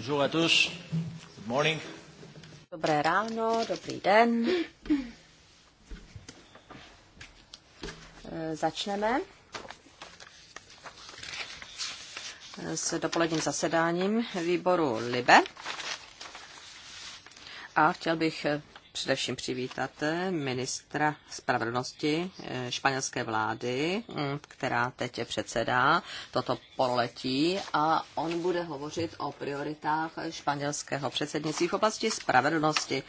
Bonjour à tous. Good morning. Dobré ráno, dobrý den. Eh, začneme s dopoledním zasedáním výboru LIBE. A chtěl bych především přivítat eh, ministra spravedlnosti eh, španělské vlády, mm, která teď předsedá toto poletí a on bude hovořit o prioritách španělského předsednictví v oblasti spravedlnosti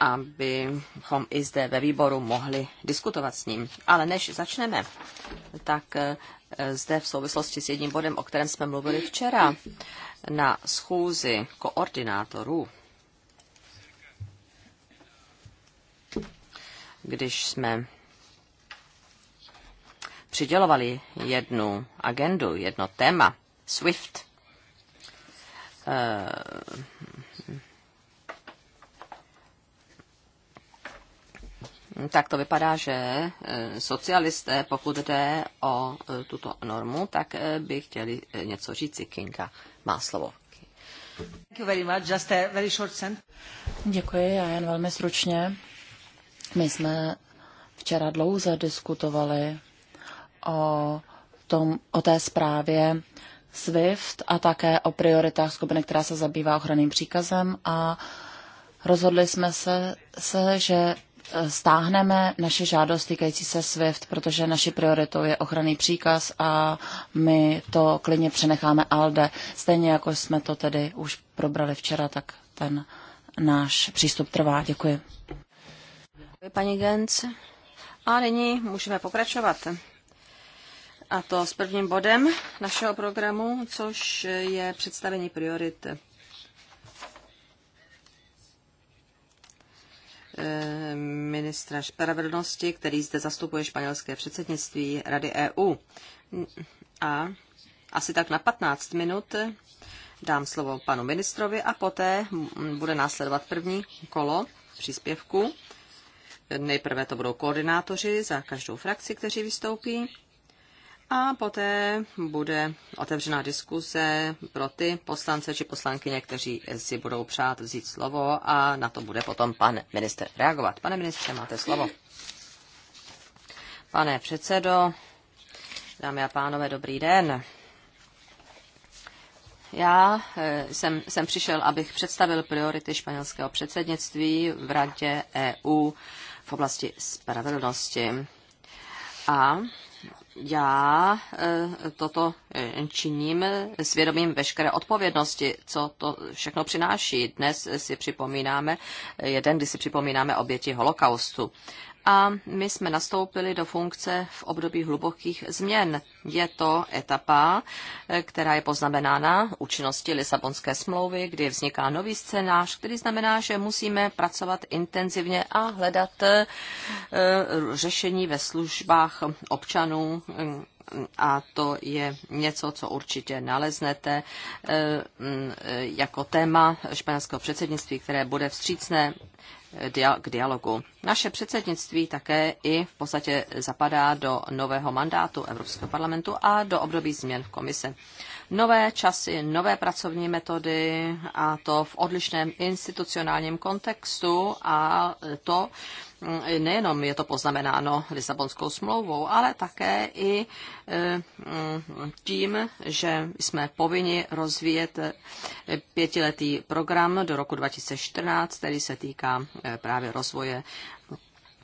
abychom i zde ve výboru mohli diskutovat s ním. Ale než začneme, tak eh, zde v souvislosti s jedním bodem, o kterém jsme mluvili včera na schůzi koordinátorů, když jsme přidělovali jednu agendu, jedno téma, SWIFT, eh, tak to vypadá, že eh, socialisté, pokud jde o eh, tuto normu, tak by chtěli něco říci. Kinga má slovo. Děkuji, já jen velmi stručně. My jsme včera dlouze diskutovali o, tom, o té zprávě SWIFT a také o prioritách skupiny, která se zabývá ochranným příkazem a rozhodli jsme se, se že eh, stáhneme naše žádost týkající se SWIFT, protože naši prioritou je ochranný příkaz a my to klidně přenecháme ALDE. Stejně jako jsme to tedy už probrali včera, tak ten náš přístup trvá. Děkuji. Paní Genc. A nyní můžeme pokračovat. A to s prvním bodem našeho programu, což je představení priorit eh, ministra spravedlnosti, který zde zastupuje španělské předsednictví Rady EU. A asi tak na 15 minut dám slovo panu ministrovi a poté bude následovat první kolo příspěvku Nejprve to budou koordinátoři za každou frakci, kteří vystoupí. A poté bude otevřená diskuse pro ty poslance či poslankyně, kteří si budou přát vzít slovo a na to bude potom pan minister reagovat. Pane ministře, máte slovo. Pane předsedo, dámy a pánové, dobrý den. Já eh, jsem, jsem přišel, abych představil priority španělského předsednictví v Radě EU v oblasti spravedlnosti. A já e, toto e, činím svědomím veškeré odpovědnosti, co to všechno přináší. Dnes si připomínáme, jeden, kdy si připomínáme oběti holokaustu a my jsme nastoupili do funkce v období hlubokých změn. Je to etapa, eh, která je poznamenána účinnosti Lisabonské smlouvy, kdy vzniká nový scénář, který znamená, že musíme pracovat intenzivně a hledat eh, řešení ve službách občanů, mm, a to je něco, co určitě naleznete eh, mm, jako téma španělského předsednictví, které bude vstřícné k dialogu. Naše předsednictví také i v podstatě zapadá do nového mandátu Evropského parlamentu a do období změn v komise. Nové časy, nové pracovní metody a to v odlišném institucionálním kontextu a to Mm, nejenom je to poznamenáno Lisabonskou smlouvou, ale také i e, mm, tím, že jsme povinni rozvíjet e, pětiletý program do roku 2014, který se týká e, právě rozvoje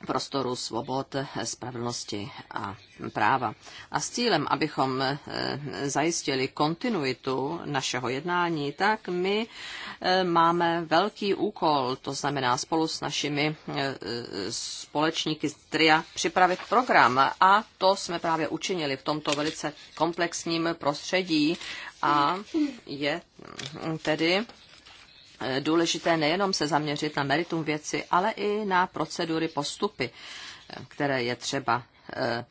prostoru svobod, spravedlnosti a práva. A s cílem, abychom eh, zajistili kontinuitu našeho jednání, tak my eh, máme velký úkol, to znamená spolu s našimi eh, společníky z TRIA připravit program a to jsme právě učinili v tomto velice komplexním prostředí a je tedy Eh, důležité nejenom se zaměřit na meritum věci, ale i na procedury, postupy, eh, které je třeba eh,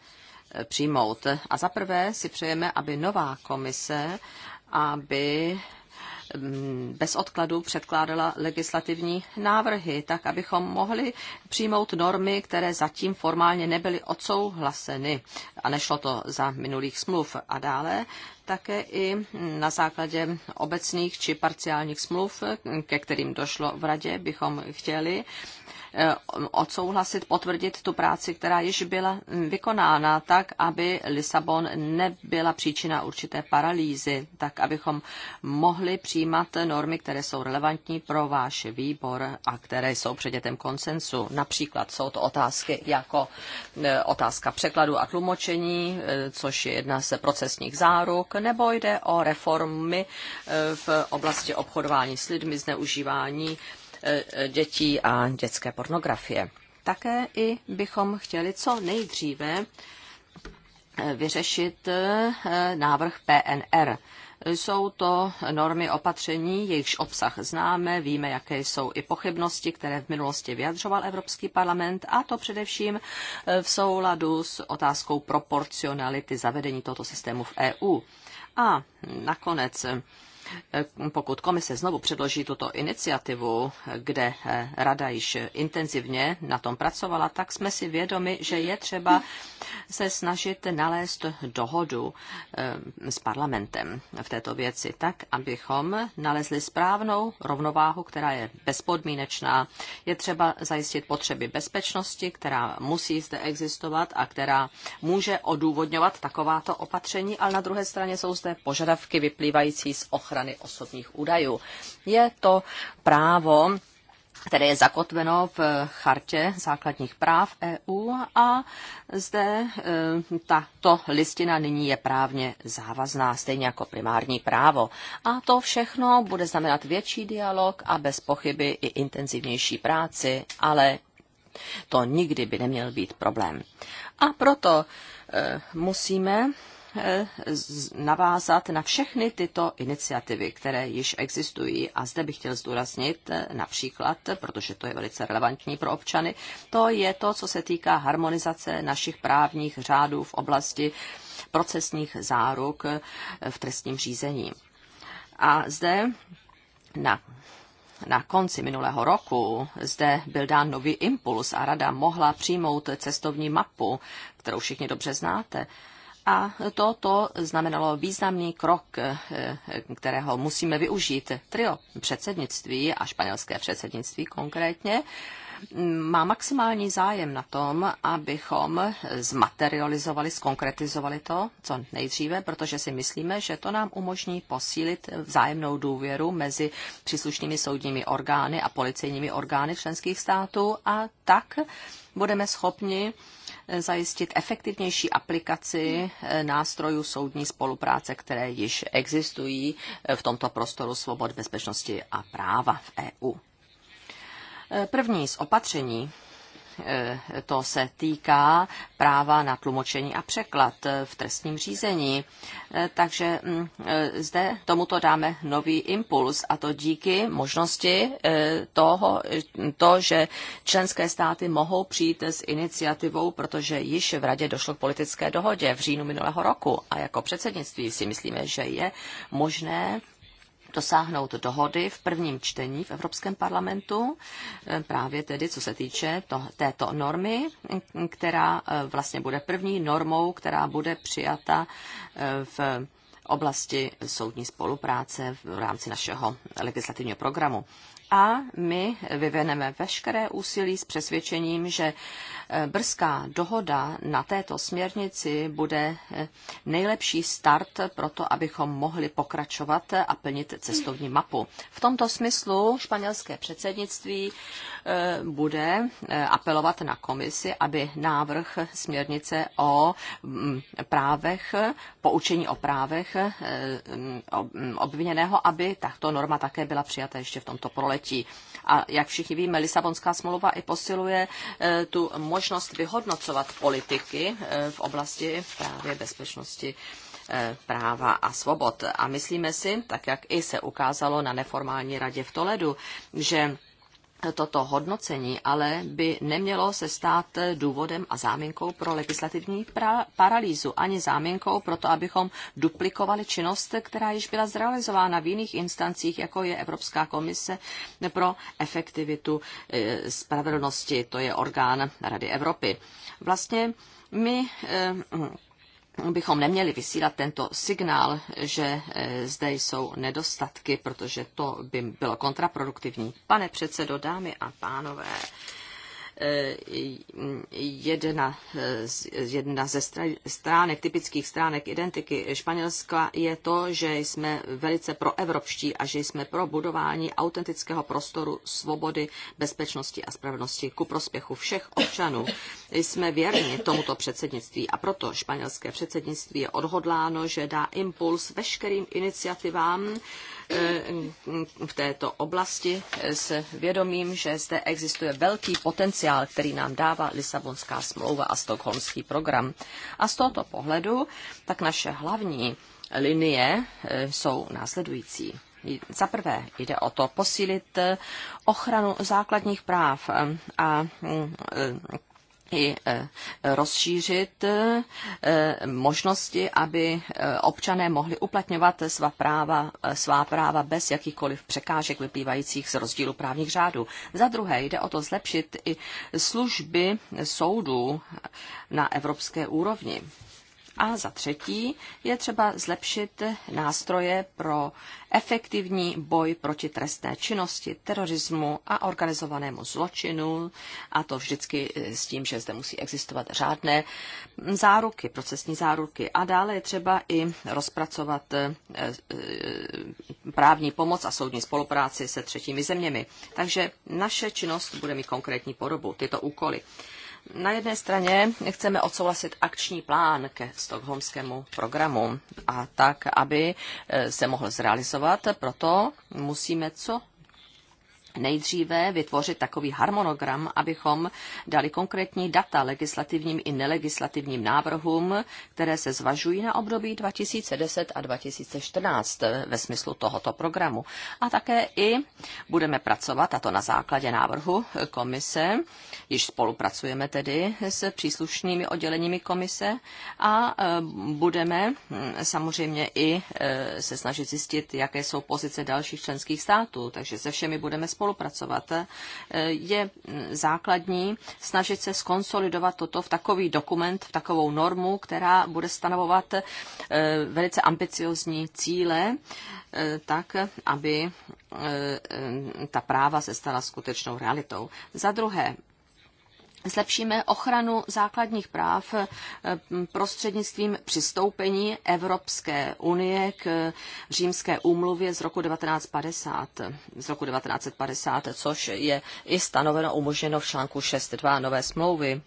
přijmout. A zaprvé si přejeme, aby nová komise aby Mm, bez odkladu předkládala legislativní návrhy, tak abychom mohli přijmout normy, které zatím formálně nebyly odsouhlaseny a nešlo to za minulých smluv. A dále také i na základě obecných či parciálních smluv, ke kterým došlo v Radě, bychom chtěli Eh, odsouhlasit, potvrdit tu práci, která již byla mm, vykonána, tak, aby Lisabon nebyla příčina určité paralýzy, tak, abychom mohli přijímat normy, které jsou relevantní pro váš výbor a které jsou předětem konsensu. Například jsou to otázky jako eh, otázka překladu a tlumočení, eh, což je jedna z procesních záruk, nebo jde o reformy v oblasti obchodování s lidmi, zneužívání E, e, dětí a dětské pornografie. Také i bychom chtěli co nejdříve e, vyřešit návrh PNR. Jsou to normy opatření, jejichž obsah známe, víme, jaké jsou i pochybnosti, které v minulosti vyjadřoval Evropský parlament, a to především v souladu s otázkou proporcionality zavedení tohoto systému v EU. A nakonec pokud komise znovu předloží tuto iniciativu, kde eh, rada již intenzivně na tom pracovala, tak jsme si vědomi, že je třeba se snažit nalézt dohodu eh, s parlamentem v této věci, tak abychom nalezli správnou rovnováhu, která je bezpodmínečná. Je třeba zajistit potřeby bezpečnosti, která musí zde existovat a která může odůvodňovat takováto opatření, ale na druhé straně jsou zde požadavky vyplývající z ochrany ochrany osobních údajů. Je to právo které je zakotveno v chartě základních práv EU a zde eh, tato listina nyní je právně závazná, stejně jako primární právo. A to všechno bude znamenat větší dialog a bez pochyby i intenzivnější práci, ale to nikdy by neměl být problém. A proto eh, musíme Eh, navázat na všechny tyto iniciativy, které již existují. A zde bych chtěl zdůraznit eh, například, protože to je velice relevantní pro občany, to je to, co se týká harmonizace našich právních řádů v oblasti procesních záruk eh, v trestním řízení. A zde na na konci minulého roku zde byl dán nový impuls a rada mohla přijmout cestovní mapu, kterou všichni dobře znáte. A toto znamenalo významný krok, eh, kterého musíme využít. Trio předsednictví a španělské předsednictví konkrétně mm, má maximální zájem na tom, abychom zmaterializovali, zkonkretizovali to, co nejdříve, protože si myslíme, že to nám umožní posílit vzájemnou důvěru mezi příslušnými soudními orgány a policejními orgány členských států a tak budeme schopni zajistit efektivnější aplikaci eh, nástrojů soudní spolupráce, které již existují eh, v tomto prostoru svobod, bezpečnosti a práva v EU. Eh, první z opatření, Eh, to se týká práva na tlumočení a překlad eh, v trestním řízení. Eh, takže mm, zde tomuto dáme nový impuls a to díky možnosti toho, to, že členské státy mohou přijít s iniciativou, protože již v Radě došlo k politické dohodě v říjnu minulého roku a jako předsednictví si myslíme, že je možné dosáhnout dohody v prvním čtení v Evropském parlamentu, eh, právě tedy co se týče to, této normy, eh, která eh, vlastně bude první normou, která bude přijata v oblasti soudní spolupráce v rámci našeho legislativního programu a my vyveneme veškeré úsilí s přesvědčením, že eh, brzká dohoda na této směrnici bude eh, nejlepší start pro to, abychom mohli pokračovat a plnit cestovní mapu. V tomto smyslu španělské předsednictví Eh, bude eh, apelovat na komisi, aby návrh směrnice o mm, právech, poučení o právech eh, mm, mm, obviněného, aby takto norma také byla přijata ještě v tomto proletí. A jak všichni víme, Lisabonská smlouva i posiluje tu možnost vyhodnocovat politiky v oblasti právě bezpečnosti práva a svobod. A myslíme si, tak jak i se ukázalo na neformální radě v Toledu, že toto hodnocení ale by nemělo se stát důvodem a záminkou pro legislativní pra- paralýzu, ani záminkou pro to, abychom duplikovali činnost, která již byla zrealizována v jiných instancích, jako je Evropská komise pro efektivitu e, spravedlnosti, to je orgán Rady Evropy. Vlastně my e, bychom neměli vysílat tento signál, že e, zde jsou nedostatky, protože to by bylo kontraproduktivní. Pane předsedo, dámy a pánové, jedna, jedna ze stránek, typických stránek identiky Španělska je to, že jsme velice proevropští a že jsme pro budování autentického prostoru svobody, bezpečnosti a spravedlnosti ku prospěchu všech občanů. Jsme věrni tomuto předsednictví a proto španělské předsednictví je odhodláno, že dá impuls veškerým iniciativám, Eh, v této oblasti eh, s vědomím, že zde existuje velký potenciál, který nám dává Lisabonská smlouva a Stockholmský program. A z tohoto pohledu tak naše hlavní linie eh, jsou následující. Za prvé jde o to posílit ochranu základních práv a mm, i e, rozšířit e, možnosti, aby e, občané mohli uplatňovat svá práva, svá práva bez jakýchkoliv překážek vyplývajících z rozdílu právních řádů. Za druhé jde o to zlepšit i služby soudů na evropské úrovni. A za třetí je třeba zlepšit nástroje pro efektivní boj proti trestné činnosti, terorismu a organizovanému zločinu, a to vždycky eh, s tím, že zde musí existovat řádné záruky, procesní záruky. A dále je třeba i rozpracovat eh, eh, právní pomoc a soudní spolupráci se třetími zeměmi. Takže naše činnost bude mít konkrétní podobu, tyto úkoly. Na jedné straně chceme odsouhlasit akční plán ke stokholmskému programu a tak, aby eh, se mohl zrealizovat, proto musíme co nejdříve vytvořit takový harmonogram, abychom dali konkrétní data legislativním i nelegislativním návrhům, které se zvažují na období 2010 a 2014 ve smyslu tohoto programu. A také i budeme pracovat, a to na základě návrhu komise, již spolupracujeme tedy s příslušnými odděleními komise a e, budeme hm, samozřejmě i e, se snažit zjistit, jaké jsou pozice dalších členských států, takže se všemi budeme spolupracovat spolupracovat, eh, je základní snažit se skonsolidovat toto v takový dokument, v takovou normu, která bude stanovovat eh, velice ambiciozní cíle, eh, tak, aby ta práva se stala skutečnou realitou. Za druhé, zlepšíme ochranu základních práv eh, prostřednictvím přistoupení Evropské unie k eh, římské úmluvě z roku 1950, z roku 1950 což je i stanoveno umožněno v článku 6.2 nové smlouvy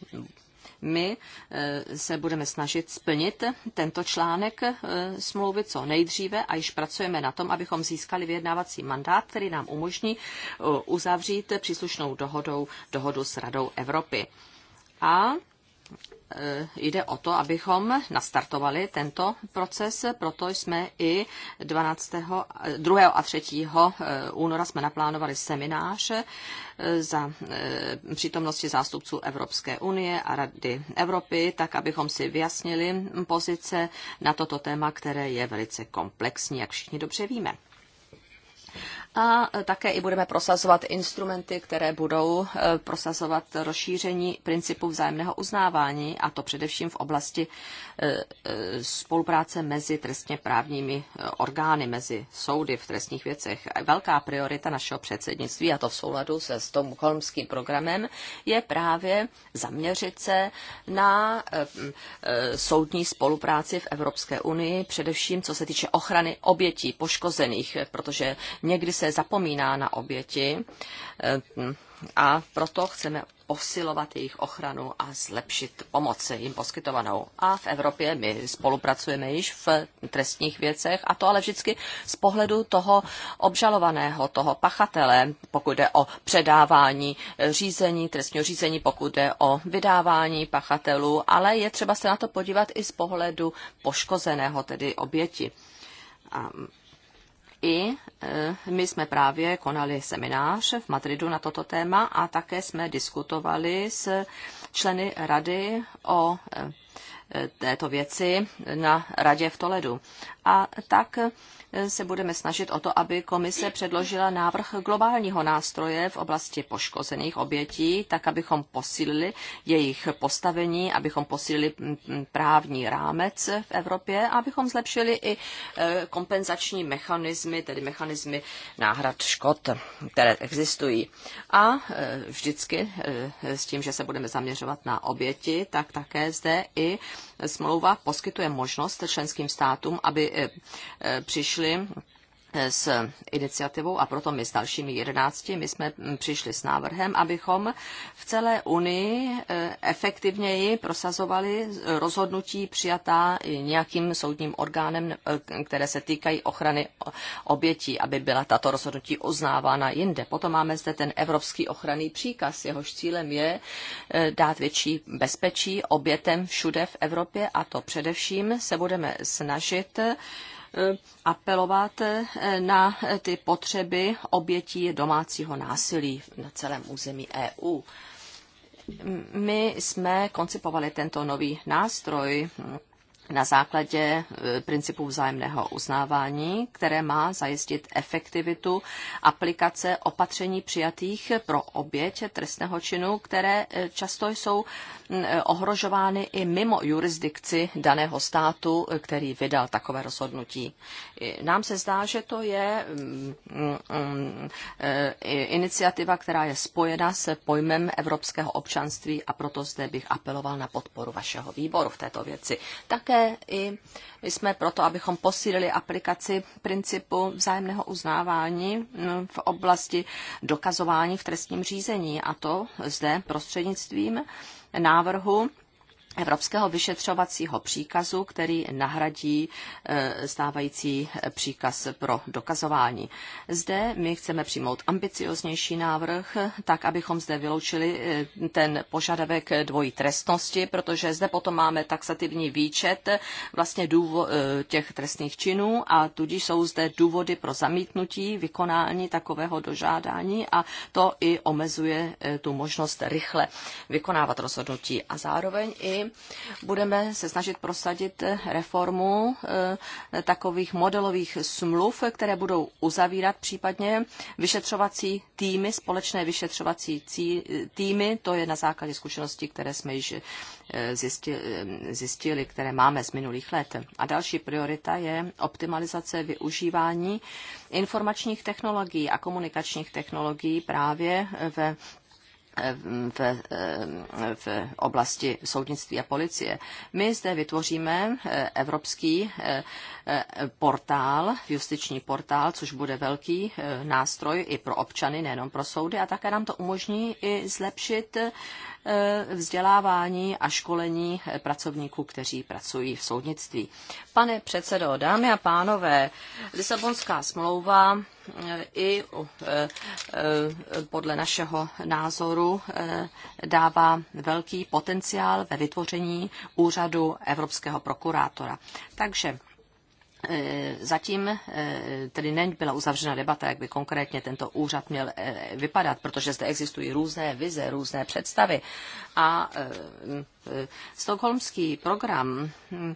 my eh, se budeme snažit splnit tento článek eh, smlouvy co nejdříve a již pracujeme na tom, abychom získali vyjednávací mandát, který nám umožní eh, uzavřít příslušnou dohodou dohodu s Radou Evropy. A Eh, jde o to, abychom nastartovali tento proces, proto jsme i 12. 2. Eh, a 3. Eh, února jsme naplánovali seminář za přítomnosti zástupců Evropské unie a Rady Evropy, tak abychom si vyjasnili pozice na toto téma, které je velice komplexní, jak všichni dobře víme a také i budeme prosazovat instrumenty, které budou eh, prosazovat rozšíření principu vzájemného uznávání, a to především v oblasti eh, eh, spolupráce mezi trestně právními orgány, mezi soudy v trestních věcech. Velká priorita našeho předsednictví, a to v souladu se Stockholmským programem, je právě zaměřit se na soudní spolupráci v Evropské unii, především co se týče ochrany obětí poškozených, protože někdy se se zapomíná na oběti eh, a proto chceme posilovat jejich ochranu a zlepšit pomoc jim poskytovanou. A v Evropě my spolupracujeme již v trestních věcech, a to ale vždycky z pohledu toho obžalovaného, toho pachatele, pokud jde o předávání eh, řízení, trestního řízení, pokud jde o vydávání pachatelů, ale je třeba se na to podívat i z pohledu poškozeného, tedy oběti. A i eh, my jsme právě konali seminář v Madridu na toto téma a také jsme diskutovali s členy rady o eh, této věci na radě v Toledu a tak eh, se budeme snažit o to, aby komise předložila návrh globálního nástroje v oblasti poškozených obětí, tak abychom posílili jejich postavení, abychom posílili mm, mm, právní rámec v Evropě a abychom zlepšili i eh, kompenzační mechanismy, tedy mechanismy náhrad škod, které existují. A eh, vždycky s tím, že se budeme zaměřovat na oběti, tak také zde i smlouva poskytuje možnost členským státům, aby eh, eh, přišly s iniciativou a proto my s dalšími jedenácti, my jsme mm, přišli s návrhem, abychom v celé Unii e, efektivněji prosazovali rozhodnutí přijatá nějakým soudním orgánem, e, které se týkají ochrany obětí, aby byla tato rozhodnutí uznávána jinde. Potom máme zde ten Evropský ochranný příkaz. Jehož cílem je e, dát větší bezpečí obětem všude v Evropě a to především se budeme snažit apelovat eh, na ty potřeby obětí domácího násilí na celém území EU. My jsme koncipovali tento nový nástroj na základě e, principů vzájemného uznávání, které má zajistit efektivitu aplikace opatření přijatých pro oběť trestného činu, které e, často jsou e, ohrožovány i mimo jurisdikci daného státu, který vydal takové rozhodnutí. Nám se zdá, že to je iniciativa, která je spojena s pojmem evropského občanství a proto zde bych apeloval na podporu vašeho výboru v této věci. Také i jsme proto, abychom posílili aplikaci principu vzájemného uznávání mm, v oblasti dokazování v trestním řízení, a to zde prostřednictvím návrhu evropského vyšetřovacího příkazu, který nahradí eh, stávající příkaz pro dokazování. Zde my chceme přijmout ambicioznější návrh, tak abychom zde vyloučili eh, ten požadavek dvojí trestnosti, protože zde potom máme taxativní výčet vlastně důvo- eh, těch trestných činů a tudíž jsou zde důvody pro zamítnutí vykonání takového dožádání a to i omezuje tu možnost rychle vykonávat rozhodnutí a zároveň i budeme se snažit prosadit reformu eh, takových modelových smluv, které budou uzavírat případně vyšetřovací týmy, společné vyšetřovací týmy, to je na základě zkušeností, které jsme již eh, eh, zjistili, které máme z minulých let. A další priorita je optimalizace využívání informačních technologií a komunikačních technologií právě ve v, eh, v oblasti soudnictví a policie. My zde vytvoříme eh, evropský eh, portál, justiční portál, což bude velký nástroj i pro občany, nejenom pro soudy, a také nám to umožní i zlepšit Eh, vzdělávání a školení pracovníků, kteří pracují v soudnictví. Pane předsedo, dámy a pánové, Lisabonská smlouva eh, i eh, podle našeho názoru dává velký potenciál ve vytvoření úřadu Evropského prokurátora. Takže E, zatím e, tedy není byla uzavřena debata, jak by konkrétně tento úřad měl e, vypadat, protože zde existují různé vize, různé představy. A Stockholmský program hm,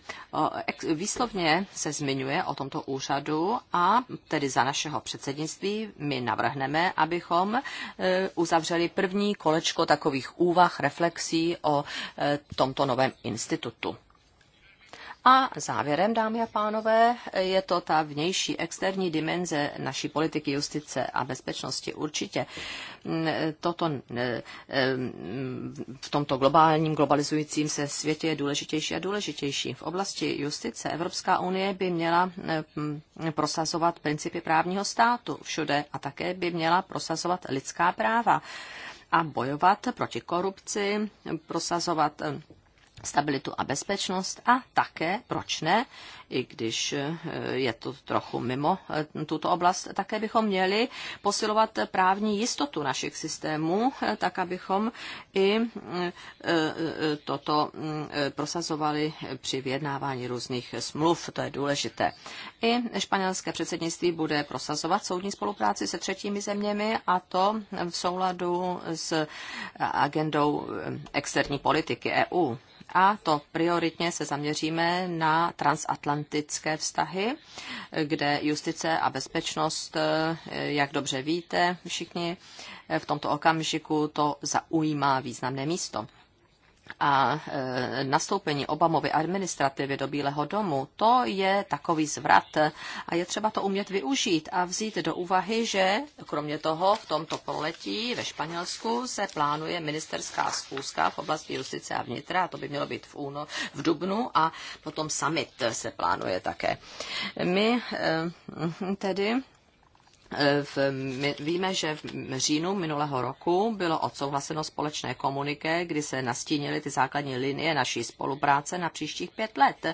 výslovně se zmiňuje o tomto úřadu a tedy za našeho předsednictví my navrhneme, abychom uzavřeli první kolečko takových úvah, reflexí o tomto novém institutu. A závěrem, dámy a pánové, je to ta vnější externí dimenze naší politiky justice a bezpečnosti. Určitě mm, toto mm, mm, v tomto globálním, globalizujícím se světě je důležitější a důležitější. V oblasti justice Evropská unie by měla prosazovat principy právního státu všude a také by měla prosazovat lidská práva a bojovat proti korupci, prosazovat stabilitu a bezpečnost a také, proč ne, i když eh, je to trochu mimo eh, tuto oblast, také bychom měli posilovat právní jistotu našich systémů, eh, tak abychom i toto mm, prosazovali při vyjednávání různých smluv, to je důležité. I španělské předsednictví bude prosazovat soudní spolupráci se třetími zeměmi a to v souladu s agendou externí politiky EU a to prioritně se zaměříme na transatlantické vztahy, kde justice a bezpečnost, eh, jak dobře víte všichni, eh, v tomto okamžiku to zaujímá významné místo a e, nastoupení Obamovy administrativy do Bílého domu, to je takový zvrat a je třeba to umět využít a vzít do úvahy, že kromě toho v tomto poletí ve Španělsku se plánuje ministerská schůzka v oblasti justice a vnitra, a to by mělo být v, úno, v Dubnu a potom summit se plánuje také. My e, tedy E, v, my, víme, že v říjnu minulého roku bylo odsouhlaseno společné komuniké, kdy se nastínily ty základní linie naší spolupráce na příštích pět let.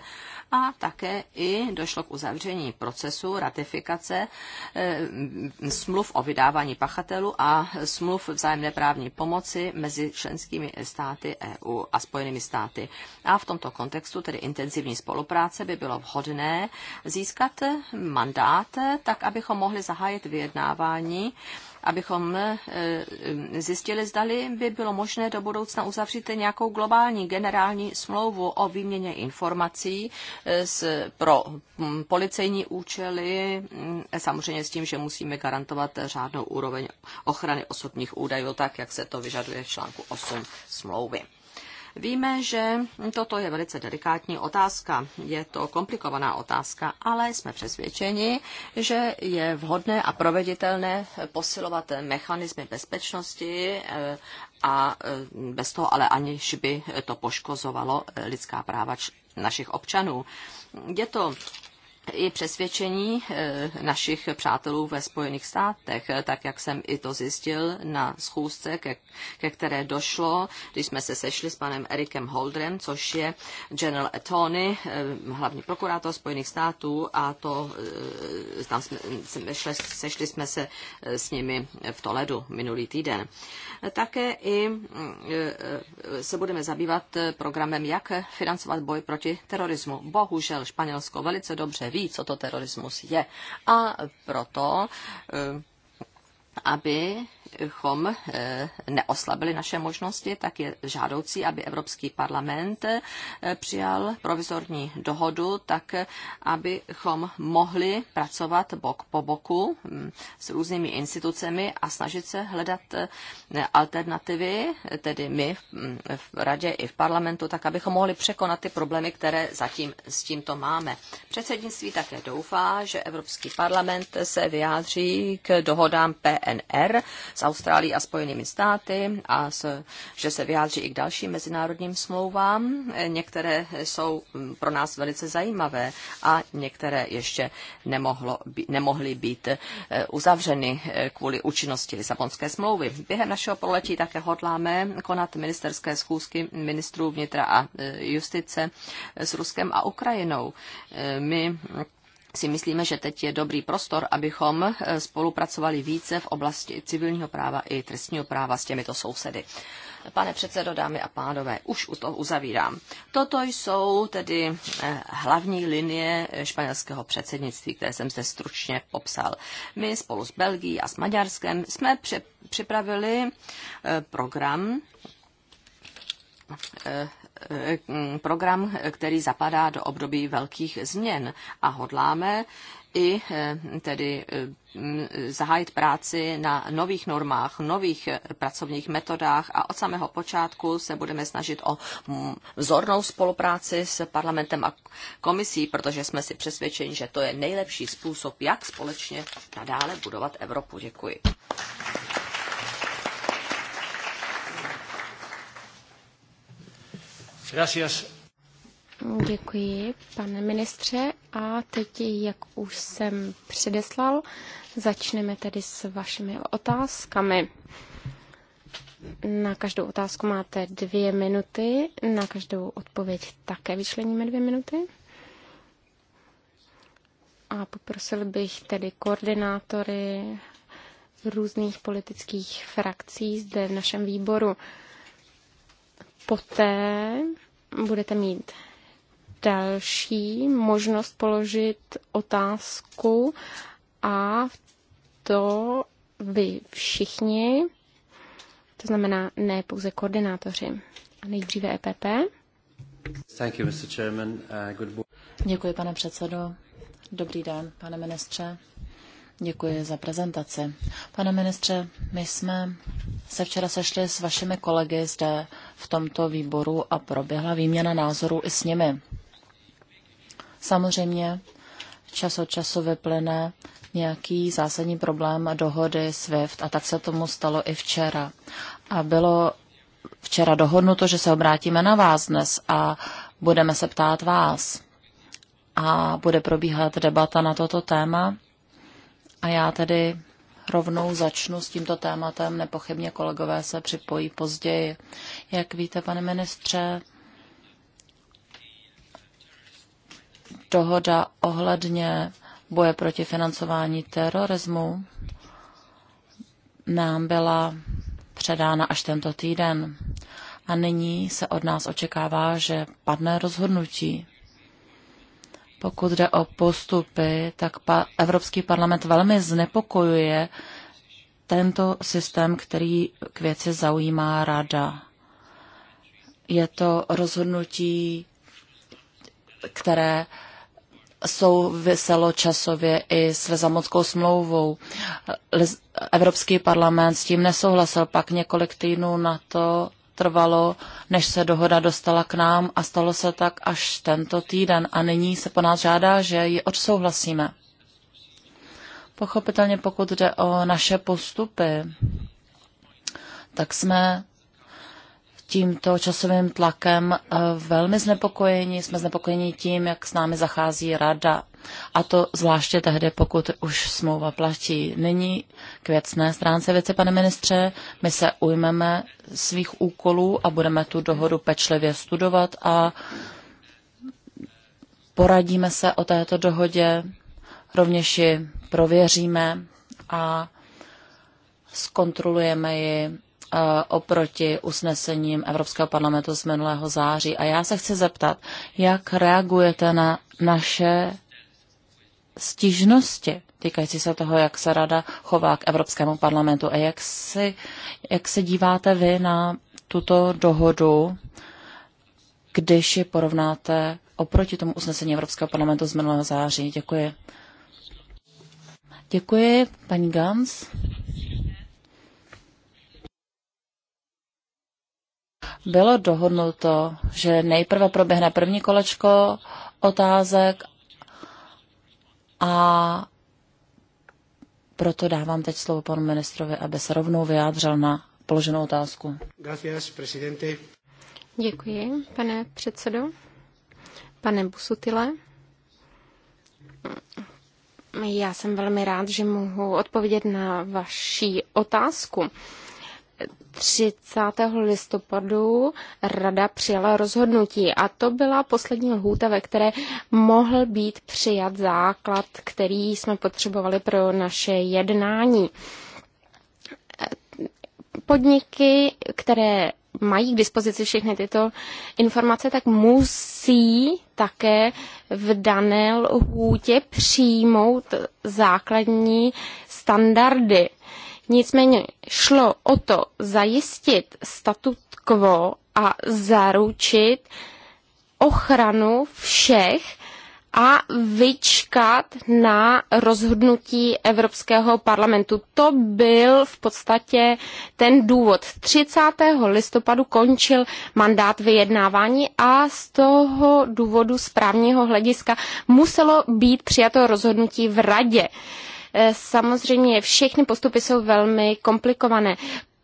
A také i došlo k uzavření procesu ratifikace e, smluv o vydávání pachatelů a smluv vzájemné právní pomoci mezi členskými státy EU a spojenými státy. A v tomto kontextu, tedy intenzivní spolupráce, by bylo vhodné získat mandát, tak abychom mohli zahájit zahájit vyjednávání, abychom e, e, zjistili, zdali by bylo možné do budoucna uzavřít nějakou globální generální smlouvu o výměně informací e, s, pro policejní účely, samozřejmě s tím, že musíme garantovat řádnou úroveň ochrany osobních údajů, tak jak se to vyžaduje v článku 8 smlouvy. Víme, že toto je velice delikátní otázka, je to komplikovaná otázka, ale jsme přesvědčeni, že je vhodné a proveditelné posilovat mechanizmy bezpečnosti eh, a eh, bez toho ale aniž by to poškozovalo lidská práva našich občanů. Je to i přesvědčení eh, našich přátelů ve Spojených státech, eh, tak jak jsem i to zjistil na schůzce, ke, ke které došlo, když jsme se sešli s panem Erikem Holdrem, což je general attorney, eh, hlavní prokurátor Spojených států a to tam jsme, sešli, sešli jsme se s nimi v Toledu minulý týden. Také i se budeme zabývat programem, jak financovat boj proti terorismu. Bohužel Španělsko velice dobře ví, co to terorismus je. A proto eh, abychom eh, neoslabili naše možnosti, tak je žádoucí, aby Evropský parlament eh, přijal provizorní dohodu, tak abychom mohli pracovat bok po boku hm, s různými institucemi a snažit se hledat eh, alternativy, tedy my hm, v radě i v parlamentu, tak abychom mohli překonat ty problémy, které zatím s tímto máme. Předsednictví také doufá, že Evropský parlament se vyjádří k dohodám PE UNR s Austrálií a Spojenými státy a s, že se vyjádří i k dalším mezinárodním smlouvám. Některé jsou mm, pro nás velice zajímavé a některé ještě nemohlo, nemohly být eh, uzavřeny eh, kvůli účinnosti Lisabonské smlouvy. Během našeho proletí také hodláme konat ministerské schůzky ministrů vnitra a eh, justice s Ruskem a Ukrajinou. My si myslíme, že teď je dobrý prostor, abychom eh, spolupracovali více v oblasti civilního práva i trestního práva s těmito sousedy. Pane předsedo, dámy a pánové, už u toho uzavírám. Toto jsou tedy eh, hlavní linie eh, španělského předsednictví, které jsem zde stručně popsal. My spolu s Belgií a s Maďarskem jsme připravili program program, který zapadá do období velkých změn a hodláme i eh, tedy eh, zahájit práci na nových normách, nových pracovních metodách a od samého počátku se budeme snažit o mm, vzornou spolupráci s parlamentem a komisí, protože jsme si přesvědčeni, že to je nejlepší způsob, jak společně nadále budovat Evropu. Děkuji. Gracias. Děkuji, pane ministře. A teď, jak už jsem předeslal, začneme tedy s vašimi otázkami. Na každou otázku máte dvě minuty, na každou odpověď také vyčleníme dvě minuty. A poprosil bych tedy koordinátory různých politických frakcí zde v našem výboru, Poté budete mít další možnost položit otázku a to vy všichni, to znamená ne pouze koordinátoři. A nejdříve EPP. Thank you, Mr. Chairman. Uh, good Děkuji, pane předsedo. Dobrý den, pane ministře. Děkuji za prezentaci. Pane ministře, my jsme se včera sešli s vašimi kolegy zde v tomto výboru a proběhla výměna názorů i s nimi. Samozřejmě čas od času vyplyne nějaký zásadní problém dohody SWIFT a tak se tomu stalo i včera. A bylo včera dohodnuto, že se obrátíme na vás dnes a budeme se ptát vás. A bude probíhat debata na toto téma a já tedy rovnou začnu s tímto tématem, nepochybně kolegové se připojí později. Jak víte, pane ministře, dohoda ohledně boje proti financování terorismu nám byla předána až tento týden. A nyní se od nás očekává, že padne rozhodnutí. Pokud jde o postupy, tak pa- Evropský parlament velmi znepokojuje tento systém, který k věci zaujímá rada. Je to rozhodnutí, které souviselo časově i s Lizamonskou smlouvou. Evropský parlament s tím nesouhlasil, pak několik týdnů na to trvalo, než se dohoda dostala k nám a stalo se tak až tento týden a nyní se po nás žádá, že ji odsouhlasíme. Pochopitelně pokud jde o naše postupy, tak jsme tímto časovým tlakem eh, velmi znepokojeni. Jsme znepokojeni tím, jak s námi zachází rada a to zvláště tehdy, pokud už smlouva platí. Nyní k věcné stránce věci, pane ministře, my se ujmeme svých úkolů a budeme tu dohodu pečlivě studovat a poradíme se o této dohodě, rovněž ji prověříme a zkontrolujeme ji eh, oproti usnesením Evropského parlamentu z minulého září. A já se chci zeptat, jak reagujete na naše stížnosti týkající se toho, jak se rada chová k Evropskému parlamentu a jak, si, jak se díváte vy na tuto dohodu, když ji porovnáte oproti tomu usnesení Evropského parlamentu z minulého září. Děkuji. Děkuji, paní Gans. Bylo dohodnuto, že nejprve proběhne první kolečko otázek a proto dávám teď slovo panu ministrovi, aby se rovnou vyjádřil na položenou otázku. Gracias, presidente. Děkuji, pane předsedo. Pane Busutile, já jsem velmi rád, že mohu odpovědět na vaši otázku. 30. listopadu rada přijala rozhodnutí a to byla poslední lhůta, ve které mohl být přijat základ, který jsme potřebovali pro naše jednání. Podniky, které mají k dispozici všechny tyto informace, tak musí také v dané lhůtě přijmout základní standardy. Nicméně šlo o to zajistit statut quo a zaručit ochranu všech a vyčkat na rozhodnutí Evropského parlamentu. To byl v podstatě ten důvod. 30. listopadu končil mandát vyjednávání a z toho důvodu správního hlediska muselo být přijato rozhodnutí v radě. Eh, samozřejmě všechny postupy jsou velmi komplikované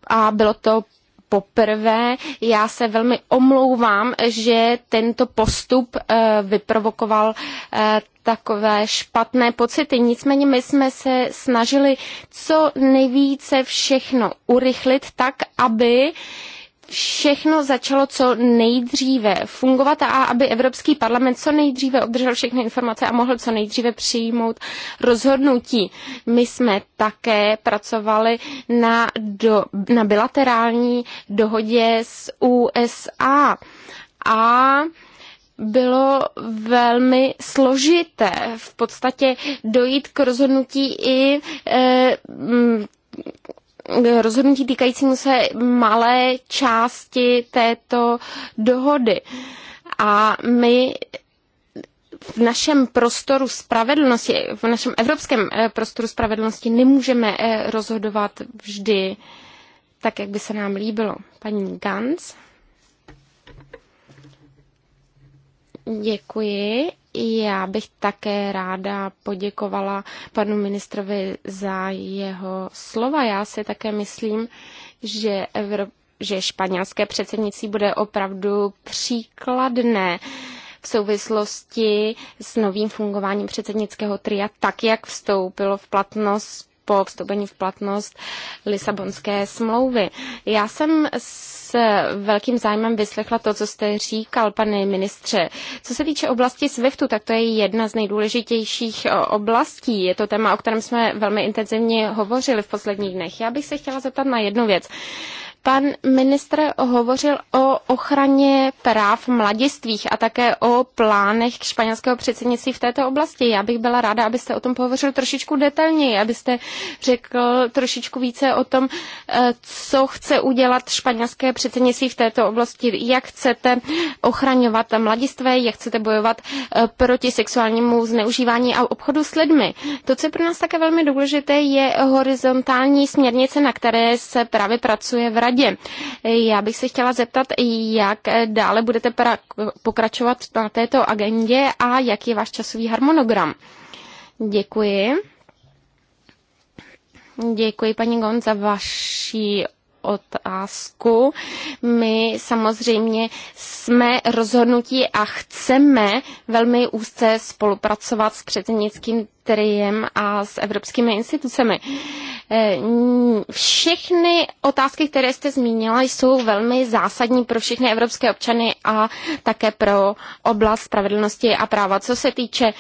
a bylo to poprvé. Já se velmi omlouvám, že tento postup eh, vyprovokoval eh, takové špatné pocity. Nicméně my jsme se snažili co nejvíce všechno urychlit tak, aby všechno začalo co nejdříve fungovat a aby Evropský parlament co nejdříve obdržel všechny informace a mohl co nejdříve přijmout rozhodnutí. My jsme také pracovali na, do, na bilaterální dohodě s USA a bylo velmi složité v podstatě dojít k rozhodnutí i e, m, rozhodnutí týkající se malé části této dohody. A my v našem prostoru spravedlnosti, v našem evropském eh, prostoru spravedlnosti nemůžeme eh, rozhodovat vždy tak, jak by se nám líbilo. Paní Gans. Děkuji. Já bych také ráda poděkovala panu ministrovi za jeho slova. Já si také myslím, že, Evrop- že španělské předsednictví bude opravdu příkladné v souvislosti s novým fungováním předsednického tria, tak jak vstoupilo v platnost po vstoupení v platnost Lisabonské smlouvy. Já jsem s velkým zájmem vyslechla to, co jste říkal, pane ministře. Co se týče oblasti SWIFTu, tak to je jedna z nejdůležitějších eh, oblastí. Je to téma, o kterém jsme velmi intenzivně hovořili v posledních dnech. Já bych se chtěla zeptat na jednu věc. Pan ministr hovořil o ochraně práv mladistvých a také o plánech španělského předsednictví v této oblasti. Já bych byla ráda, abyste o tom pohovořil trošičku detailněji, abyste řekl trošičku více o tom, eh, co chce udělat španělské předsednictví v této oblasti, jak chcete ochraňovat mladistvé, jak chcete bojovat eh, proti sexuálnímu zneužívání a obchodu s lidmi. To, co je pro nás také velmi důležité, je horizontální směrnice, na které se právě pracuje v radě radě. Já bych se chtěla zeptat, jak dále budete pokračovat na této agendě a jaký je váš časový harmonogram. Děkuji. Děkuji, paní Gon, za vaši otázku. My samozřejmě jsme rozhodnutí a chceme velmi úzce spolupracovat s předsednickým triem a s evropskými institucemi. E, všechny otázky, které jste zmínila, jsou velmi zásadní pro všechny evropské občany a také pro oblast spravedlnosti a práva. Co se týče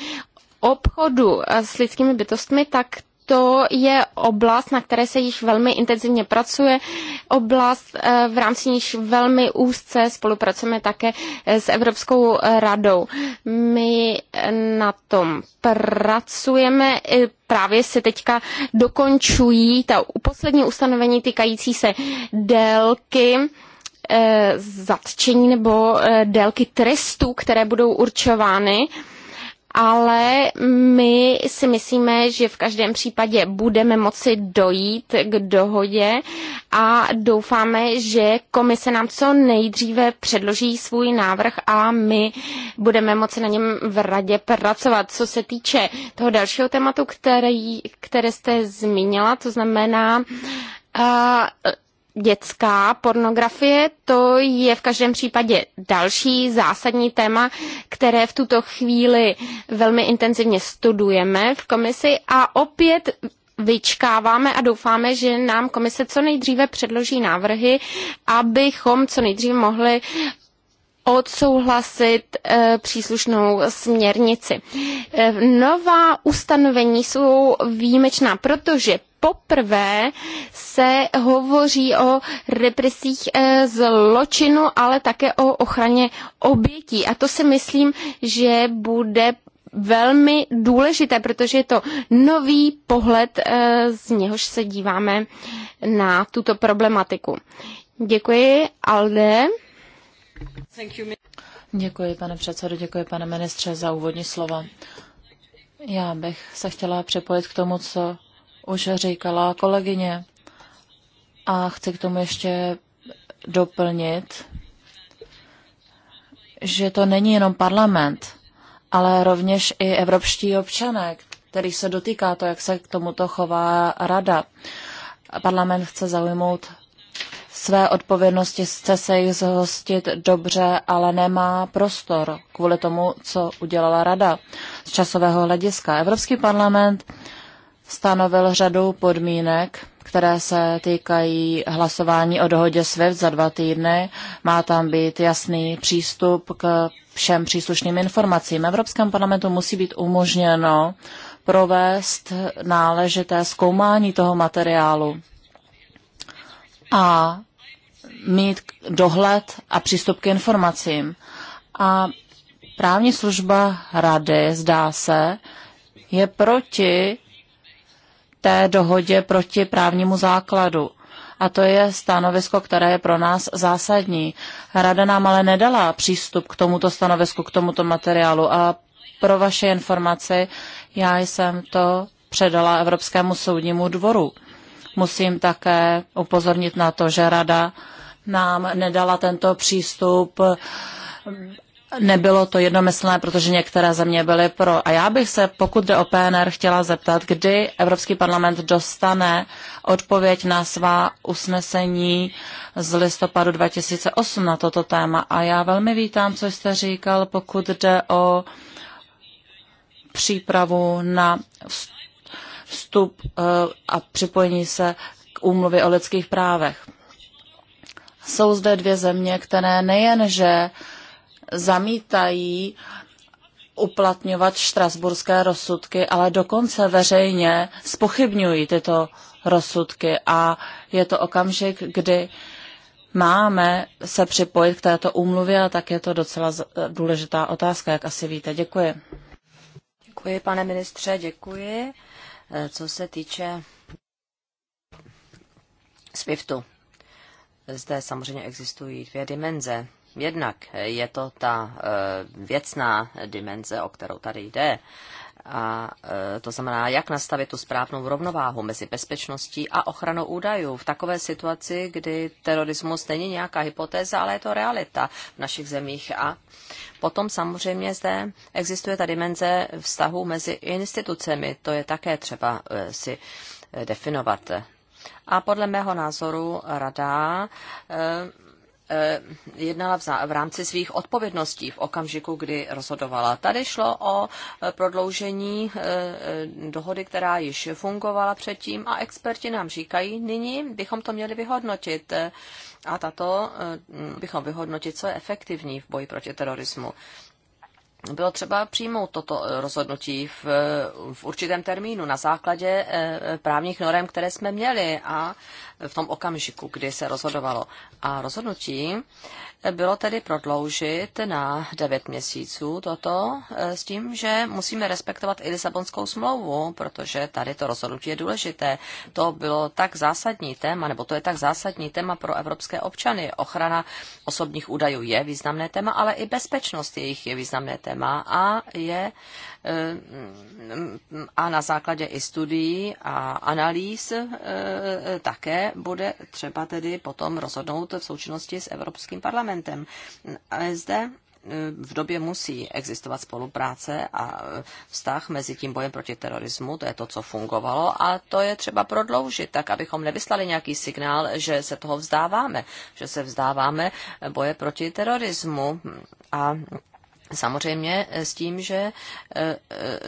obchodu s lidskými bytostmi, tak to je oblast, na které se již velmi intenzivně pracuje, oblast, eh, v rámci níž velmi úzce spolupracujeme také eh, s Evropskou eh, radou. My na tom pracujeme, právě se teďka dokončují ta poslední ustanovení týkající se délky zatčení nebo délky trestů, které budou určovány ale my si myslíme, že v každém případě budeme moci dojít k dohodě a doufáme, že komise nám co nejdříve předloží svůj návrh a my budeme moci na něm v radě pracovat. Co se týče toho dalšího tématu, který, které jste zmínila, to znamená, uh, dětská pornografie, to je v každém případě další zásadní téma, které v tuto chvíli velmi intenzivně studujeme v komisi a opět vyčkáváme a doufáme, že nám komise co nejdříve předloží návrhy, abychom co nejdříve mohli odsouhlasit eh, příslušnou směrnici. Eh, nová ustanovení jsou výjimečná, protože poprvé se hovoří o represích eh, zločinu, ale také o ochraně obětí. A to si myslím, že bude velmi důležité, protože je to nový pohled, z něhož se díváme na tuto problematiku. Děkuji, Alde. Děkuji, pane předsedo, děkuji, pane ministře, za úvodní slova. Já bych se chtěla připojit k tomu, co už říkala kolegyně. A chci k tomu ještě doplnit, že to není jenom parlament, ale rovněž i evropští občané, kterých se dotýká to, jak se k tomuto chová rada. Parlament chce zaujmout své odpovědnosti chce se jich zhostit dobře, ale nemá prostor kvůli tomu, co udělala rada z časového hlediska. Evropský parlament stanovil řadu podmínek, které se týkají hlasování o dohodě SWIFT za dva týdny. Má tam být jasný přístup k všem příslušným informacím. Evropském parlamentu musí být umožněno provést náležité zkoumání toho materiálu. A mít dohled a přístup k informacím. A právní služba rady, zdá se, je proti té dohodě proti právnímu základu. A to je stanovisko, které je pro nás zásadní. Rada nám ale nedala přístup k tomuto stanovisku, k tomuto materiálu. A pro vaše informaci, já jsem to předala Evropskému soudnímu dvoru. Musím také upozornit na to, že rada nám nedala tento přístup. Nebylo to jednomyslné, protože některé země byly pro. A já bych se, pokud jde o PNR, chtěla zeptat, kdy Evropský parlament dostane odpověď na svá usnesení z listopadu 2008 na toto téma. A já velmi vítám, co jste říkal, pokud jde o přípravu na vstup eh, a připojení se k úmluvě o lidských právech. Jsou zde dvě země, které nejenže zamítají uplatňovat štrasburské rozsudky, ale dokonce veřejně spochybňují tyto rozsudky a je to okamžik, kdy máme se připojit k této úmluvě a tak je to docela důležitá otázka, jak asi víte. Děkuji. Děkuji, pane ministře, děkuji. E, co se týče SWIFTu, zde samozřejmě existují dvě dimenze. Jednak je to ta e, věcná dimenze, o kterou tady jde. A e, to znamená, jak nastavit tu správnou rovnováhu mezi bezpečností a ochranou údajů v takové situaci, kdy terorismus není nějaká hypotéza, ale je to realita v našich zemích. A potom samozřejmě zde existuje ta dimenze vztahu mezi institucemi. To je také třeba e, si definovat. A podle mého názoru rada eh, eh, jednala v rámci svých odpovědností v okamžiku, kdy rozhodovala. Tady šlo o eh, prodloužení dohody, která již fungovala předtím a experti nám říkají, nyní bychom to měli vyhodnotit a tato bychom vyhodnotit, co je efektivní v boji proti terorismu bylo třeba přijmout toto eh, rozhodnutí v, eh, v určitém termínu na základě eh, právních norem, které jsme měli a v tom okamžiku, kdy se rozhodovalo. A rozhodnutí bylo tedy prodloužit na 9 měsíců toto e, s tím, že musíme respektovat i Lisabonskou smlouvu, protože tady to rozhodnutí je důležité. To bylo tak zásadní téma, nebo to je tak zásadní téma pro evropské občany. Ochrana osobních údajů je významné téma, ale i bezpečnost jejich je významné téma a je a na základě i studií a analýz e, e, také bude třeba tedy potom rozhodnout v součinnosti s Evropským parlamentem. A e, zde v době musí existovat spolupráce a vztah mezi tím bojem proti terorismu, to je to, co fungovalo, a to je třeba prodloužit, tak abychom nevyslali nějaký signál, že se toho vzdáváme, že se vzdáváme boje proti terorismu. A Samozřejmě eh, s tím, že eh, eh,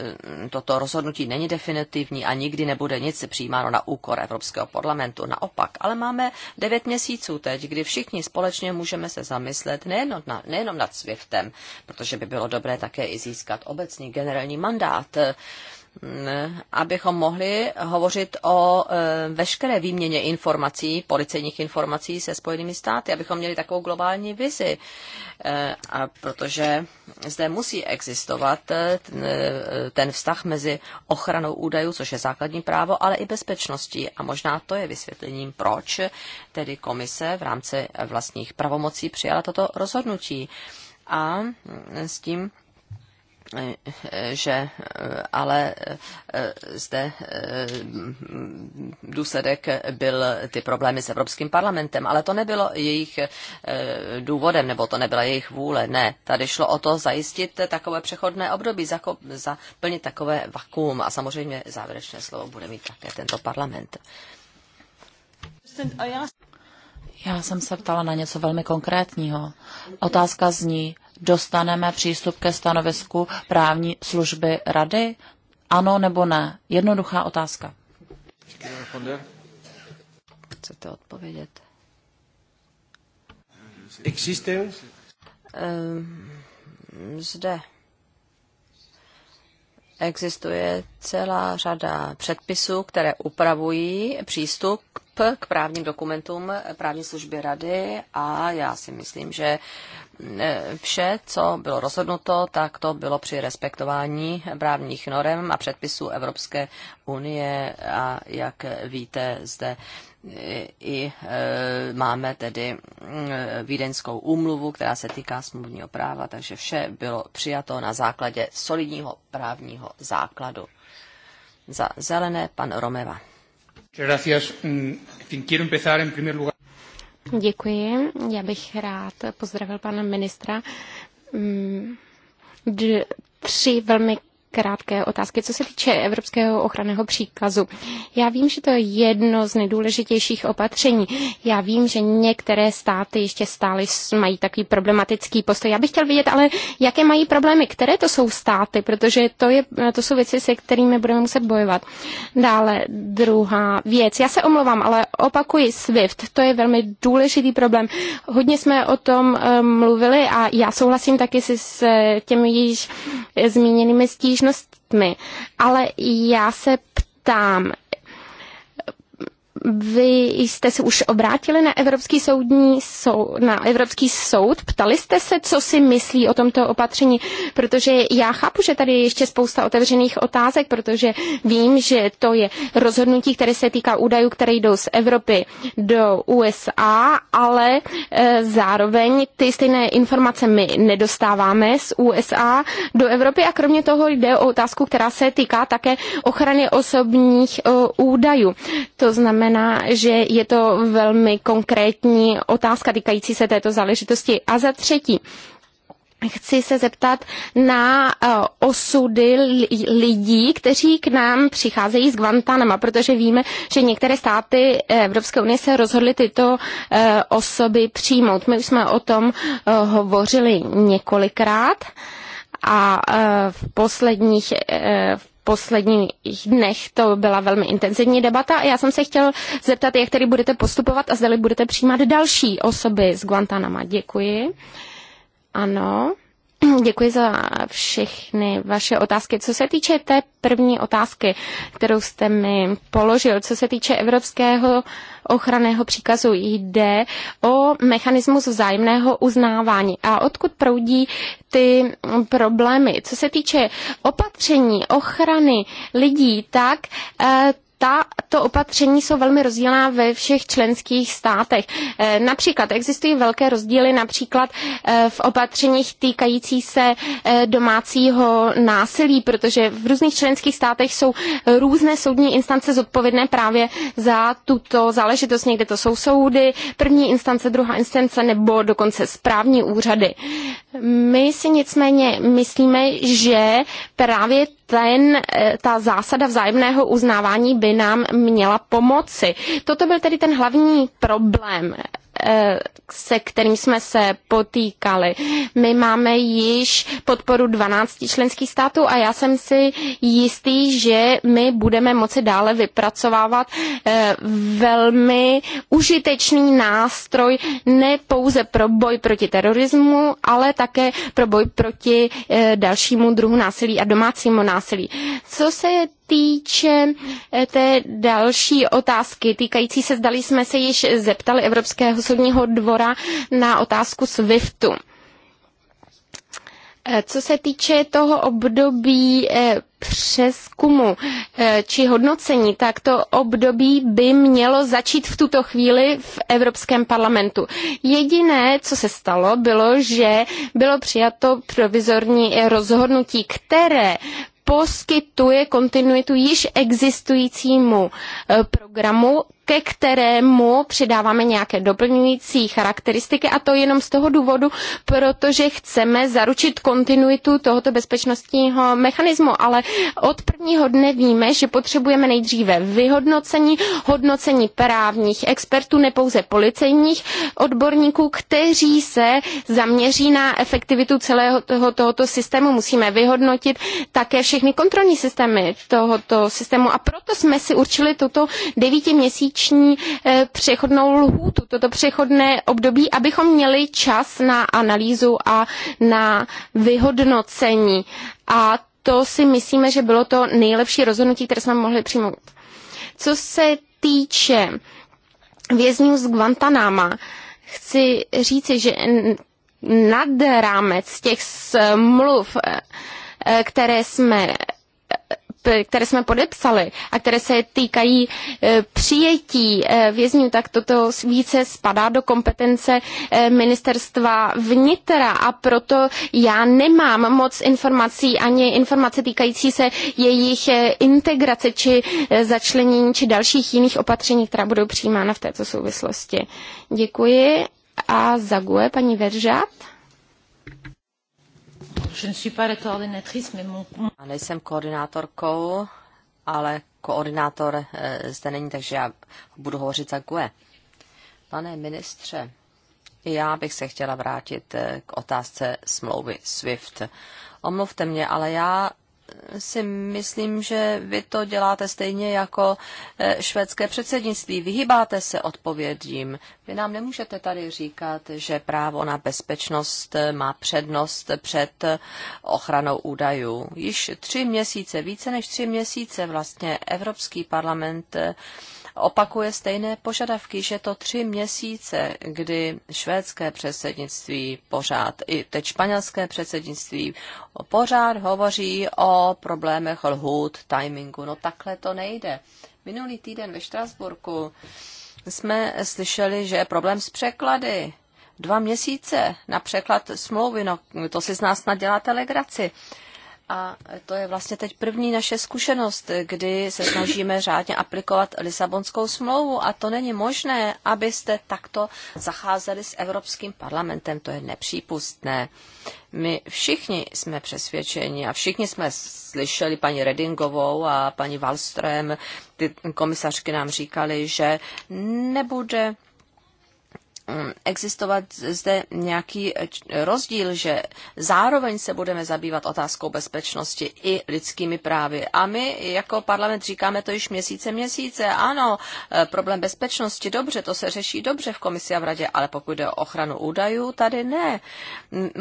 toto rozhodnutí není definitivní a nikdy nebude nic přijímáno na úkor Evropského parlamentu. Naopak, ale máme devět měsíců teď, kdy všichni společně můžeme se zamyslet nejenom, na, nejenom nad SWIFTem, protože by bylo dobré také i získat obecný generální mandát abychom mohli hovořit o e, veškeré výměně informací, policejních informací se Spojenými státy, abychom měli takovou globální vizi, e, a protože zde musí existovat e, ten vztah mezi ochranou údajů, což je základní právo, ale i bezpečností. A možná to je vysvětlením, proč tedy komise v rámci vlastních pravomocí přijala toto rozhodnutí. A s tím že ale eh, zde eh, důsledek byl ty problémy s Evropským parlamentem, ale to nebylo jejich eh, důvodem, nebo to nebyla jejich vůle, ne. Tady šlo o to zajistit takové přechodné období, zaplnit takové vakuum a samozřejmě závěrečné slovo bude mít také tento parlament. Já jsem se ptala na něco velmi konkrétního. Otázka zní, dostaneme přístup ke stanovisku právní služby rady? Ano nebo ne? Jednoduchá otázka. Chcete odpovědět? Existuje? Ehm, zde existuje celá řada předpisů, které upravují přístup k k právním dokumentům právní služby rady a já si myslím, že e, vše, co bylo rozhodnuto, tak to bylo při respektování právních norem a předpisů Evropské unie a jak víte zde e, i e, máme tedy Vídeňskou úmluvu, která se týká smluvního práva, takže vše bylo přijato na základě solidního právního základu. Za zelené pan Romeva. Mm, Děkuji. Já bych rád pozdravil pana ministra. Mm, tři velmi krátké otázky, co se týče Evropského ochranného příkazu. Já vím, že to je jedno z nejdůležitějších opatření. Já vím, že některé státy ještě stále mají takový problematický postoj. Já bych chtěl vidět, ale jaké mají problémy, které to jsou státy, protože to, je, to jsou věci, se kterými budeme muset bojovat. Dále druhá věc. Já se omlouvám, ale opakuji SWIFT. To je velmi důležitý problém. Hodně jsme o tom eh, mluvili a já souhlasím taky si s eh, těmi již eh, zmíněnými stíž stížnostmi, ale já se ptám, vy jste se už obrátili na Evropský, soudní, sou, na Evropský soud, ptali jste se, co si myslí o tomto opatření, protože já chápu, že tady je ještě spousta otevřených otázek, protože vím, že to je rozhodnutí, které se týká údajů, které jdou z Evropy do USA, ale e, zároveň ty stejné informace my nedostáváme z USA do Evropy a kromě toho jde o otázku, která se týká také ochrany osobních e, údajů. To znamená, znamená, že je to velmi konkrétní otázka týkající se této záležitosti. A za třetí, chci se zeptat na eh, osudy lidí, kteří k nám přicházejí z Guantanama, protože víme, že některé státy Evropské unie se rozhodly tyto eh, osoby přijmout. My už jsme o tom eh, hovořili několikrát a v posledních, v posledních dnech to byla velmi intenzivní debata a já jsem se chtěl zeptat, jak tedy budete postupovat a zdali budete přijímat další osoby z Guantanama. Děkuji. Ano. Děkuji za všechny vaše otázky. Co se týče té první otázky, kterou jste mi položil, co se týče Evropského ochranného příkazu. Jde o mechanismus vzájemného uznávání. A odkud proudí ty problémy? Co se týče opatření, ochrany lidí, tak eh, tato opatření jsou velmi rozdílná ve všech členských státech. Eh, například existují velké rozdíly například eh, v opatřeních týkající se eh, domácího násilí, protože v různých členských státech jsou různé soudní instance zodpovědné právě za tuto záležitost. Někde to jsou soudy, první instance, druhá instance nebo dokonce správní úřady. My si nicméně myslíme, že právě ten, eh, ta zásada vzájemného uznávání by nám měla pomoci. Toto byl tedy ten hlavní problém Eh, se kterým jsme se potýkali. My máme již podporu 12 členských států a já jsem si jistý, že my budeme moci dále vypracovávat eh, velmi užitečný nástroj ne pouze pro boj proti terorismu, ale také pro boj proti eh, dalšímu druhu násilí a domácímu násilí. Co se týče eh, té další otázky týkající se, zdali jsme se již zeptali Evropského soudního dvora na otázku SWIFTu. Eh, co se týče toho období eh, přeskumu či hodnocení, tak to období by mělo začít v tuto chvíli v Evropském parlamentu. Jediné, co se stalo, bylo, že bylo přijato provizorní rozhodnutí, které poskytuje kontinuitu již existujícímu eh, programu ke kterému přidáváme nějaké doplňující charakteristiky a to jenom z toho důvodu, protože chceme zaručit kontinuitu tohoto bezpečnostního mechanismu, ale od prvního dne víme, že potřebujeme nejdříve vyhodnocení, hodnocení právních expertů, ne pouze policejních odborníků, kteří se zaměří na efektivitu celého toho, tohoto systému. Musíme vyhodnotit také všechny kontrolní systémy tohoto systému a proto jsme si určili tuto devítiměsíční roční eh, přechodnou lhůtu, toto přechodné období, abychom měli čas na analýzu a na vyhodnocení. A to si myslíme, že bylo to nejlepší rozhodnutí, které jsme mohli přijmout. Co se týče vězňů z Guantanama, chci říci, že nad rámec těch smluv, eh, které jsme které jsme podepsali a které se týkají e, přijetí e, vězňů, tak toto více spadá do kompetence e, ministerstva vnitra a proto já nemám moc informací ani informace týkající se jejich integrace či začlenění či dalších jiných opatření, která budou přijímána v této souvislosti. Děkuji a zaguje paní Veržat nejsem koordinátorkou, ale koordinátor eh, zde není, takže já budu hovořit za GUE. Pane ministře, já bych se chtěla vrátit eh, k otázce smlouvy SWIFT. Omluvte mě, ale já si myslím, že vy to děláte stejně jako eh, švédské předsednictví. Vyhýbáte se odpovědím. Vy nám nemůžete tady říkat, že právo na bezpečnost eh, má přednost před eh, ochranou údajů. Již tři měsíce, více než tři měsíce vlastně Evropský parlament opakuje stejné požadavky, že to tři měsíce, kdy švédské předsednictví pořád, i teď španělské předsednictví pořád hovoří o problémech lhůt, timingu. No takhle to nejde. Minulý týden ve Štrasburku jsme slyšeli, že je problém s překlady. Dva měsíce na překlad smlouvy, no to si z nás snad děláte legraci. A to je vlastně teď první naše zkušenost, kdy se snažíme řádně aplikovat Lisabonskou smlouvu a to není možné, abyste takto zacházeli s Evropským parlamentem. To je nepřípustné. My všichni jsme přesvědčeni a všichni jsme slyšeli paní Redingovou a paní Wallström, ty komisařky nám říkali, že nebude Mm, existovat zde nějaký eh, rozdíl, že zároveň se budeme zabývat otázkou bezpečnosti i lidskými právy. A my jako parlament říkáme to již měsíce měsíce. Ano, eh, problém bezpečnosti, dobře, to se řeší dobře v komisi a v radě, ale pokud jde o ochranu údajů, tady ne.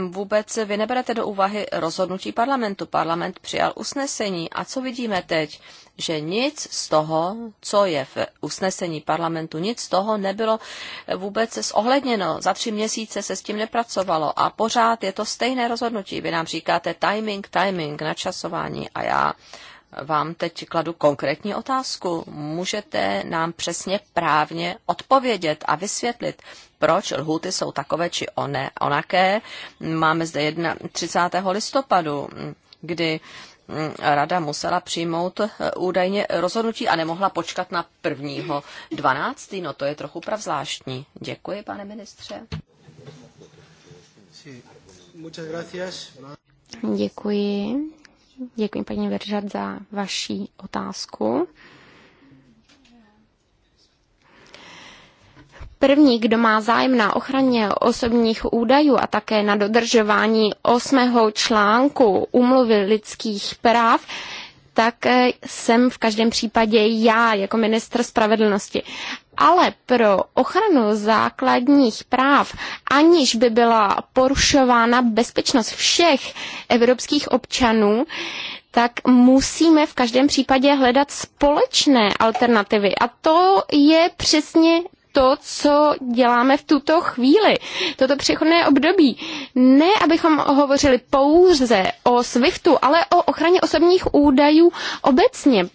Vůbec vy neberete do úvahy rozhodnutí parlamentu. Parlament přijal usnesení. A co vidíme teď? že nic z toho, co je v usnesení parlamentu, nic z toho nebylo vůbec zohledněno. Za tři měsíce se s tím nepracovalo a pořád je to stejné rozhodnutí. Vy nám říkáte timing, timing, načasování a já vám teď kladu konkrétní otázku. Můžete nám přesně právně odpovědět a vysvětlit, proč lhuty jsou takové či one. onaké. Máme zde 31. listopadu, kdy Mm, rada musela přijmout eh, údajně rozhodnutí a nemohla počkat na prvního 12. No to je trochu pravzláštní. Děkuji, pane ministře. Děkuji. Děkuji, paní Veržat, za vaši otázku. První, kdo má zájem na ochraně osobních údajů a také na dodržování osmého článku umluvy lidských práv, tak eh, jsem v každém případě já jako ministr spravedlnosti. Ale pro ochranu základních práv, aniž by byla porušována bezpečnost všech evropských občanů, tak musíme v každém případě hledat společné alternativy. A to je přesně to, co děláme v tuto chvíli, toto přechodné období. Ne, abychom hovořili pouze o SWIFTu, ale o ochraně osobních údajů obecně,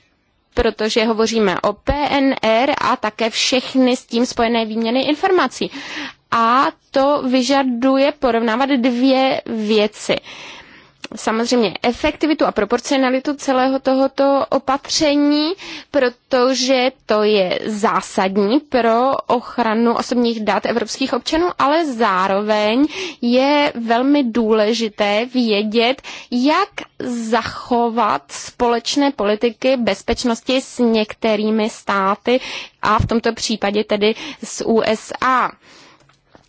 protože hovoříme o PNR a také všechny s tím spojené výměny informací. A to vyžaduje porovnávat dvě věci samozřejmě efektivitu a proporcionalitu celého tohoto opatření, protože to je zásadní pro ochranu osobních dat evropských občanů, ale zároveň je velmi důležité vědět, jak zachovat společné politiky bezpečnosti s některými státy a v tomto případě tedy s USA.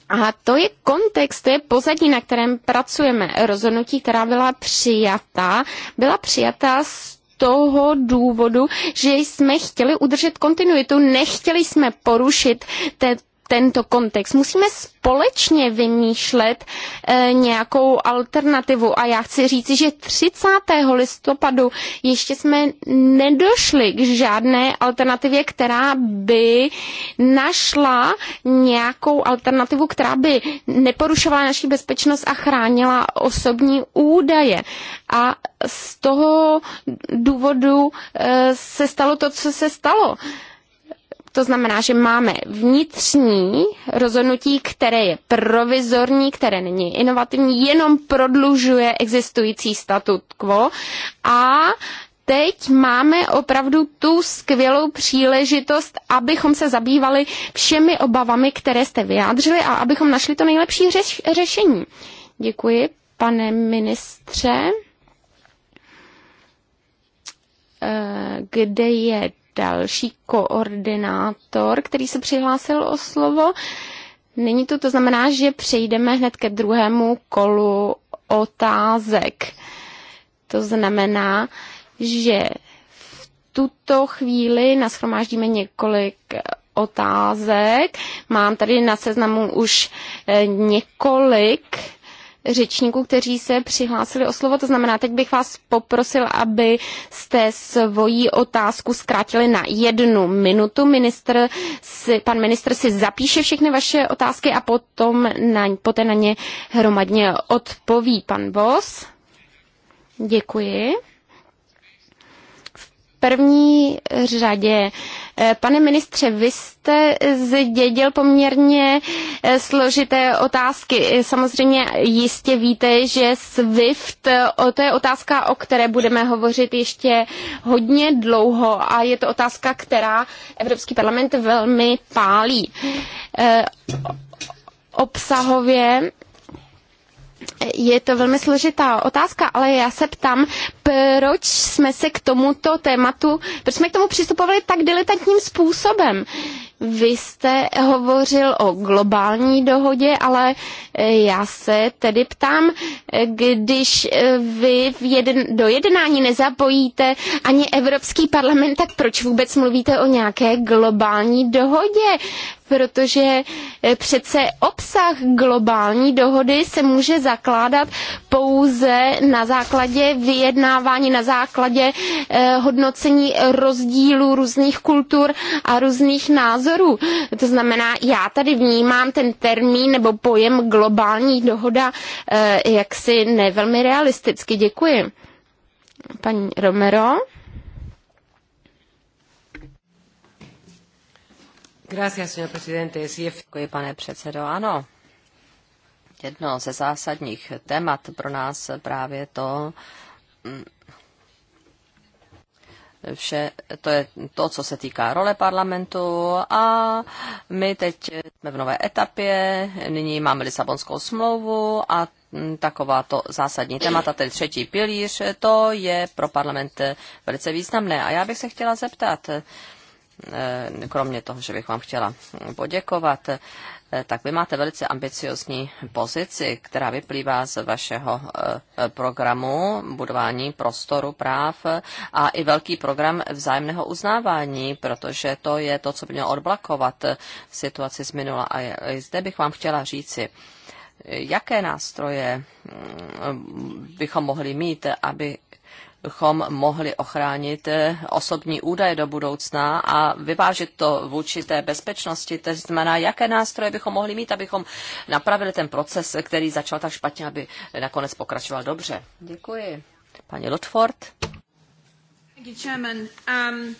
A to je kontext, to je pozadí, na kterém pracujeme. Rozhodnutí, která byla přijata, byla přijata s toho důvodu, že jsme chtěli udržet kontinuitu, nechtěli jsme porušit tento kontext. Musíme společně vymýšlet e, nějakou alternativu a já chci říci, že 30. listopadu ještě jsme nedošli k žádné alternativě, která by našla nějakou alternativu, která by neporušovala naši bezpečnost a chránila osobní údaje. A z toho důvodu e, se stalo to, co se stalo. E, to znamená, že máme vnitřní rozhodnutí, které je provizorní, které není inovativní, jenom prodlužuje existující statut quo a teď máme opravdu tu skvělou příležitost, abychom se zabývali všemi obavami, které jste vyjádřili a abychom našli to nejlepší řeš- řešení. Děkuji, pane ministře. Eh, kde je další koordinátor, který se přihlásil o slovo. Není to, to znamená, že přejdeme hned ke druhému kolu otázek. To znamená, že v tuto chvíli nashromáždíme několik otázek. Mám tady na seznamu už eh, několik řečníků, kteří se přihlásili o slovo. To znamená, teď bych vás poprosil, aby jste svoji otázku zkrátili na jednu minutu. Ministr si, pan ministr si zapíše všechny vaše otázky a potom na, poté na ně hromadně odpoví pan Bos. Děkuji první řadě. Eh, pane ministře, vy jste zdědil poměrně eh, složité otázky. Eh, samozřejmě jistě víte, že SWIFT, to je otázka, o které budeme hovořit ještě hodně dlouho a je to otázka, která Evropský parlament velmi pálí. Obsahově je to velmi složitá otázka, ale já se ptám, proč jsme se k tomuto tématu, proč jsme k tomu přistupovali tak diletantním způsobem? Vy jste hovořil o globální dohodě, ale eh, já se tedy ptám, eh, když eh, vy jeden, do jednání nezapojíte ani Evropský parlament, tak proč vůbec mluvíte o nějaké globální dohodě? protože eh, přece obsah globální dohody se může zakládat pouze na základě vyjednávání, na základě eh, hodnocení rozdílů různých kultur a různých názorů. To znamená, já tady vnímám ten termín nebo pojem globální dohoda eh, jaksi nevelmi realisticky. Děkuji. Paní Romero. Děkuji, pane předsedo. Ano, jedno ze zásadních témat pro nás právě to, mm, vše, to je to, co se týká role parlamentu a my teď jsme v nové etapě, nyní máme Lisabonskou smlouvu a mm, taková to zásadní témata, ten třetí pilíř, to je pro parlament velice významné. A já bych se chtěla zeptat, Eh, kromě toho, že bych vám chtěla poděkovat, eh, tak vy máte velice ambiciozní pozici, která vyplývá z vašeho eh, programu budování prostoru práv a i velký program vzájemného uznávání, protože to je to, co by mělo odblakovat situaci z minula. A zde bych vám chtěla říci, jaké nástroje mm, bychom mohli mít, aby bychom mohli ochránit eh, osobní údaje do budoucna a vyvážit to vůči té bezpečnosti. To znamená, jaké nástroje bychom mohli mít, abychom napravili ten proces, který začal tak špatně, aby nakonec pokračoval dobře. Děkuji. Pani Lotford. Um,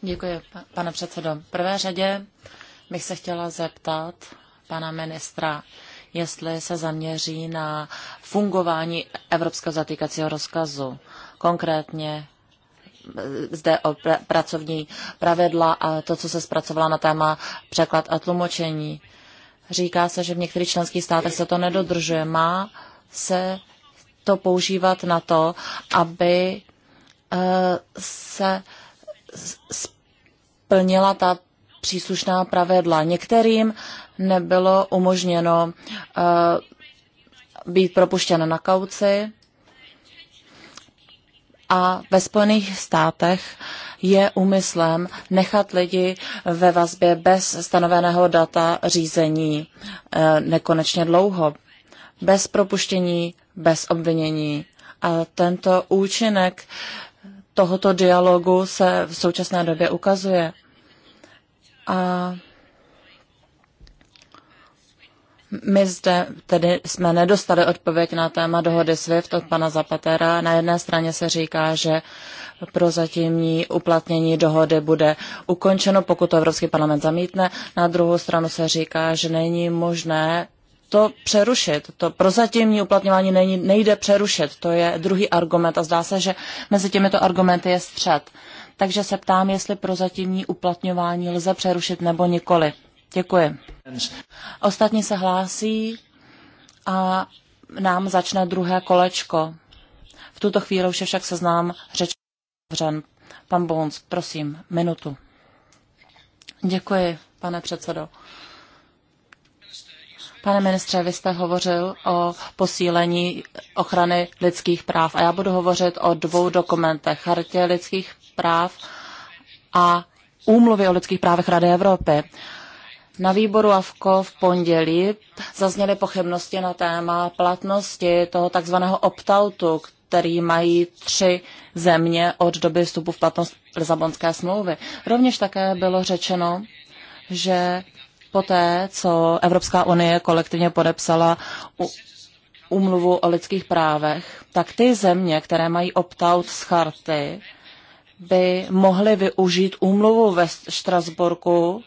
Děkuji, pane předsedo. V prvé řadě bych se chtěla zeptat pana ministra, jestli se zaměří na fungování evropského zatýkacího rozkazu konkrétně zde o pr- pracovní pravidla a to, co se zpracovala na téma překlad a tlumočení. Říká se, že v některých členských státech se to nedodržuje. Má se to používat na to, aby eh, se splnila ta příslušná pravidla. Některým nebylo umožněno eh, být propuštěn na kauci a ve Spojených státech je úmyslem nechat lidi ve vazbě bez stanoveného data řízení eh, nekonečně dlouho, bez propuštění, bez obvinění. A tento účinek tohoto dialogu se v současné době ukazuje. A My zde tedy jsme nedostali odpověď na téma dohody SWIFT od pana Zapatera. Na jedné straně se říká, že pro zatímní uplatnění dohody bude ukončeno, pokud to Evropský parlament zamítne. Na druhou stranu se říká, že není možné to přerušit. To prozatímní uplatňování není, nejde přerušit. To je druhý argument a zdá se, že mezi těmito argumenty je střed. Takže se ptám, jestli prozatímní uplatňování lze přerušit nebo nikoli. Děkuji. Ostatní se hlásí a nám začne druhé kolečko. V tuto chvíli už je však seznám řeč. Pan Bons, prosím, minutu. Děkuji, pane předsedo. Pane ministře, vy jste hovořil o posílení ochrany lidských práv a já budu hovořit o dvou dokumentech, Chartě lidských práv a Úmluvy o lidských právech Rady Evropy. Na výboru AVKO v pondělí zazněly pochybnosti na téma platnosti toho takzvaného opt-outu, který mají tři země od doby vstupu v platnost Lisabonské smlouvy. Rovněž také bylo řečeno, že poté, co Evropská unie kolektivně podepsala úmluvu o lidských právech, tak ty země, které mají opt-out z charty, by mohly využít úmluvu ve Štrasburku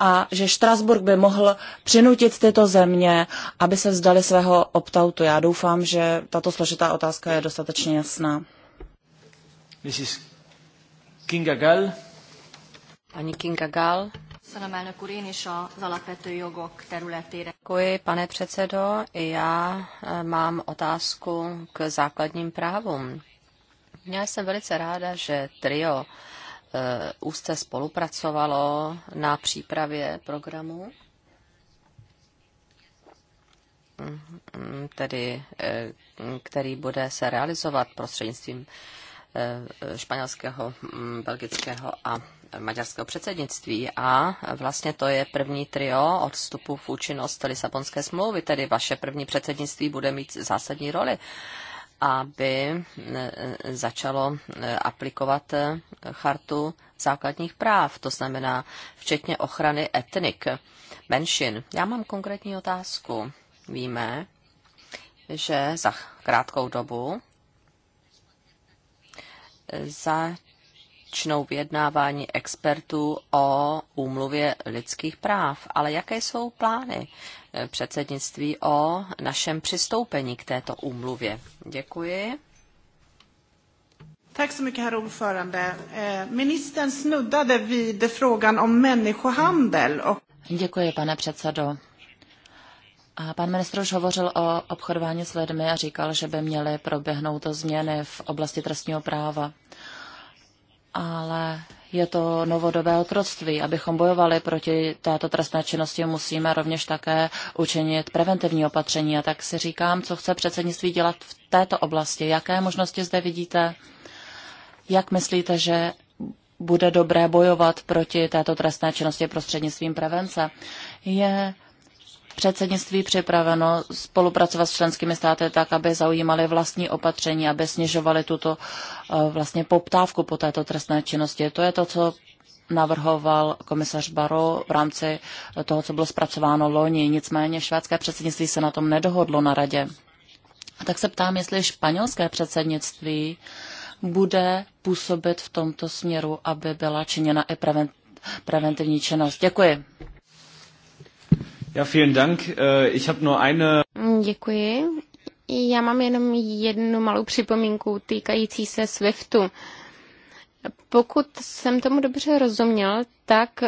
a že Štrasburg by mohl přinutit tyto země, aby se vzdali svého optautu. Já doufám, že tato složitá otázka je dostatečně jasná. Mrs. Kinga Gall. Pani Kinga Gall. Děkuji, pane předsedo. i Já eh, mám otázku k základním právům. Já jsem velice ráda, že trio Eh, úzce spolupracovalo na přípravě programu. Mm, tedy, eh, který bude se realizovat prostřednictvím eh, španělského, mm, belgického a maďarského předsednictví a vlastně to je první trio od vstupu v účinnost Lisabonské smlouvy, tedy vaše první předsednictví bude mít zásadní roli aby eh, začalo eh, aplikovat eh, chartu základních práv, to znamená včetně ochrany etnik, menšin. Já mám konkrétní otázku. Víme, že za krátkou dobu za začnou vyjednávání expertů o úmluvě lidských práv. Ale jaké jsou plány eh, předsednictví o našem přistoupení k této úmluvě? Děkuji. Tack så mycket, herr ordförande. Eh, ministern snuddade vid frågan om människohandel. Och... Děkuji, pane předsedo. A pan ministr už hovořil o obchodování s lidmi a říkal, že by měly proběhnout změny v oblasti trestního práva ale je to novodobé otroctví. Abychom bojovali proti této trestné činnosti, musíme rovněž také učinit preventivní opatření. A tak si říkám, co chce předsednictví dělat v této oblasti. Jaké možnosti zde vidíte? Jak myslíte, že bude dobré bojovat proti této trestné činnosti prostřednictvím prevence? Je předsednictví připraveno spolupracovat s členskými státy tak, aby zaujímali vlastní opatření, aby snižovali tuto eh, vlastně poptávku po této trestné činnosti. To je to, co navrhoval komisař Baro v rámci toho, co bylo zpracováno loni. Nicméně švédské předsednictví se na tom nedohodlo na radě. A tak se ptám, jestli španělské předsednictví bude působit v tomto směru, aby byla činěna i preventivní činnost. Děkuji. Ja, vielen Dank. Äh, ich habe nur eine... Děkuji. Já mám jenom jednu malou připomínku týkající se SWIFTu. Pokud jsem tomu dobře rozuměl, tak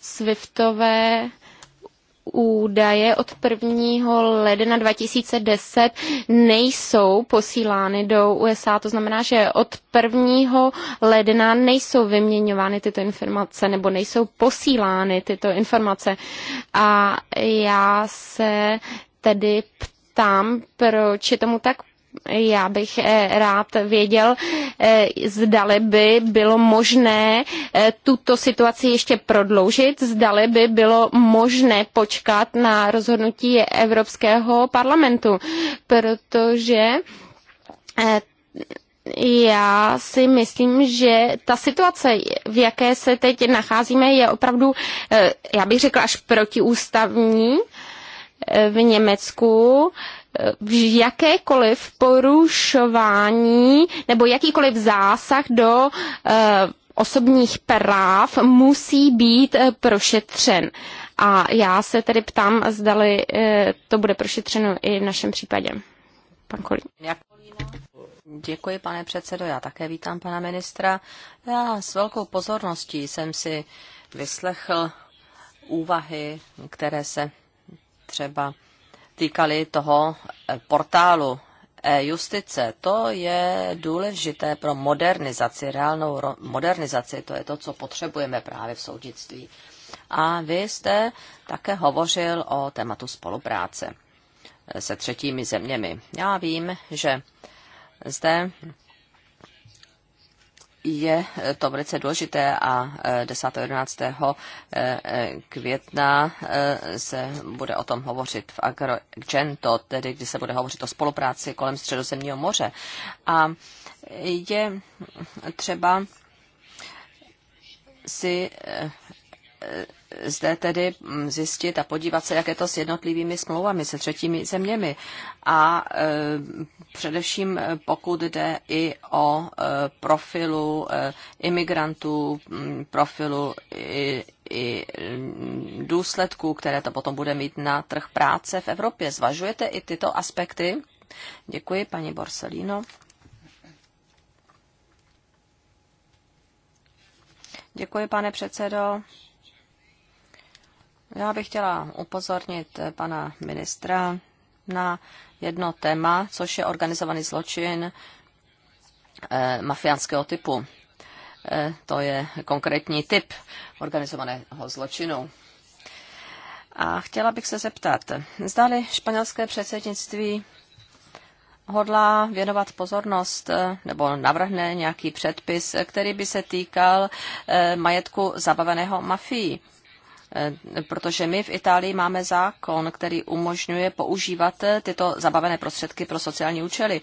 SWIFTové údaje od 1. ledna 2010 nejsou posílány do USA. To znamená, že od 1. ledna nejsou vyměňovány tyto informace nebo nejsou posílány tyto informace. A já se tedy ptám, proč je tomu tak, já bych eh, rád věděl, eh, zdali by bylo možné eh, tuto situaci ještě prodloužit, zdali by bylo možné počkat na rozhodnutí Evropského parlamentu, protože já si myslím, že ta situace, v jaké se teď nacházíme, je opravdu, já bych řekla, až protiústavní v Německu jakékoliv porušování nebo jakýkoliv zásah do eh, osobních práv musí být eh, prošetřen. A já se tedy ptám, zdali eh, to bude prošetřeno i v našem případě. Pan Kolín. Děkuji, pane předsedo. Já také vítám pana ministra. Já s velkou pozorností jsem si vyslechl úvahy, které se třeba týkaly toho eh, portálu e-justice. To je důležité pro modernizaci, reálnou modernizaci. To je to, co potřebujeme právě v soudnictví. A vy jste také hovořil o tématu spolupráce eh, se třetími zeměmi. Já vím, že zde je to velice důležité a 10. Eh, a 11. Eh, května eh, se bude o tom hovořit v Agrogento, tedy kdy se bude hovořit o spolupráci kolem Středozemního moře. A je třeba si zde tedy zjistit a podívat se, jak je to s jednotlivými smlouvami, se třetími zeměmi. A e, především e, pokud jde i o e, profilu e, imigrantů, profilu i, i důsledků, které to potom bude mít na trh práce v Evropě. Zvažujete i tyto aspekty? Děkuji, paní Borsellino. Děkuji, pane předsedo. Já bych chtěla upozornit pana ministra na jedno téma, což je organizovaný zločin eh, mafiánského typu. Eh, to je konkrétní typ organizovaného zločinu. A chtěla bych se zeptat, zdali španělské předsednictví hodlá věnovat pozornost eh, nebo navrhne nějaký předpis, eh, který by se týkal eh, majetku zabaveného mafii. Eh, protože my v Itálii máme zákon, který umožňuje používat eh, tyto zabavené prostředky pro sociální účely.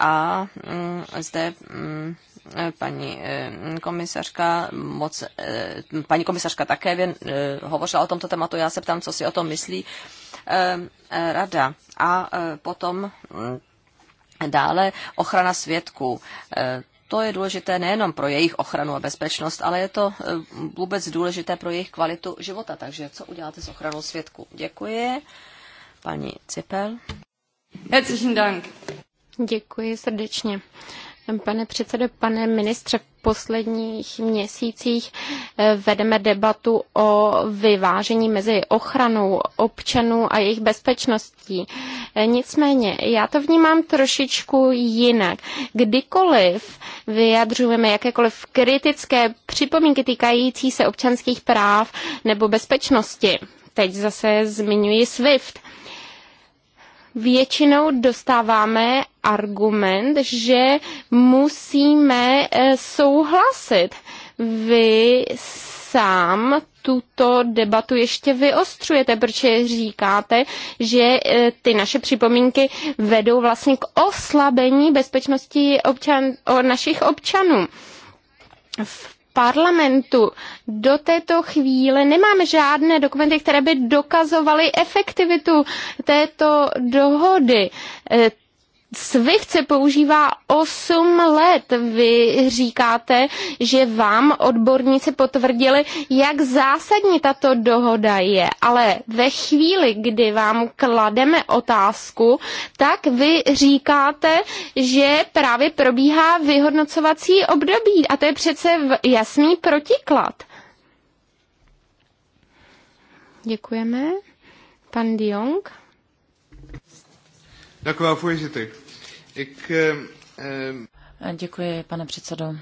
A mm, zde mm, eh, paní komisařka moc, paní komisařka také věn, hovořila o tomto tématu, já se ptám, co si o tom myslí rada. A potom mm, dále ochrana svědků to je důležité nejenom pro jejich ochranu a bezpečnost, ale je to eh, vůbec důležité pro jejich kvalitu života. Takže co uděláte s ochranou svědků? Děkuji. Paní Cipel. Herzlichen Dank. Děkuji srdečně. Pane předsedo, pane ministře, v posledních měsících eh, vedeme debatu o vyvážení mezi ochranou občanů a jejich bezpečností. Eh, nicméně, já to vnímám trošičku jinak. Kdykoliv vyjadřujeme jakékoliv kritické připomínky týkající se občanských práv nebo bezpečnosti, teď zase zmiňuji SWIFT, většinou dostáváme argument, že musíme eh, souhlasit. Vy sám tuto debatu ještě vyostřujete, protože říkáte, že eh, ty naše připomínky vedou vlastně k oslabení bezpečnosti občan, našich občanů. V parlamentu. Do této chvíle nemáme žádné dokumenty, které by dokazovaly efektivitu této dohody. Eh, SWIFT se používá 8 let. Vy říkáte, že vám odborníci potvrdili, jak zásadní tato dohoda je, ale ve chvíli, kdy vám klademe otázku, tak vy říkáte, že právě probíhá vyhodnocovací období a to je přece jasný protiklad. Děkujeme. Pan Diong. Dank u wel, voorzitter. Ik, Děkuji, pane předsedo.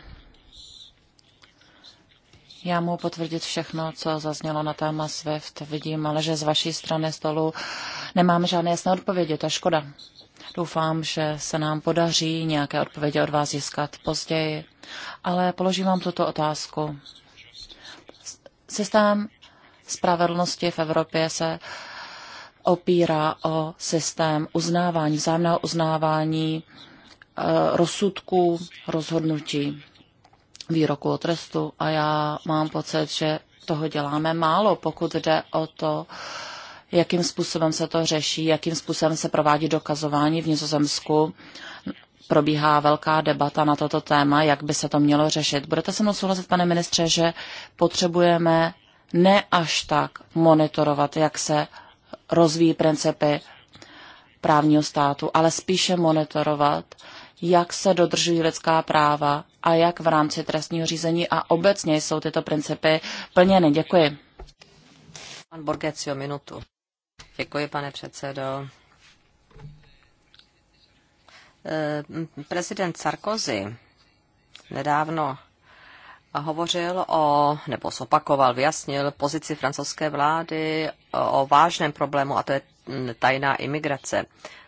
Já mohu potvrdit všechno, co zaznělo na téma SWIFT. Vidím ale, že z vaší strany stolu nemáme žádné jasné odpovědi. To je škoda. Doufám, že se nám podaří nějaké odpovědi od vás získat později. Ale položím vám tuto otázku. Systém spravedlnosti v Evropě se opírá o systém uznávání, vzájemného uznávání eh, rozsudků, rozhodnutí, výroku o trestu a já mám pocit, že toho děláme málo, pokud jde o to, jakým způsobem se to řeší, jakým způsobem se provádí dokazování v Nizozemsku. Probíhá velká debata na toto téma, jak by se to mělo řešit. Budete se mnou souhlasit, pane ministře, že potřebujeme ne až tak monitorovat, jak se rozvíjí principy právního státu, ale spíše monitorovat, jak se dodržují lidská práva a jak v rámci trestního řízení a obecně jsou tyto principy plněny. Děkuji. Pan Borgecio, minutu. Děkuji, pane předsedo. Eh, prezident Sarkozy nedávno hovořil o, nebo zopakoval, vyjasnil pozici francouzské vlády o vážném problému, a to je tajná imigrace,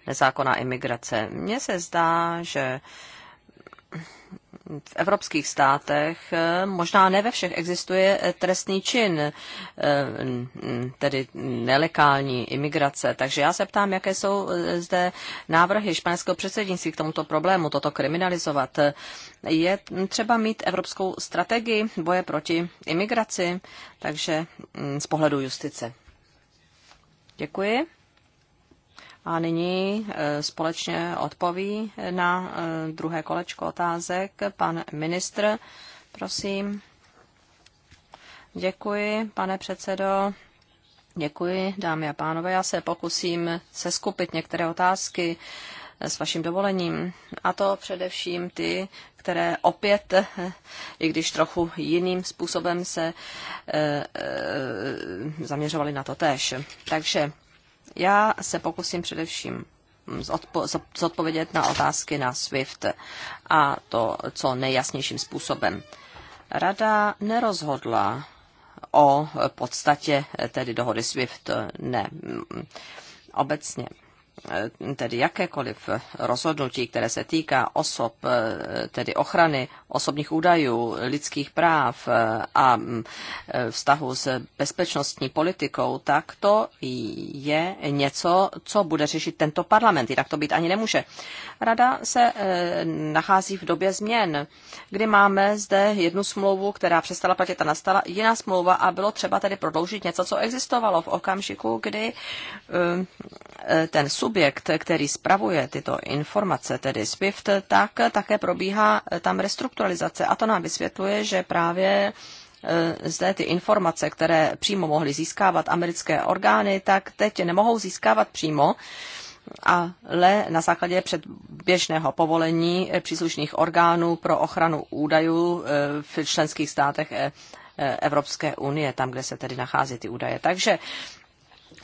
nezákonná imigrace. Mně se zdá, že v evropských státech, eh, možná ne ve všech, existuje eh, trestný čin, eh, tedy nelekální imigrace. Takže já se ptám, jaké jsou zde návrhy španělského předsednictví k tomuto problému, toto kriminalizovat. Je třeba mít evropskou strategii boje proti imigraci, takže mm, z pohledu justice. Děkuji. A nyní e, společně odpoví na e, druhé kolečko otázek pan ministr. Prosím. Děkuji, pane předsedo. Děkuji, dámy a pánové. Já se pokusím seskupit některé otázky e, s vaším dovolením. A to především ty, které opět, i když trochu jiným způsobem, se e, e, zaměřovaly na to též. Takže já se pokusím především zodpovědět na otázky na SWIFT a to co nejjasnějším způsobem. Rada nerozhodla o podstatě tedy dohody SWIFT, ne. Obecně Eh, tedy jakékoliv rozhodnutí, které se týká osob, eh, tedy ochrany osobních údajů, lidských práv eh, a mm, vztahu s bezpečnostní politikou, tak to je něco, co bude řešit tento parlament. Jinak to být ani nemůže. Rada se nachází v době změn, kdy máme zde jednu smlouvu, která přestala platit a nastala jiná smlouva a bylo třeba tedy prodloužit něco, co existovalo v okamžiku, kdy Eh, ten subjekt, který spravuje tyto informace, tedy SWIFT, tak také probíhá eh, tam restrukturalizace. A to nám vysvětluje, že právě eh, zde ty informace, které přímo mohly získávat americké orgány, tak teď nemohou získávat přímo, ale na základě předběžného povolení příslušných orgánů pro ochranu údajů v členských státech Evropské unie, tam, kde se tedy nachází ty údaje. Takže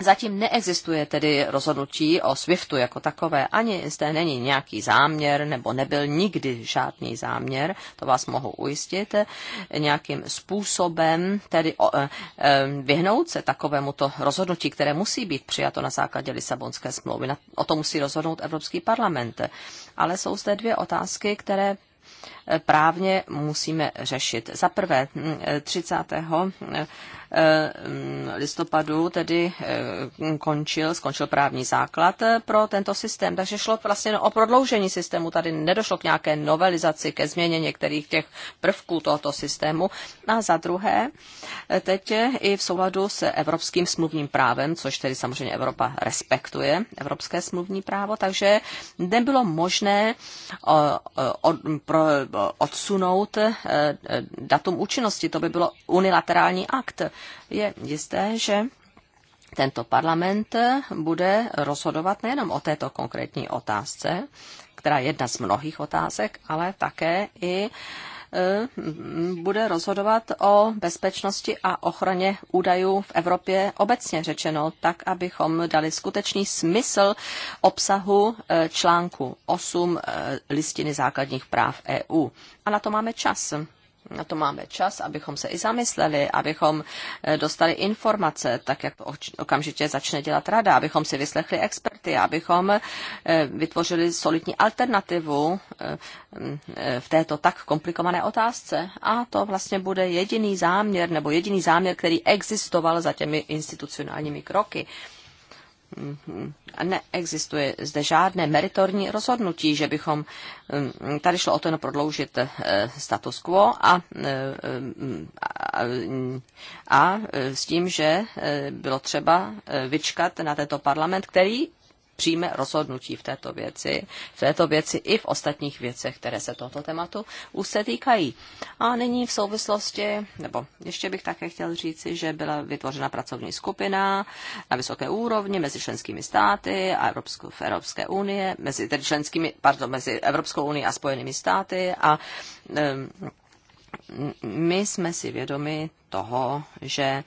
Zatím neexistuje tedy rozhodnutí o SWIFTu jako takové, ani zde není nějaký záměr, nebo nebyl nikdy žádný záměr, to vás mohu ujistit, nějakým způsobem tedy e, e, vyhnout se takovémuto rozhodnutí, které musí být přijato na základě Lisabonské smlouvy. O to musí rozhodnout Evropský parlament. Ale jsou zde dvě otázky, které e, právně musíme řešit. Za prvé 30 Eh, listopadu tedy eh, končil, skončil právní základ eh, pro tento systém. Takže šlo vlastně o prodloužení systému. Tady nedošlo k nějaké novelizaci, ke změně některých těch prvků tohoto systému. A za druhé, teď i v souladu s evropským smluvním právem, což tedy samozřejmě Evropa respektuje, evropské smluvní právo, takže nebylo možné odsunout datum účinnosti. To by bylo unilaterální akt je jisté, že tento parlament bude rozhodovat nejenom o této konkrétní otázce, která je jedna z mnohých otázek, ale také i e, bude rozhodovat o bezpečnosti a ochraně údajů v Evropě obecně řečeno, tak, abychom dali skutečný smysl obsahu e, článku 8 e, listiny základních práv EU. A na to máme čas na to máme čas, abychom se i zamysleli, abychom eh, dostali informace, tak jak to okamžitě začne dělat rada, abychom si vyslechli experty, abychom eh, vytvořili solidní alternativu eh, v této tak komplikované otázce. A to vlastně bude jediný záměr, nebo jediný záměr, který existoval za těmi institucionálními kroky neexistuje zde žádné meritorní rozhodnutí, že bychom, mm, tady šlo o to prodloužit eh, status quo eh, mm, a, a, a s tím, že eh, bylo třeba vyčkat na tento parlament, který přijme rozhodnutí v této věci, v této věci i v ostatních věcech, které se tohoto tématu už se týkají. A nyní v souvislosti, nebo ještě bych také chtěl říci, že byla vytvořena pracovní skupina na vysoké úrovni mezi členskými státy a Evropskou, v Evropské unie, mezi tedy členskými, pardon, mezi Evropskou unii a Spojenými státy a my jsme si vědomi toho, že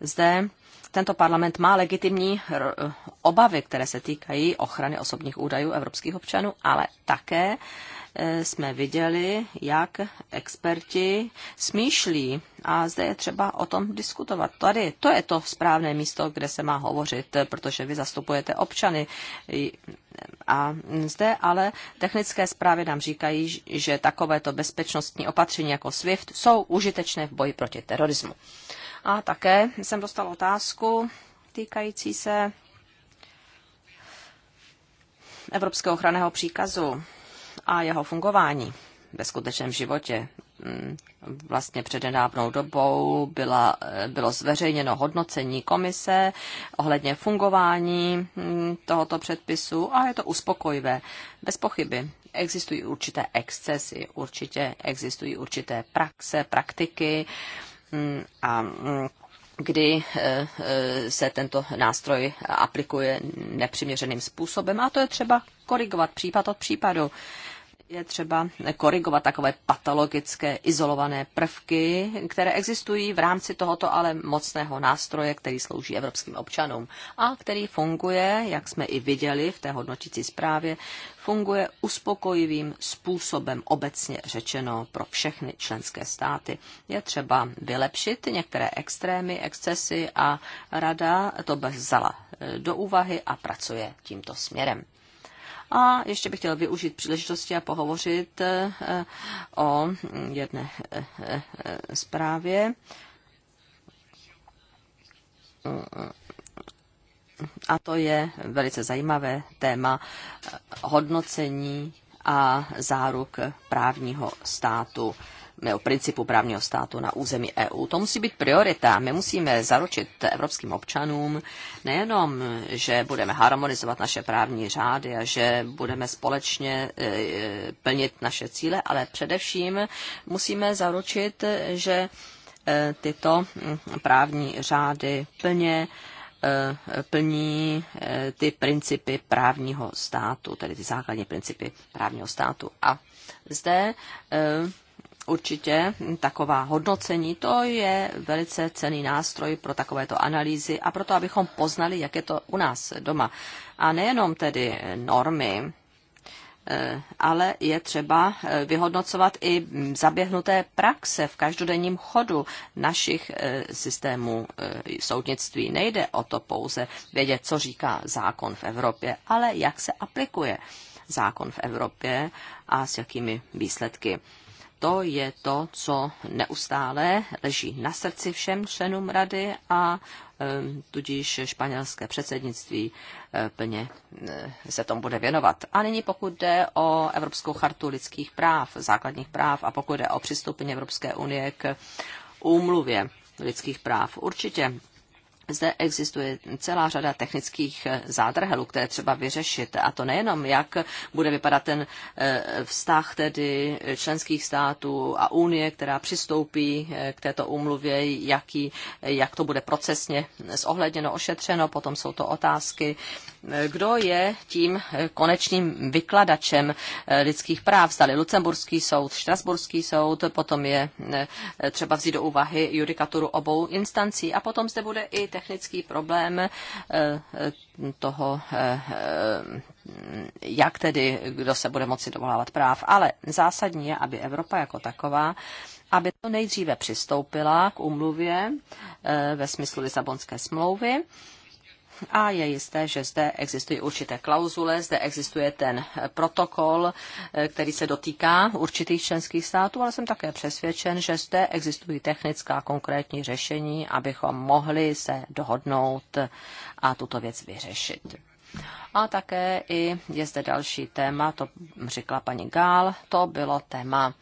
zde tento parlament má legitimní eh, obavy, které se týkají ochrany osobních údajů evropských občanů, ale také eh, jsme viděli, jak experti smýšlí a zde je třeba o tom diskutovat. Tady to je to správné místo, kde se má hovořit, eh, protože vy zastupujete občany. A zde ale technické zprávy nám říkají, že takovéto bezpečnostní opatření jako SWIFT jsou užitečné v boji proti terorismu. A také jsem dostal otázku týkající se Evropského ochranného příkazu a jeho fungování ve skutečném životě. Mm, vlastně před nedávnou dobou byla, bylo zveřejněno hodnocení komise ohledně fungování mm, tohoto předpisu a je to uspokojivé. Bez pochyby existují určité excesy, určitě existují určité praxe, praktiky, Mm, a mm, kdy eh, eh, se tento nástroj aplikuje nepřiměřeným způsobem. A to je třeba korigovat případ od případu je třeba korigovat takové patologické izolované prvky, které existují v rámci tohoto ale mocného nástroje, který slouží evropským občanům a který funguje, jak jsme i viděli v té hodnotící zprávě, funguje uspokojivým způsobem obecně řečeno pro všechny členské státy. Je třeba vylepšit některé extrémy, excesy a rada to vzala do úvahy a pracuje tímto směrem. A ještě bych chtěl využít příležitosti a pohovořit eh, eh, o jedné eh, zprávě. A to je velice zajímavé téma hodnocení a záruk právního státu o principu právního státu na území EU. To musí být priorita. My musíme zaručit evropským občanům nejenom, že budeme harmonizovat naše právní řády a že budeme společně e, e, plnit naše cíle, ale především musíme zaručit, že e, tyto mm, právní řády plně plní ty principy právního státu, tedy ty základní principy právního státu. A zde určitě taková hodnocení, to je velice cený nástroj pro takovéto analýzy a proto, abychom poznali, jak je to u nás doma. A nejenom tedy normy, eh, ale je třeba eh, vyhodnocovat i zaběhnuté praxe v každodenním chodu našich eh, systémů soudnictví. Nejde o to pouze vědět, co říká zákon v Evropě, ale jak se aplikuje zákon v Evropě a s jakými výsledky to je to, co neustále leží na srdci všem členům rady a tudíž španělské předsednictví eh, plně eh, se tomu bude věnovat. A nyní pokud jde o Evropskou chartu lidských práv, základních práv a pokud jde o přistoupení Evropské unie k úmluvě lidských práv. Určitě zde existuje celá řada technických eh, zádrhelů, které třeba vyřešit. A to nejenom, jak bude vypadat ten eh, vztah tedy členských států a Unie, která přistoupí eh, k této úmluvě, jaký, jak to bude procesně zohledněno, ošetřeno. Potom jsou to otázky, kdo je tím konečným vykladačem lidských práv. Stali Lucemburský soud, Štrasburský soud, potom je třeba vzít do úvahy judikaturu obou instancí a potom zde bude i technický problém eh, eh, toho, eh, jak tedy, kdo se bude moci dovolávat práv. Ale zásadní je, aby Evropa jako taková aby to nejdříve přistoupila k umluvě ve smyslu Lisabonské smlouvy a je jisté, že zde existují určité klauzule, zde existuje ten protokol, eh, který se dotýká určitých členských států, ale jsem také přesvědčen, že zde existují technická konkrétní řešení, abychom mohli se dohodnout a tuto věc vyřešit. A také i je zde další téma, to řekla paní Gál, to bylo téma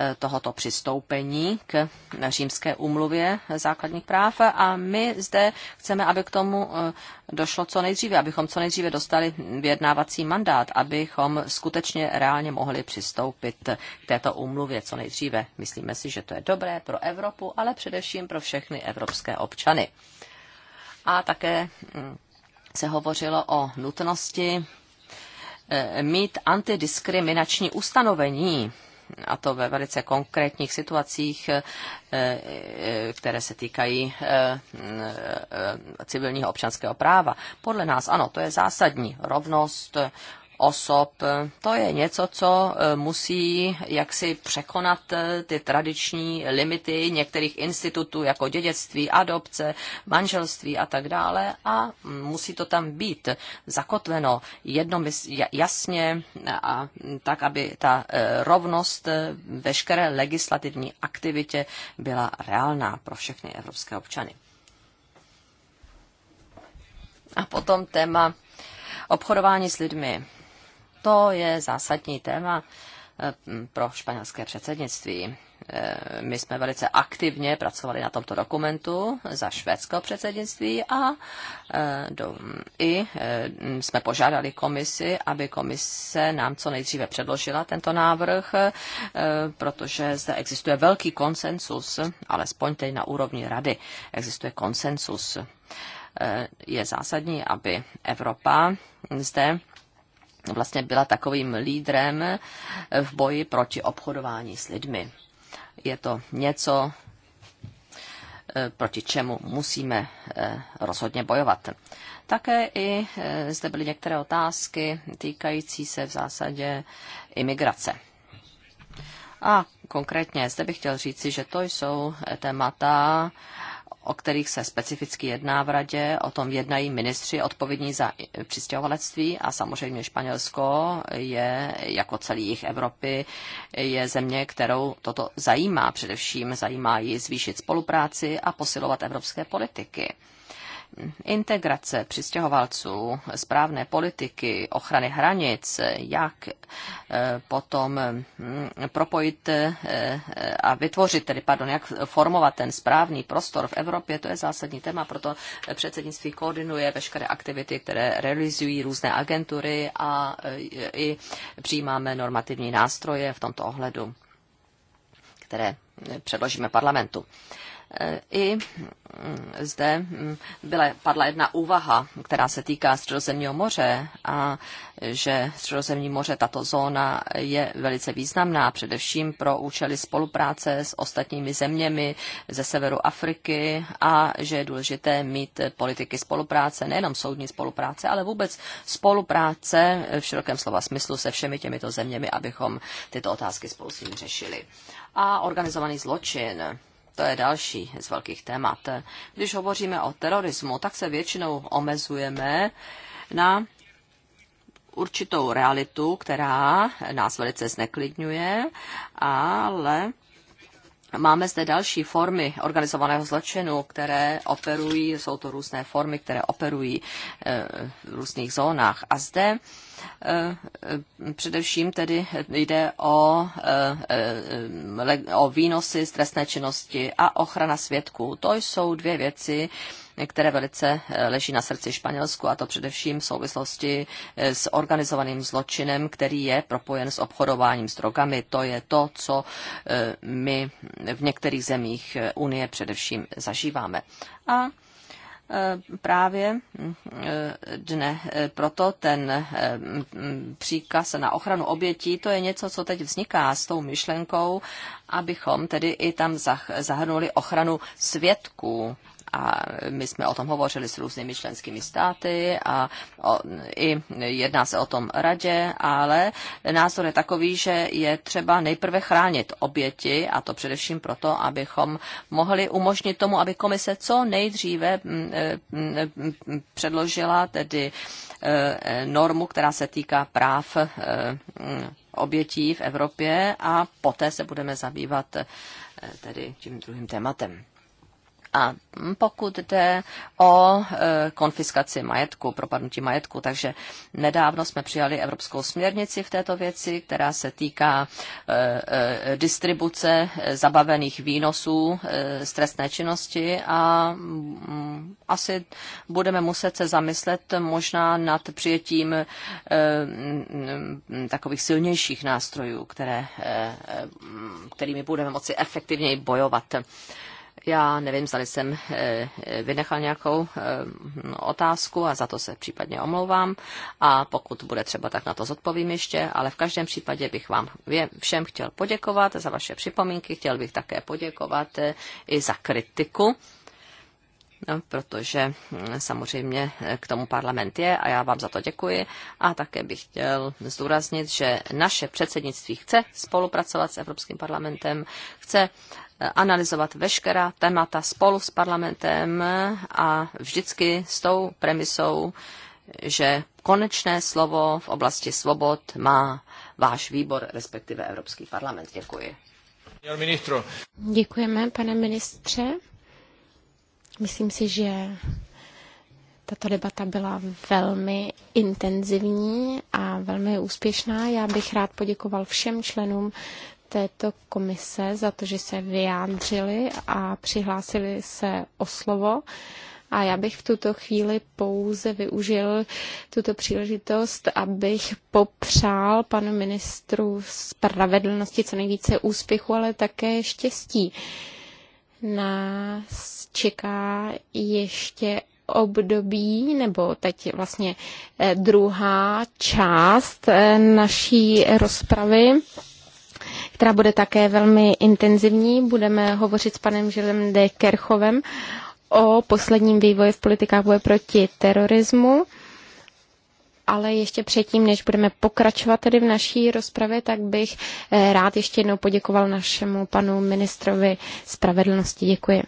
Eh, tohoto přistoupení k římské úmluvě základních práv a my zde chceme, aby k tomu eh, došlo co nejdříve, abychom co nejdříve dostali vyjednávací mandát, abychom skutečně reálně mohli přistoupit k této úmluvě co nejdříve. Myslíme si, že to je dobré pro Evropu, ale především pro všechny evropské občany. A také mm, se hovořilo o nutnosti eh, mít antidiskriminační ustanovení a to ve velice konkrétních situacích, eh, eh, které se týkají eh, civilního občanského práva. Podle nás ano, to je zásadní rovnost, osob. To je něco, co e, musí jaksi překonat e, ty tradiční limity některých institutů, jako dědictví, adopce, manželství a tak dále a musí to tam být zakotveno jednomysl- jasně a tak, aby ta e, rovnost veškeré legislativní aktivitě byla reálná pro všechny evropské občany. A potom téma obchodování s lidmi to je zásadní téma eh, pro španělské předsednictví. Eh, my jsme velice aktivně pracovali na tomto dokumentu za švédského předsednictví a eh, do, i jsme požádali komisi, aby komise nám co nejdříve předložila tento návrh, protože zde existuje velký konsensus, alespoň teď na úrovni rady existuje konsensus. Je zásadní, aby Evropa zde vlastně byla takovým lídrem v boji proti obchodování s lidmi. Je to něco, eh, proti čemu musíme eh, rozhodně bojovat. Také i eh, zde byly některé otázky týkající se v zásadě imigrace. A konkrétně zde bych chtěl říci, že to jsou témata, o kterých se specificky jedná v radě, o tom jednají ministři odpovědní za přistěhovalectví a samozřejmě Španělsko je, jako celý jich Evropy, je země, kterou toto zajímá především, zajímá ji zvýšit spolupráci a posilovat evropské politiky integrace přistěhovalců, správné politiky, ochrany hranic, jak eh, potom hm, propojit eh, a vytvořit, tedy pardon, jak formovat ten správný prostor v Evropě, to je zásadní téma, proto předsednictví koordinuje veškeré aktivity, které realizují různé agentury a eh, i přijímáme normativní nástroje v tomto ohledu, které předložíme parlamentu i mm, zde mm, byla, padla jedna úvaha, která se týká Středozemního moře a že Středozemní moře, tato zóna je velice významná, především pro účely spolupráce s ostatními zeměmi ze severu Afriky a že je důležité mít politiky spolupráce, nejenom soudní spolupráce, ale vůbec spolupráce v širokém slova smyslu se všemi těmito zeměmi, abychom tyto otázky spolu s nimi řešili. A organizovaný zločin to je další z velkých témat. Když hovoříme o terorismu, tak se většinou omezujeme na určitou realitu, která nás velice zneklidňuje, ale Máme zde další formy organizovaného zločinu, které operují, jsou to různé formy, které operují eh, v různých zónách. A zde eh, eh, především tedy jde o, o výnosy z trestné činnosti a ochrana svědků. To jsou dvě věci, které velice eh, leží na srdci Španělsku, a to především v souvislosti eh, s organizovaným zločinem, který je propojen s obchodováním s drogami. To je to, co eh, my v některých zemích Unie především zažíváme. A právě mm, dne. Proto ten mm, příkaz na ochranu obětí, to je něco, co teď vzniká s tou myšlenkou, abychom tedy i tam zahrnuli ochranu svědků a my jsme o tom hovořili s různými členskými státy a o, i jedná se o tom radě, ale názor je takový, že je třeba nejprve chránit oběti a to především proto, abychom mohli umožnit tomu, aby komise co nejdříve mm, mm, mm, předložila tedy e, normu, která se týká práv e, obětí v Evropě a poté se budeme zabývat e, tedy tím druhým tématem. A pokud jde o e, konfiskaci majetku, propadnutí majetku, takže nedávno jsme přijali evropskou směrnici v této věci, která se týká e, e, distribuce zabavených výnosů z trestné činnosti a mm, asi budeme muset se zamyslet možná nad přijetím mm, takových silnějších nástrojů, které, kterými budeme moci efektivněji bojovat. Já nevím, zda jsem eh, eh, vynechal nějakou eh, otázku a za to se případně omlouvám. A pokud bude třeba, tak na to zodpovím ještě. Ale v každém případě bych vám všem chtěl poděkovat za vaše připomínky. Chtěl bych také poděkovat i za kritiku. No, protože hm, samozřejmě k tomu parlament je a já vám za to děkuji. A také bych chtěl zdůraznit, že naše předsednictví chce spolupracovat s Evropským parlamentem, chce analyzovat veškerá témata spolu s parlamentem a vždycky s tou premisou, že konečné slovo v oblasti svobod má váš výbor, respektive Evropský parlament. Děkuji. Děkujeme, pane ministře. Myslím si, že tato debata byla velmi intenzivní a velmi úspěšná. Já bych rád poděkoval všem členům této komise za to, že se vyjádřili a přihlásili se o slovo. A já bych v tuto chvíli pouze využil tuto příležitost, abych popřál panu ministru spravedlnosti co nejvíce úspěchu, ale také štěstí. Nás čeká ještě období, nebo teď vlastně eh, druhá část eh, naší rozpravy která bude také velmi intenzivní. Budeme hovořit s panem Žilem de Kerchovem o posledním vývoji v politikách boje proti terorismu. Ale ještě předtím, než budeme pokračovat tedy v naší rozpravě, tak bych eh, rád ještě jednou poděkoval našemu panu ministrovi spravedlnosti. Děkuji.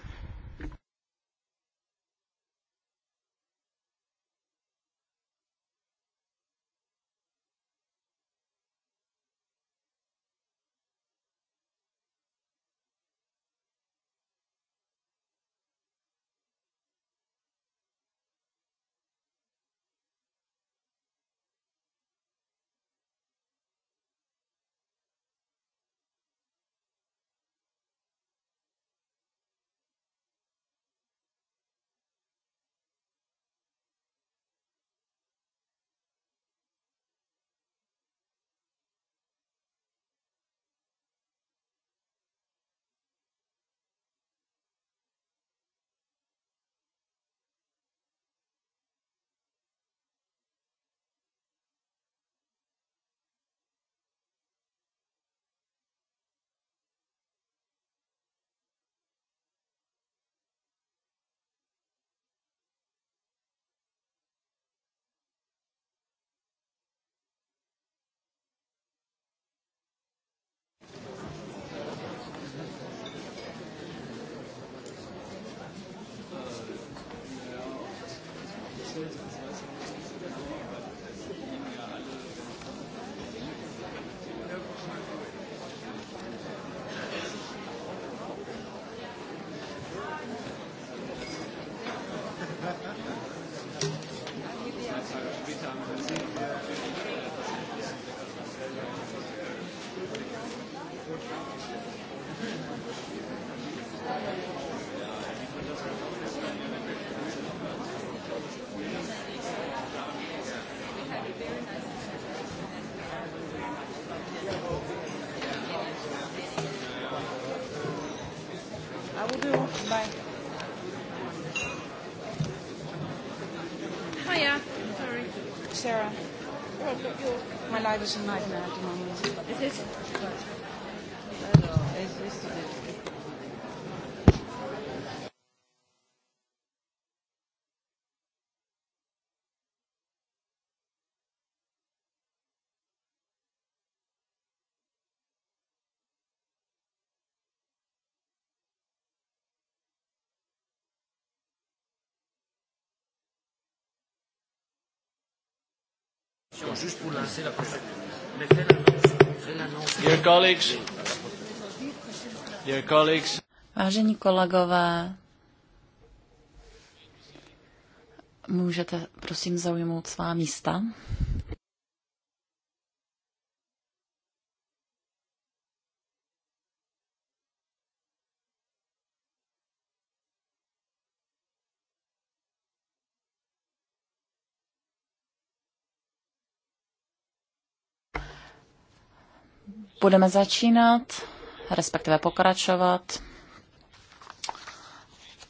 is a nightmare at the moment. It is. Alors, existe des trucs. juste pour lancer la prochaine. Vážení kolegové, můžete prosím zaujmout svá místa. Budeme začínat, respektive pokračovat.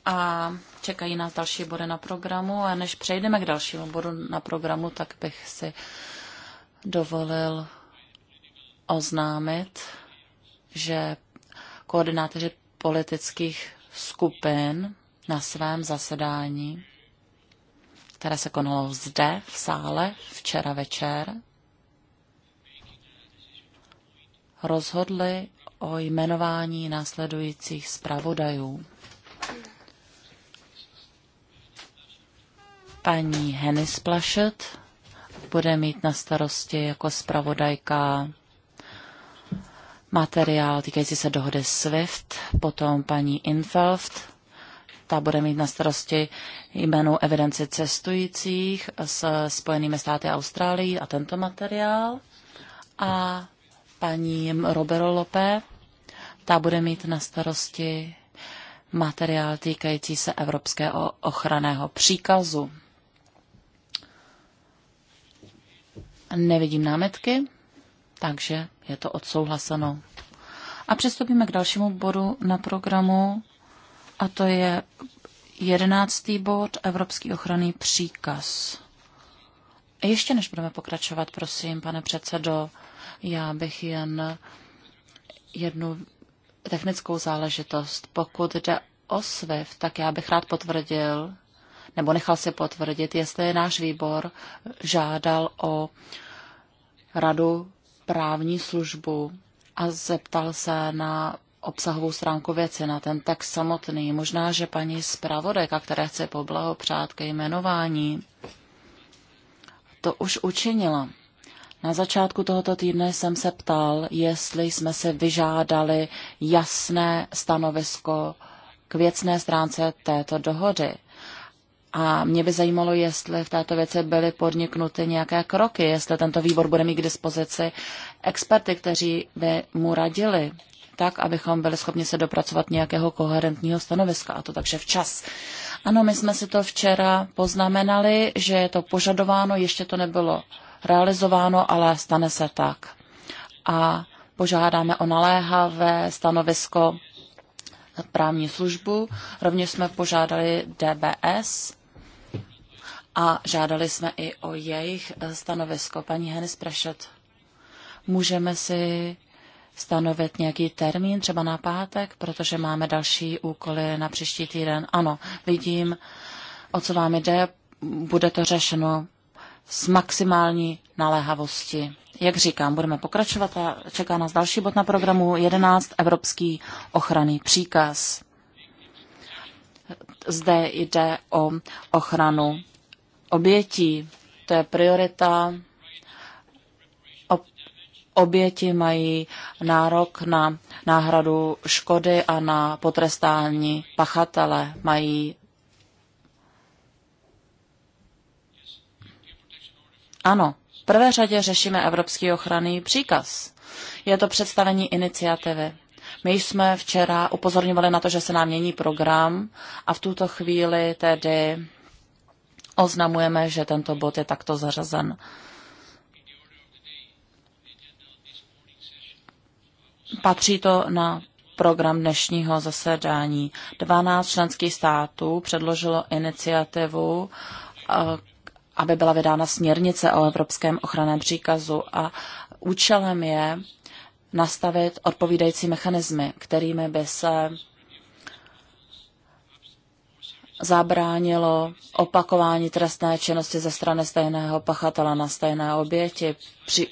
A čekají nás další body na programu. A než přejdeme k dalšímu bodu na programu, tak bych si dovolil oznámit, že koordinátoři politických skupin na svém zasedání, které se konalo zde v sále včera večer, rozhodli o jmenování následujících zpravodajů. Paní Hennis Plašet bude mít na starosti jako zpravodajka materiál týkající se dohody SWIFT, potom paní Infelft, ta bude mít na starosti jménu evidenci cestujících s Spojenými státy Austrálií a tento materiál. A paní Robero Lope. Ta bude mít na starosti materiál týkající se Evropského ochranného příkazu. Nevidím námetky, takže je to odsouhlaseno. A přistoupíme k dalšímu bodu na programu, a to je jedenáctý bod Evropský ochranný příkaz. Ještě než budeme pokračovat, prosím, pane předsedo, já bych jen jednu technickou záležitost. Pokud jde o SWIFT, tak já bych rád potvrdil, nebo nechal si potvrdit, jestli náš výbor žádal o radu právní službu a zeptal se na obsahovou stránku věci, na ten text samotný. Možná, že paní zpravodajka, které chce poblahopřát ke jmenování, to už učinila. Na začátku tohoto týdne jsem se ptal, jestli jsme se vyžádali jasné stanovisko k věcné stránce této dohody. A mě by zajímalo, jestli v této věci byly podniknuty nějaké kroky, jestli tento výbor bude mít k dispozici experty, kteří by mu radili, tak, abychom byli schopni se dopracovat nějakého koherentního stanoviska, a to takže včas. Ano, my jsme si to včera poznamenali, že je to požadováno, ještě to nebylo realizováno, ale stane se tak. A požádáme o naléhavé stanovisko právní službu. Rovněž jsme požádali DBS a žádali jsme i o jejich stanovisko. Paní Hennis Prešet, můžeme si stanovit nějaký termín, třeba na pátek, protože máme další úkoly na příští týden. Ano, vidím, o co vám jde, bude to řešeno s maximální naléhavosti. Jak říkám, budeme pokračovat a čeká nás další bod na programu 11 Evropský ochranný příkaz. Zde jde o ochranu obětí. To je priorita. Oběti mají nárok na náhradu škody a na potrestání pachatele. Mají Ano, v prvé řadě řešíme Evropský ochranný příkaz. Je to představení iniciativy. My jsme včera upozorňovali na to, že se nám mění program a v tuto chvíli tedy oznamujeme, že tento bod je takto zařazen. Patří to na program dnešního zasedání. 12 členských států předložilo iniciativu eh, aby byla vydána směrnice o evropském ochraném příkazu a účelem je nastavit odpovídající mechanismy, kterými by se zabránilo opakování trestné činnosti ze strany stejného pachatele na stejné oběti.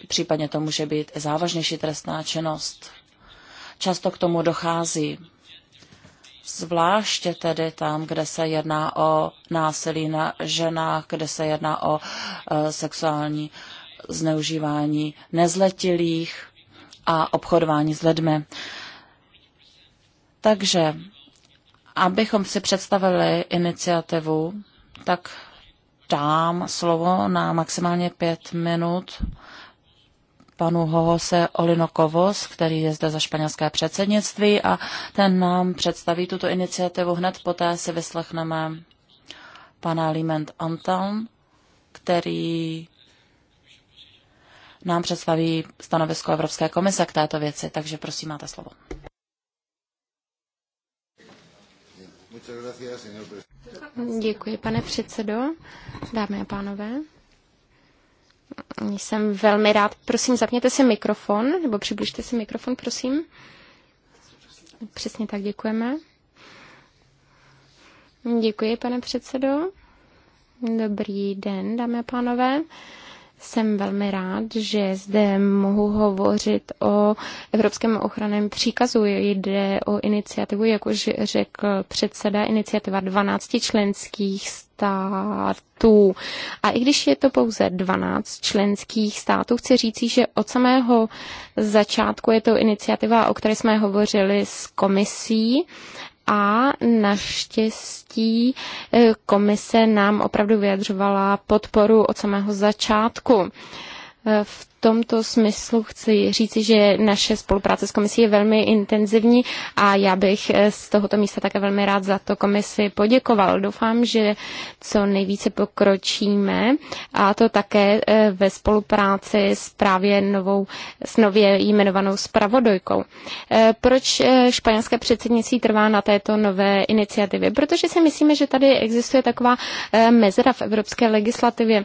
případně to může být i závažnější trestná činnost. Často k tomu dochází zvláště tedy tam, kde se jedná o násilí na ženách, kde se jedná o e, sexuální zneužívání nezletilých a obchodování s lidmi. Takže, abychom si představili iniciativu, tak dám slovo na maximálně pět minut panu Hohose Olinokovos, který je zde za španělské předsednictví a ten nám představí tuto iniciativu. Hned poté si vyslechneme pana Liment Anton, který nám představí stanovisko Evropské komise k této věci, takže prosím, máte slovo. Děkuji, pane předsedo, dámy a pánové. Jsem velmi rád. Prosím, zapněte si mikrofon, nebo přibližte si mikrofon, prosím. Přesně tak, děkujeme. Děkuji, pane předsedo. Dobrý den, dámy a pánové. Jsem velmi rád, že zde mohu hovořit o Evropském ochranném příkazu. Jde o iniciativu, jak už řekl předseda, iniciativa 12 členských států. A i když je to pouze 12 členských států, chci říct, že od samého začátku je to iniciativa, o které jsme hovořili s komisí a naštěstí eh, komise nám opravdu vyjadřovala podporu od samého začátku. V tomto smyslu chci říci, že naše spolupráce s komisí je velmi intenzivní a já bych eh, z tohoto místa také velmi rád za to komisi poděkoval. Doufám, že co nejvíce pokročíme a to také eh, ve spolupráci s právě novou, s nově jmenovanou spravodojkou. Eh, proč španělské předsednictví trvá na této nové iniciativě? Protože si myslíme, že tady existuje taková mezera v evropské legislativě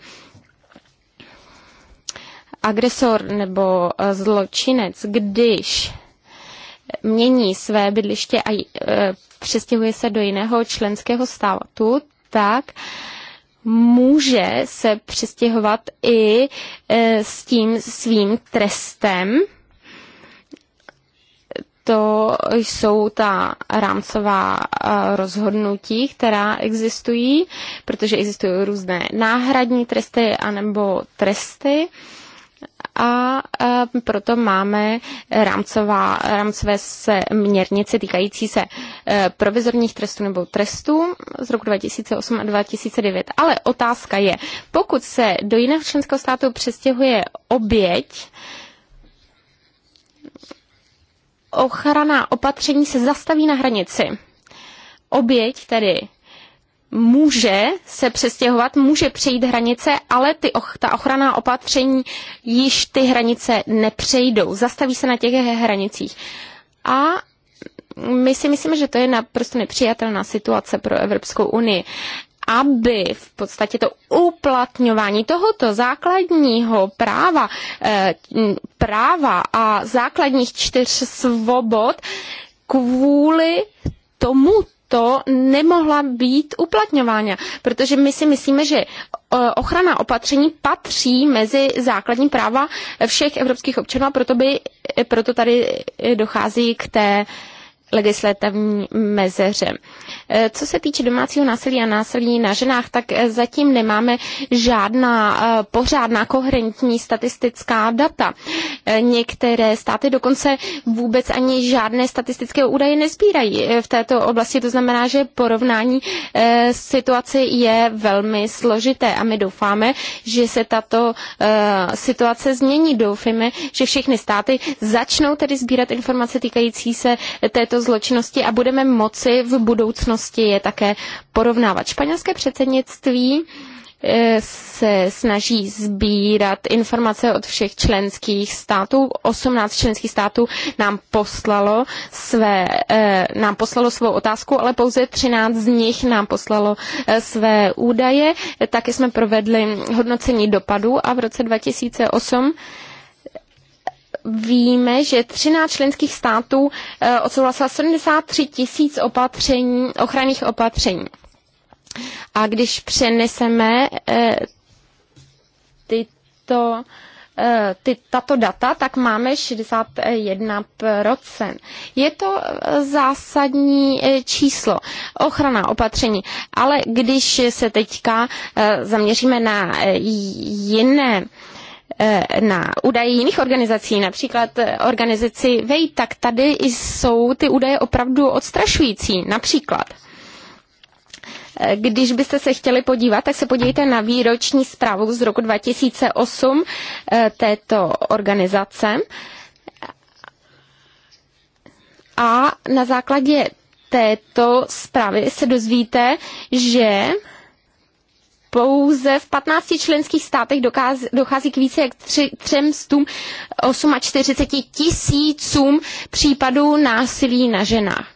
agresor nebo eh, zločinec, když mění své bydliště a eh, přestěhuje se do jiného členského státu, tak může se přestěhovat i eh, s tím svým trestem. To jsou ta rámcová rozhodnutí, která existují, protože existují různé náhradní tresty anebo tresty a e, proto máme rámcová, rámcové měrnice týkající se e, provizorních trestů nebo trestů z roku 2008 a 2009. Ale otázka je, pokud se do jiného členského státu přestěhuje oběť, ochrana opatření se zastaví na hranici. Oběť tedy může se přestěhovat, může přejít hranice, ale ty, ta ochranná opatření již ty hranice nepřejdou, zastaví se na těch hranicích. A my si myslíme, že to je naprosto nepřijatelná situace pro Evropskou unii aby v podstatě to uplatňování tohoto základního práva, eh, práva a základních čtyř svobod kvůli tomu to nemohla být uplatňována, protože my si myslíme, že e, ochrana opatření patří mezi základní práva všech evropských občanů a proto, by, e, proto tady e, dochází k té legislativní mezeře. E, co se týče domácího násilí a násilí na ženách, tak e, zatím nemáme žádná e, pořádná koherentní statistická data. Některé státy dokonce vůbec ani žádné statistické údaje nezbírají v této oblasti. To znamená, že porovnání situaci je velmi složité a my doufáme, že se tato situace změní. Doufáme, že všechny státy začnou tedy sbírat informace týkající se této zločinnosti a budeme moci v budoucnosti je také porovnávat. Španělské předsednictví eh, se snaží sbírat informace od všech členských států. 18 členských států nám poslalo, své, eh, nám poslalo svou otázku, ale pouze 13 z nich nám poslalo eh, své údaje. Taky jsme provedli hodnocení dopadů a v roce 2008 víme, že 13 členských států eh, odsouhlasila 73 tisíc opatření, ochranných opatření. A když přeneseme eh, tyto eh, ty, tato data, tak máme 61%. Je to zásadní číslo, ochrana opatření, ale když se teďka zaměříme na jiné Eh, na údaje jiných organizací, například eh, organizaci VEJ, tak tady jsou ty údaje opravdu odstrašující. Například eh, když byste se chtěli podívat, tak se podívejte na výroční zprávu z roku 2008 této organizace. A na základě této zprávy se dozvíte, že pouze v 15 členských státech dochází k více jak 348 tisícům případů násilí na ženách.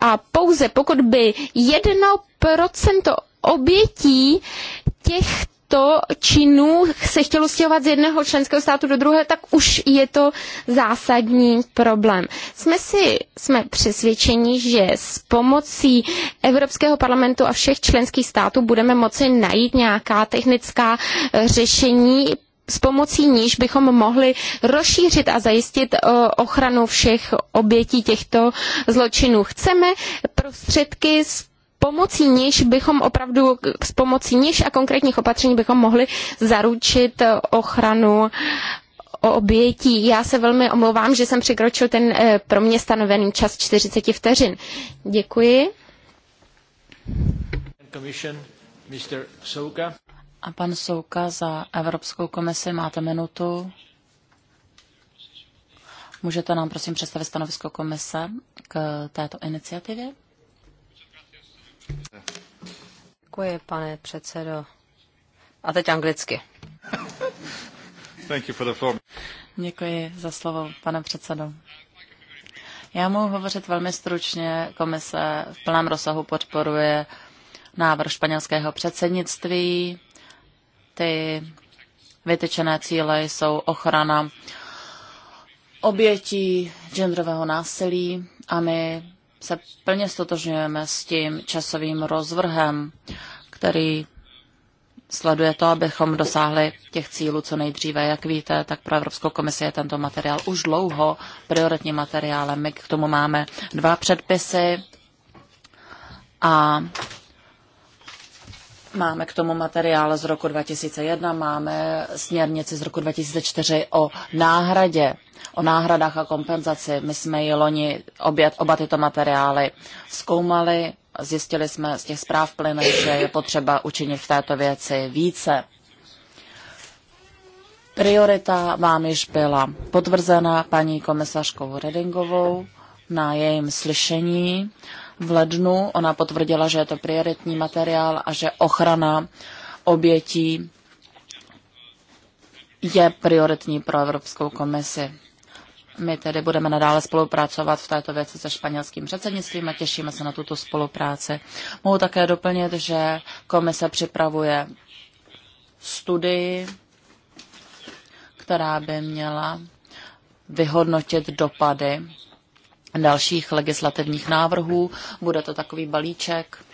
A pouze pokud by jedno procento obětí těch 100 činů se chtělo stěhovat z jednoho členského státu do druhého, tak už je to zásadní problém. Jsme si jsme přesvědčeni, že s pomocí Evropského parlamentu a všech členských států budeme moci najít nějaká technická eh, řešení s pomocí níž bychom mohli rozšířit a zajistit eh, ochranu všech obětí těchto zločinů. Chceme prostředky z pomocí níž bychom opravdu, s pomocí níž a konkrétních opatření bychom mohli zaručit eh, ochranu eh, obětí. Já se velmi omlouvám, že jsem překročil ten eh, pro mě stanovený čas 40 vteřin. Děkuji. A pan Souka za Evropskou komisi máte minutu. Můžete nám prosím představit stanovisko komise k této iniciativě? Děkuji, pane předsedo. A teď anglicky. Thank you for the floor. Děkuji za slovo, pane předsedo. Já mohu hovořit velmi stručně. Komise v plném rozsahu podporuje návrh španělského předsednictví. Ty vytyčené cíle jsou ochrana obětí genderového násilí a my se plně stotožňujeme s tím časovým rozvrhem, který sleduje to, abychom dosáhli těch cílů co nejdříve. Jak víte, tak pro Evropskou komisi je tento materiál už dlouho prioritním materiálem. My k tomu máme dva předpisy a Máme k tomu materiál z roku 2001, máme směrnici z roku 2004 o náhradě, o náhradách a kompenzaci. My jsme ji loni obět, oba tyto materiály zkoumali, zjistili jsme z těch zpráv plyne, že je potřeba učinit v této věci více. Priorita vám již byla potvrzena paní komisařkou Redingovou na jejím slyšení. Uh, v lednu. Ona potvrdila, že je to prioritní materiál a že ochrana obětí je prioritní pro Evropskou komisi. My tedy budeme nadále spolupracovat v této věci se španělským předsednictvím a těšíme se na tuto spolupráci. Mohu také doplnit, že komise připravuje studii, která by měla vyhodnotit dopady dalších legislativních návrhů. Bude to takový balíček,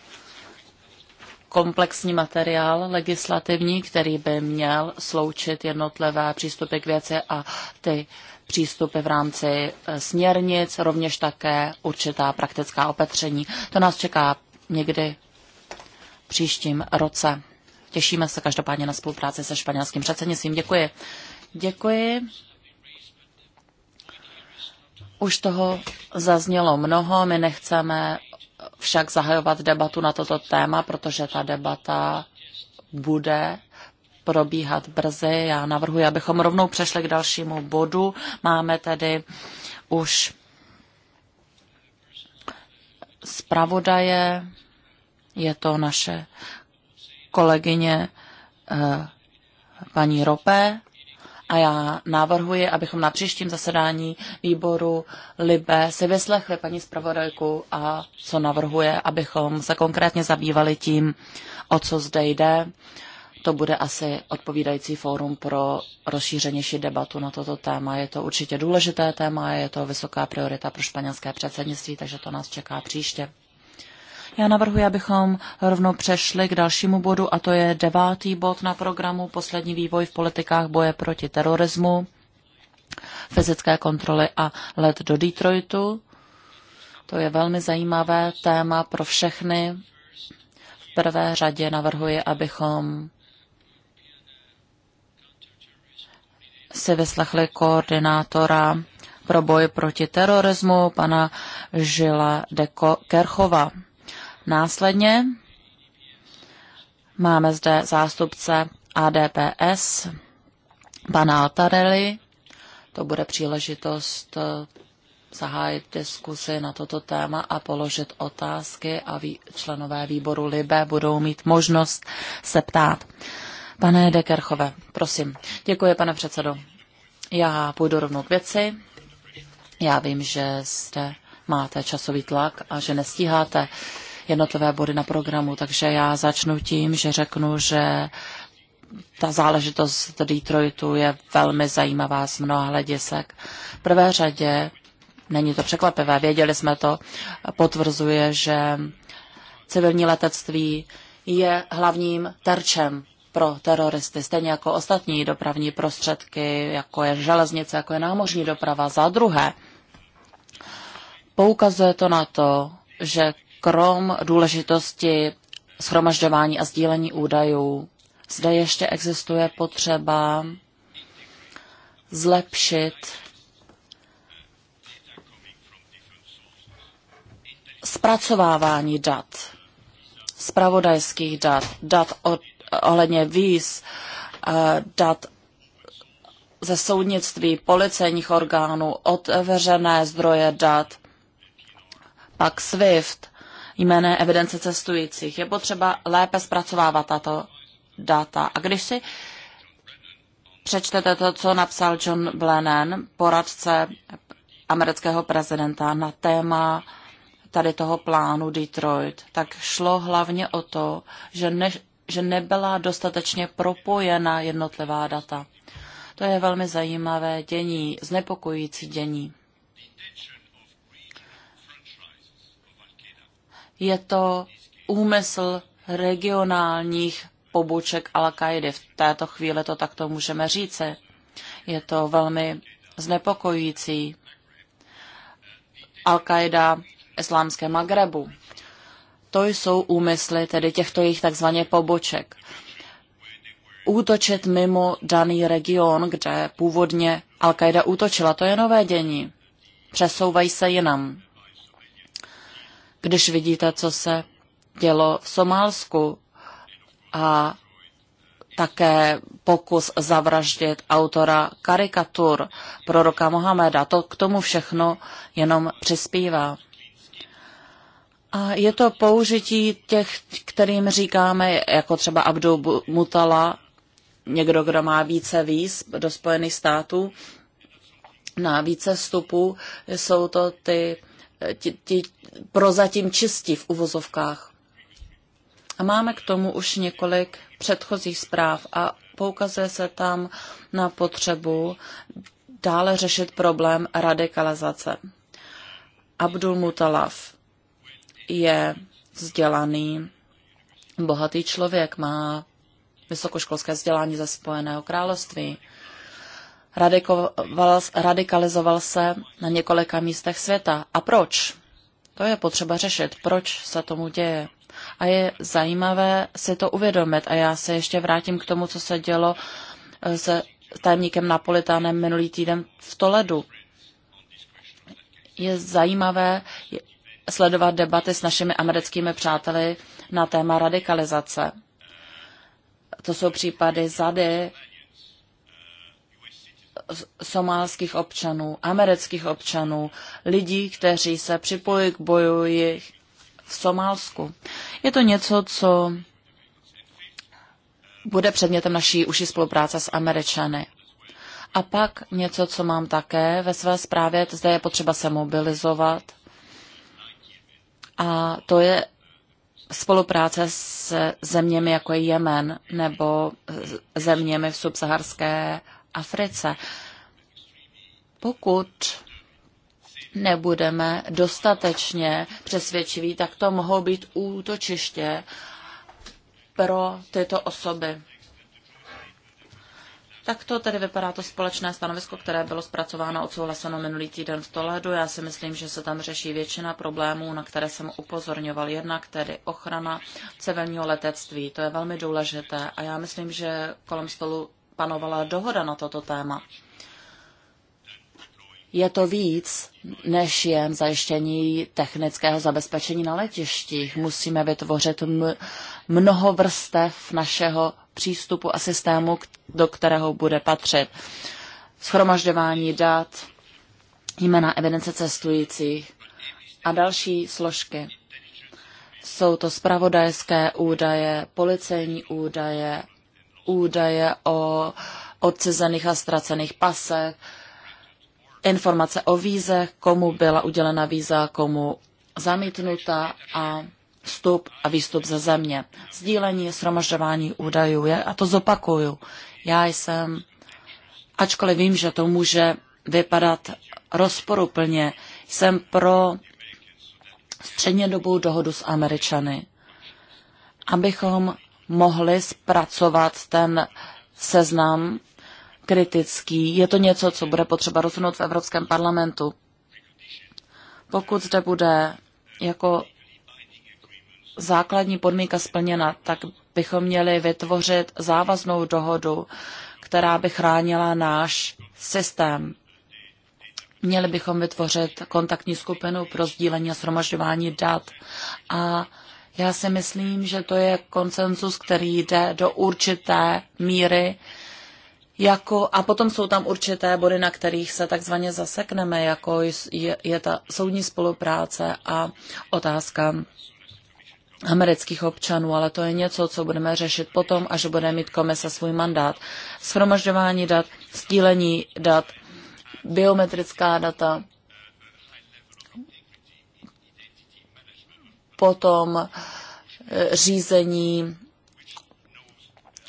komplexní materiál legislativní, který by měl sloučit jednotlivé přístupy k věci a ty přístupy v rámci e, směrnic, rovněž také určitá praktická opatření. To nás čeká někdy příštím roce. Těšíme se každopádně na spolupráci se španělským předsednictvím. Děkuji. Děkuji. Už toho zaznělo mnoho, my nechceme však zahajovat debatu na toto téma, protože ta debata bude probíhat brzy. Já navrhuji, abychom rovnou přešli k dalšímu bodu. Máme tedy už zpravodaje, je to naše kolegyně eh, paní Rope a já návrhuji, abychom na příštím zasedání výboru Libe si vyslechli paní zpravodajku a co navrhuje, abychom se konkrétně zabývali tím, o co zde jde. To bude asi odpovídající fórum pro rozšířenější debatu na toto téma. Je to určitě důležité téma, je to vysoká priorita pro španělské předsednictví, takže to nás čeká příště. Já navrhuji, abychom rovnou přešli k dalšímu bodu, a to je devátý bod na programu Poslední vývoj v politikách boje proti terorismu, fyzické kontroly a let do Detroitu. To je velmi zajímavé téma pro všechny. V prvé řadě navrhuji, abychom si vyslechli koordinátora pro boj proti terorismu, pana Žila de Kerchova. Následně máme zde zástupce ADPS, pana Altarelli. To bude příležitost eh, zahájit diskusi na toto téma a položit otázky a vý, členové výboru LIBE budou mít možnost se ptát. Pane Dekerchove, prosím. Děkuji, pane předsedo. Já půjdu rovnou k věci. Já vím, že jste máte časový tlak a že nestíháte. Uh, jednotlivé body na programu. Takže já začnu tím, že řeknu, že ta záležitost Detroitu je velmi zajímavá z mnoha hledisek. V prvé řadě, není to překvapivé, věděli jsme to, potvrzuje, že civilní letectví je hlavním terčem pro teroristy, stejně jako ostatní dopravní prostředky, jako je železnice, jako je námořní doprava. Za druhé, poukazuje to na to, že krom důležitosti schromažďování a sdílení údajů, zde ještě existuje potřeba zlepšit zpracovávání dat, spravodajských dat, dat od, ohledně víz, eh, dat ze soudnictví, policejních orgánů, otevřené zdroje dat, pak SWIFT, jméné evidence cestujících. Je potřeba lépe zpracovávat tato data. A když si přečtete to, co napsal John Blennan, poradce amerického prezidenta na téma tady toho plánu Detroit, tak šlo hlavně o to, že, ne, že nebyla dostatečně propojena jednotlivá data. To je velmi zajímavé dění, znepokojící dění. Je to úmysl regionálních poboček Al-Kaidy. V této chvíli to takto můžeme říci. Je to velmi znepokojící. Al-Qaida islámské Magrebu. To jsou úmysly tedy těchto jejich takzvaně poboček. Útočit mimo daný region, kde původně Al-Qaida útočila, to je nové dění. Přesouvají se jinam když vidíte, co se dělo v Somálsku a také pokus zavraždit autora karikatur proroka Mohameda. To k tomu všechno jenom přispívá. A je to použití těch, kterým říkáme, jako třeba Abdu Mutala, někdo, kdo má více víz do Spojených států, na více vstupů, jsou to ty, ti, ti prozatím čistí v uvozovkách. A máme k tomu už několik předchozích zpráv a poukazuje se tam na potřebu dále řešit problém radikalizace. Abdul Mutalaf je vzdělaný, bohatý člověk, má vysokoškolské vzdělání ze Spojeného království. Radikoval, radikalizoval se na několika místech světa. A proč? To je potřeba řešit, proč se tomu děje. A je zajímavé si to uvědomit. A já se ještě vrátím k tomu, co se dělo eh, se tajemníkem Napolitánem minulý týden v Toledu. Je zajímavé sledovat debaty s našimi americkými přáteli na téma radikalizace. To jsou případy zady, somálských občanů, amerických občanů, lidí, kteří se připojí k boji v Somálsku. Je to něco, co bude předmětem naší uši spolupráce s Američany. A pak něco, co mám také ve své zprávě, zde je potřeba se mobilizovat. A to je spolupráce s zeměmi jako je Jemen nebo zeměmi v subsaharské Africe. Pokud nebudeme dostatečně přesvědčiví, tak to mohou být útočiště pro tyto osoby. Tak to tedy vypadá to společné stanovisko, které bylo zpracováno a odsouhlaseno minulý týden v Toledu. Já si myslím, že se tam řeší většina problémů, na které jsem upozorňoval. Jednak tedy ochrana civilního letectví, to je velmi důležité a já myslím, že kolem stolu panovala dohoda na toto téma. Je to víc, než jen zajištění technického zabezpečení na letištích. Musíme vytvořit mnoho vrstev našeho přístupu a systému, do kterého bude patřit. Schromažďování dat, jména evidence cestujících a další složky. Jsou to spravodajské údaje, policejní údaje, údaje o odcizených a ztracených pasech, informace o vízech, komu byla udělena víza, komu zamítnuta a vstup a výstup ze země. Sdílení, shromažďování údajů je, a to zopakuju. Já jsem, ačkoliv vím, že to může vypadat rozporuplně, jsem pro střednědobou dohodu s Američany, abychom mohli zpracovat ten seznam kritický. Je to něco, co bude potřeba rozhodnout v Evropském parlamentu. Pokud zde bude jako základní podmínka splněna, tak bychom měli vytvořit závaznou dohodu, která by chránila náš systém. Měli bychom vytvořit kontaktní skupinu pro sdílení a shromažďování dat a já si myslím, že to je konsenzus, který jde do určité míry. Jako, a potom jsou tam určité body, na kterých se takzvaně zasekneme, jako je, je ta soudní spolupráce a otázka amerických občanů, ale to je něco, co budeme řešit potom, až bude mít komise svůj mandát. Shromažďování dat, stílení dat, biometrická data, potom eh, řízení,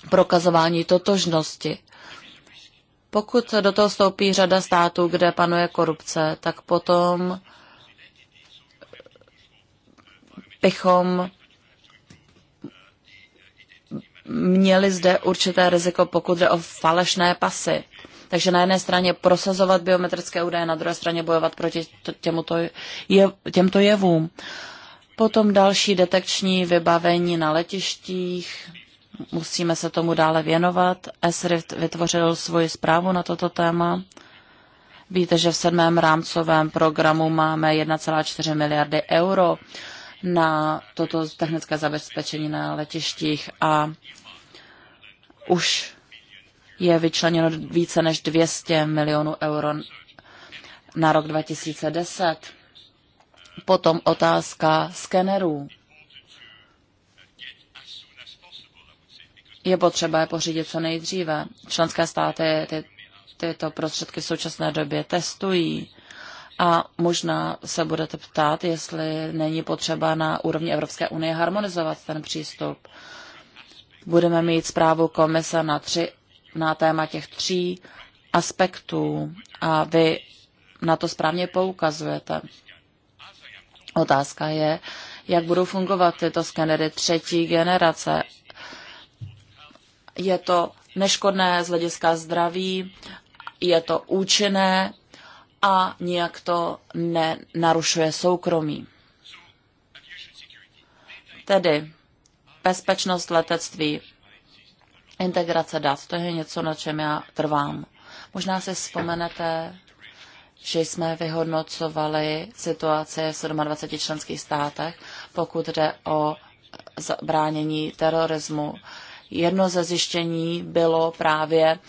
prokazování totožnosti. Pokud do toho stoupí řada států, kde panuje korupce, tak potom bychom měli zde určité riziko, pokud jde o falešné pasy. Takže na jedné straně prosazovat biometrické údaje, na druhé straně bojovat proti těmuto je, těmto jevům. Potom další detekční vybavení na letištích, musíme se tomu dále věnovat. SRIFT vytvořil svoji zprávu na toto téma. Víte, že v sedmém rámcovém programu máme 1,4 miliardy euro na toto technické zabezpečení na letištích a už je vyčleněno více než 200 milionů euro na rok 2010. Potom otázka skenerů. Je potřeba je pořídit co nejdříve. Členské státy ty, tyto prostředky v současné době testují. A možná se budete ptát, jestli není potřeba na úrovni Evropské unie harmonizovat ten přístup. Budeme mít zprávu komise na, tři, na téma těch tří aspektů a vy na to správně poukazujete. Otázka je, jak budou fungovat tyto skenery třetí generace. Je to neškodné z hlediska zdraví, je to účinné a nijak to nenarušuje soukromí. Tedy bezpečnost letectví, integrace dat, to je něco, na čem já trvám. Možná si vzpomenete že jsme vyhodnocovali situaci v 27 členských státech, pokud jde o zabránění terorismu. Jedno ze zjištění bylo právě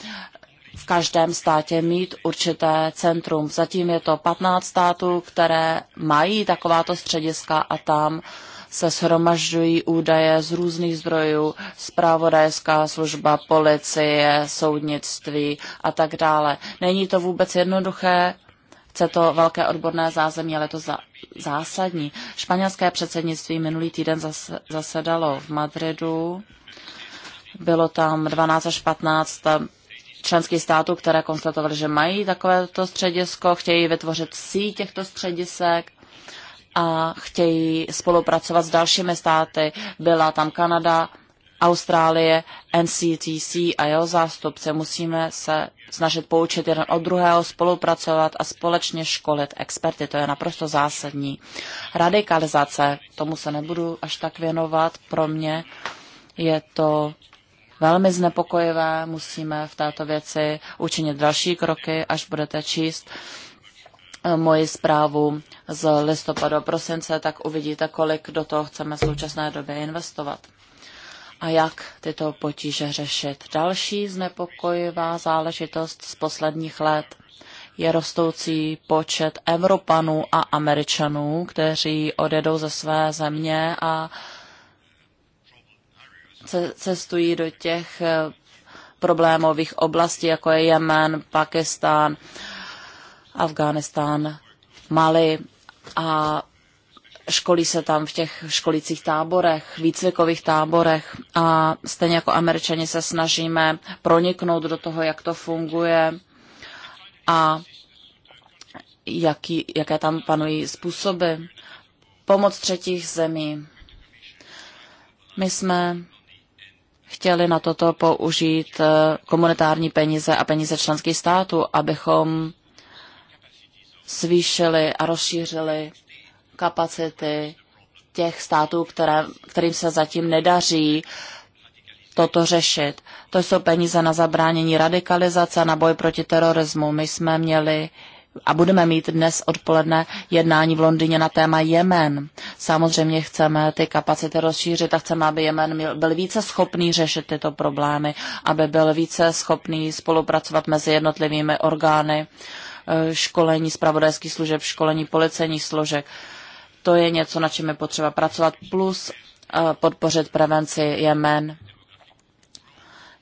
v každém státě mít určité centrum. Zatím je to 15 států, které mají takováto střediska a tam se shromažďují údaje z různých zdrojů, zpravodajská služba, policie, soudnictví a tak dále. Není to vůbec jednoduché Chce to velké odborné zázemí, ale to za, zásadní. Španělské předsednictví minulý týden zas, zasedalo v Madridu. Bylo tam 12 až 15 eh, členských států, které konstatovaly, že mají takovéto středisko, chtějí vytvořit síť těchto středisek a chtějí spolupracovat s dalšími státy. Byla tam Kanada, Austrálie, NCTC a jeho zástupce. Musíme se snažit poučit jeden od druhého, spolupracovat a společně školit experty. To je naprosto zásadní. Radikalizace, tomu se nebudu až tak věnovat. Pro mě je to velmi znepokojivé. Musíme v této věci učinit další kroky, až budete číst eh, moji zprávu z listopadu a prosince, tak uvidíte, kolik do toho chceme v současné době investovat a jak tyto potíže řešit. Další znepokojivá záležitost z posledních let je rostoucí počet Evropanů a Američanů, kteří odjedou ze své země a cestují do těch eh, problémových oblastí, jako je Jemen, Pakistán, Afghánistán, Mali a školí se tam v těch školicích táborech, výcvikových táborech a stejně jako američani se snažíme proniknout do toho, jak to funguje a jaký, jaké tam panují způsoby. Pomoc třetích zemí. My jsme chtěli na toto použít eh, komunitární peníze a peníze členských států, abychom zvýšili a rozšířili kapacity těch států, které, kterým se zatím nedaří toto řešit. To jsou peníze na zabránění radikalizace, na boj proti terorismu. My jsme měli a budeme mít dnes odpoledne jednání v Londýně na téma Jemen. Samozřejmě chceme ty kapacity rozšířit a chceme, aby Jemen byl více schopný řešit tyto problémy, aby byl více schopný spolupracovat mezi jednotlivými orgány, eh, školení zpravodajských služeb, školení policejních složek. To je něco, na čem je potřeba pracovat, plus eh, podpořit prevenci Jemen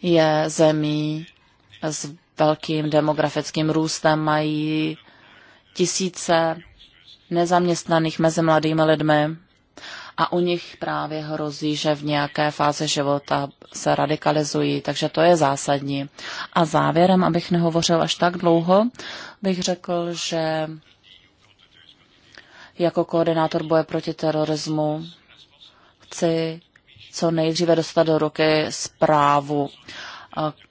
je zemí s velkým demografickým růstem, mají tisíce nezaměstnaných mezi mladými lidmi a u nich právě hrozí, že v nějaké fázi života se radikalizují, takže to je zásadní. A závěrem, abych nehovořil až tak dlouho, bych řekl, že jako koordinátor boje proti terorismu chci co nejdříve dostat do ruky zprávu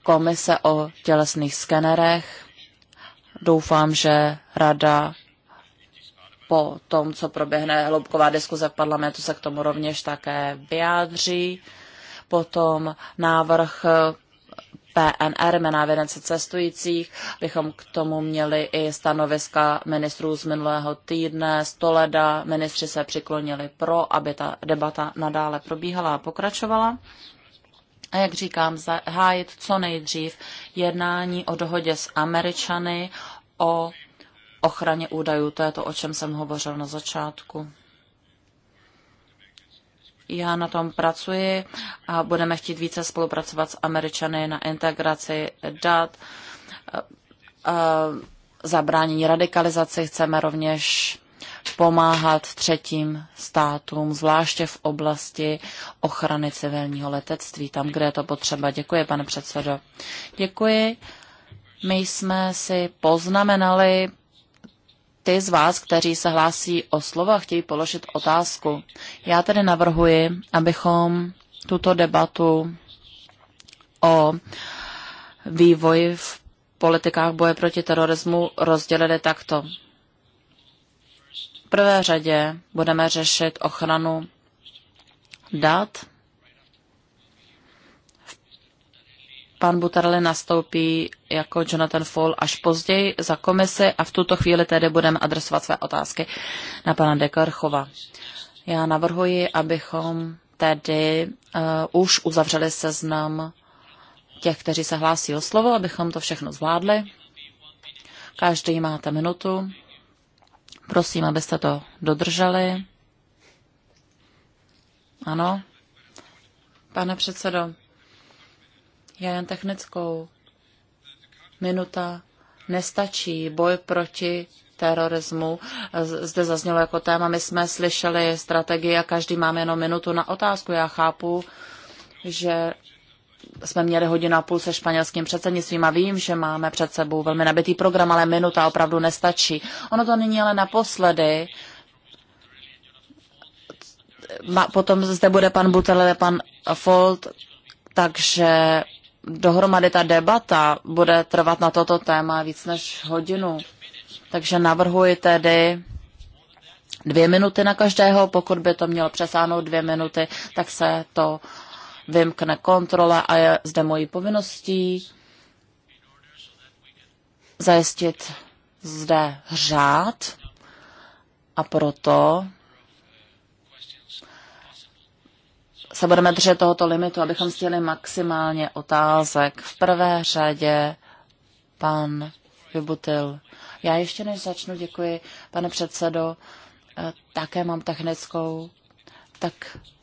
komise o tělesných skenerech. Doufám, že rada po tom, co proběhne hloubková diskuze v parlamentu, se k tomu rovněž také vyjádří. Potom návrh PNR, jména evidence cestujících, bychom k tomu měli i stanoviska ministrů z minulého týdne, z Toleda. Ministři se přiklonili pro, aby ta debata nadále probíhala a pokračovala. A jak říkám, zahájit co nejdřív jednání o dohodě s Američany o ochraně údajů. To je to, o čem jsem hovořil na začátku. Já na tom pracuji a budeme chtít více spolupracovat s Američany na integraci dat, eh, eh, zabránění radikalizaci. Chceme rovněž pomáhat třetím státům, zvláště v oblasti ochrany civilního letectví, tam, kde je to potřeba. Děkuji, pane předsedo. Děkuji. My jsme si poznamenali ty z vás, kteří se hlásí o slovo a chtějí položit otázku. Já tedy navrhuji, abychom tuto debatu o vývoji v politikách boje proti terorismu rozdělili takto. V prvé řadě budeme řešit ochranu dat pan Butarle nastoupí jako Jonathan Fall až později za komise a v tuto chvíli tedy budeme adresovat své otázky na pana Dekarchova. Já navrhuji, abychom tedy uh, už uzavřeli seznam těch, kteří se hlásí o slovo, abychom to všechno zvládli. Každý máte minutu. Prosím, abyste to dodrželi. Ano. Pane předsedo, já jen technickou. Minuta nestačí. Boj proti terorismu. Zde zaznělo jako téma, my jsme slyšeli strategii a každý máme jenom minutu na otázku. Já chápu, že jsme měli hodinu a půl se španělským předsednictvím a vím, že máme před sebou velmi nabitý program, ale minuta opravdu nestačí. Ono to není ale naposledy. Potom zde bude pan Butel, pan Fold, takže dohromady ta debata bude trvat na toto téma víc než hodinu. Takže navrhuji tedy dvě minuty na každého. Pokud by to mělo přesáhnout dvě minuty, tak se to vymkne kontrole a je zde mojí povinností zajistit zde řád a proto se budeme držet tohoto limitu, abychom stěli maximálně otázek. V prvé řadě pan Vybutil. Já ještě než začnu, děkuji, pane předsedo, eh, také mám technickou, tak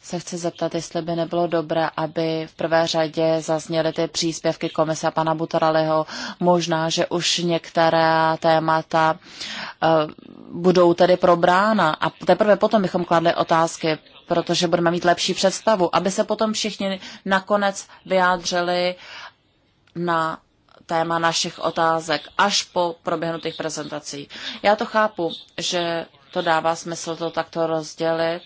se chci zeptat, jestli by nebylo dobré, aby v prvé řadě zazněly ty příspěvky komisa pana Butaraliho. Možná, že už některá témata eh, budou tedy probrána a teprve potom bychom kladli otázky protože budeme mít lepší představu, aby se potom všichni nakonec vyjádřili na téma našich otázek až po proběhnutých prezentacích. Já to chápu, že to dává smysl to takto rozdělit.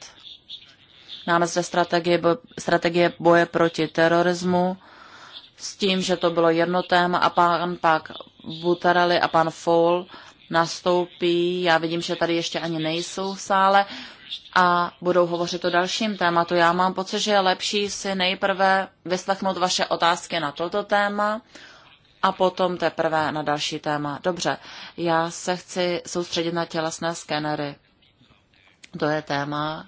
Máme zde strategie, bo, strategie boje proti terorismu s tím, že to bylo jedno téma a pán pak Butarali a pan Foul nastoupí. Já vidím, že tady ještě ani nejsou v sále a budou hovořit o dalším tématu. Já mám pocit, že je lepší si nejprve vyslechnout vaše otázky na toto téma a potom teprve na další téma. Dobře, já se chci soustředit na tělesné skenery. To je téma,